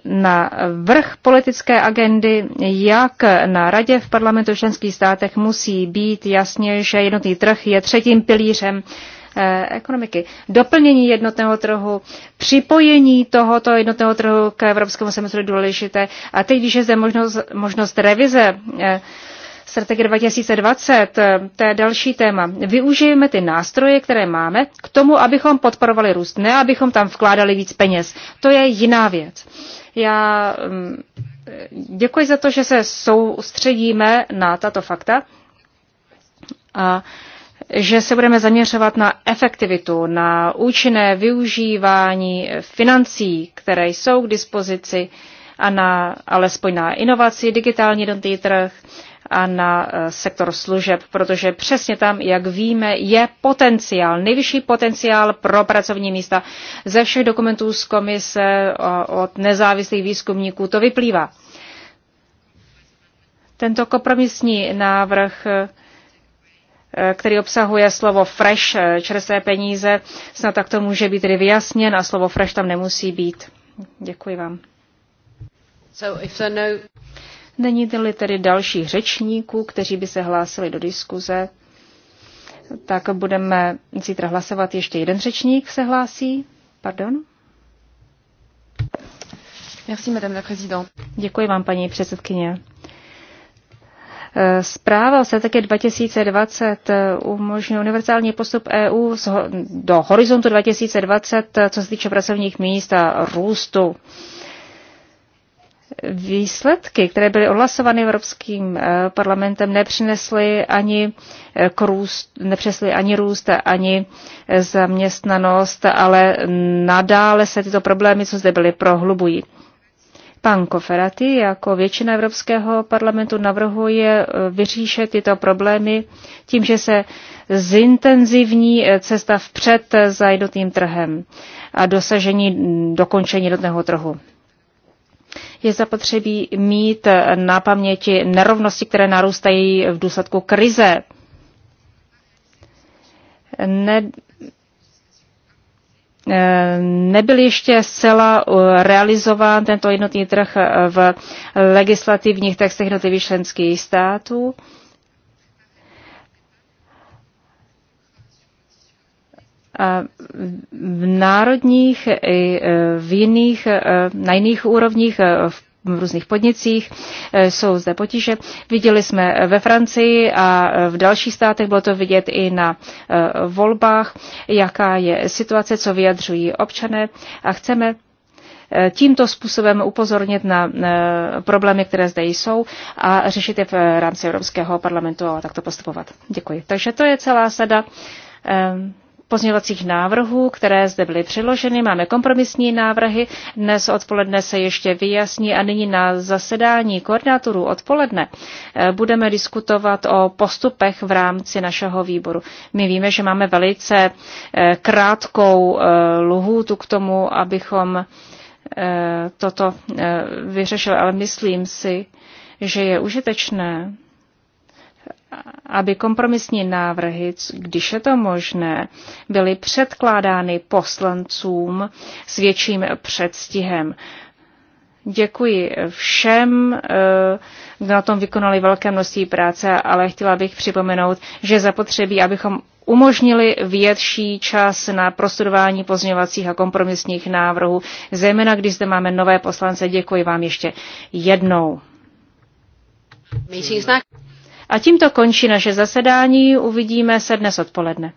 Na vrch politické agendy, jak na radě v parlamentu v členských státech musí být jasně, že jednotný trh je třetím pilířem Eh, ekonomiky. Doplnění jednotného trhu, připojení tohoto jednotného trhu k evropskému semestru je důležité. A teď, když je zde možnost, možnost revize eh, strategie 2020, eh, to je další téma. Využijeme ty nástroje, které máme, k tomu, abychom podporovali růst, ne abychom tam vkládali víc peněz. To je jiná věc. Já mm, děkuji za to, že se soustředíme na tato fakta. A že se budeme zaměřovat na efektivitu, na účinné využívání financí, které jsou k dispozici, a na, alespoň na inovaci, digitální jednotný trh a na eh, sektor služeb, protože přesně tam, jak víme, je potenciál, nejvyšší potenciál pro pracovní místa. Ze všech dokumentů z komise od nezávislých výzkumníků to vyplývá. Tento kompromisní návrh eh, Eh, který obsahuje slovo fresh, eh, čerstvé peníze, snad tak to může být tedy vyjasněn a slovo fresh tam nemusí být. Děkuji vám. So if there no... Není-li tedy dalších řečníků, kteří by se hlásili do diskuze, tak budeme zítra hlasovat. Ještě jeden řečník se hlásí. Pardon. Merci, madame la Děkuji vám, paní předsedkyně. Eh, zpráva se také 2020 umožňuje univerzální postup EU do horizontu 2020, eh, co se týče pracovních míst a růstu. Výsledky, které byly odhlasovány Evropským eh, parlamentem, nepřinesly ani, růst, nepřinesly ani růst, ani zaměstnanost, ale mm, nadále se tyto problémy, co zde byly, prohlubují. Pan Koferaty jako většina Evropského parlamentu navrhuje eh, vyříšet tyto problémy tím, že se zintenzivní eh, cesta vpřed eh, za jednotným trhem a dosažení mm, dokončení jednotného trhu. Je zapotřebí mít na paměti nerovnosti, které narůstají v důsledku krize. Ne, Eh, nebyl ještě zcela eh, realizován tento jednotný trh eh, v legislativních textech jednotlivých členských států. A v národních i v jiných, na jiných úrovních v v různých podnicích, eh, jsou zde potíže. Viděli jsme ve Francii a v dalších státech, bylo to vidět i na eh, volbách, jaká je situace, co vyjadřují občané a chceme eh, tímto způsobem upozornit na problémy, které zde jsou a řešit je v rámci Evropského parlamentu a takto postupovat. Děkuji. Takže to je celá sada pozměňovacích návrhů, které zde byly přiloženy. Máme kompromisní návrhy. Dnes odpoledne se ještě vyjasní a nyní na zasedání koordinátorů odpoledne eh, budeme diskutovat o postupech v rámci našeho výboru. My víme, že máme velice eh, krátkou eh, lhůtu k tomu, abychom toto vyřešili, ale myslím si, že je užitečné aby kompromisní návrhy, když je to možné, byly předkládány poslancům s větším předstihem. Děkuji všem, kdo eh, na tom vykonali velké množství práce, ale chtěla bych připomenout, že zapotřebí, abychom umožnili větší čas na prostudování pozměňovacích a kompromisních návrhů, zejména když zde máme nové poslance. Děkuji vám ještě jednou. A tímto končí naše zasedání, uvidíme se dnes odpoledne.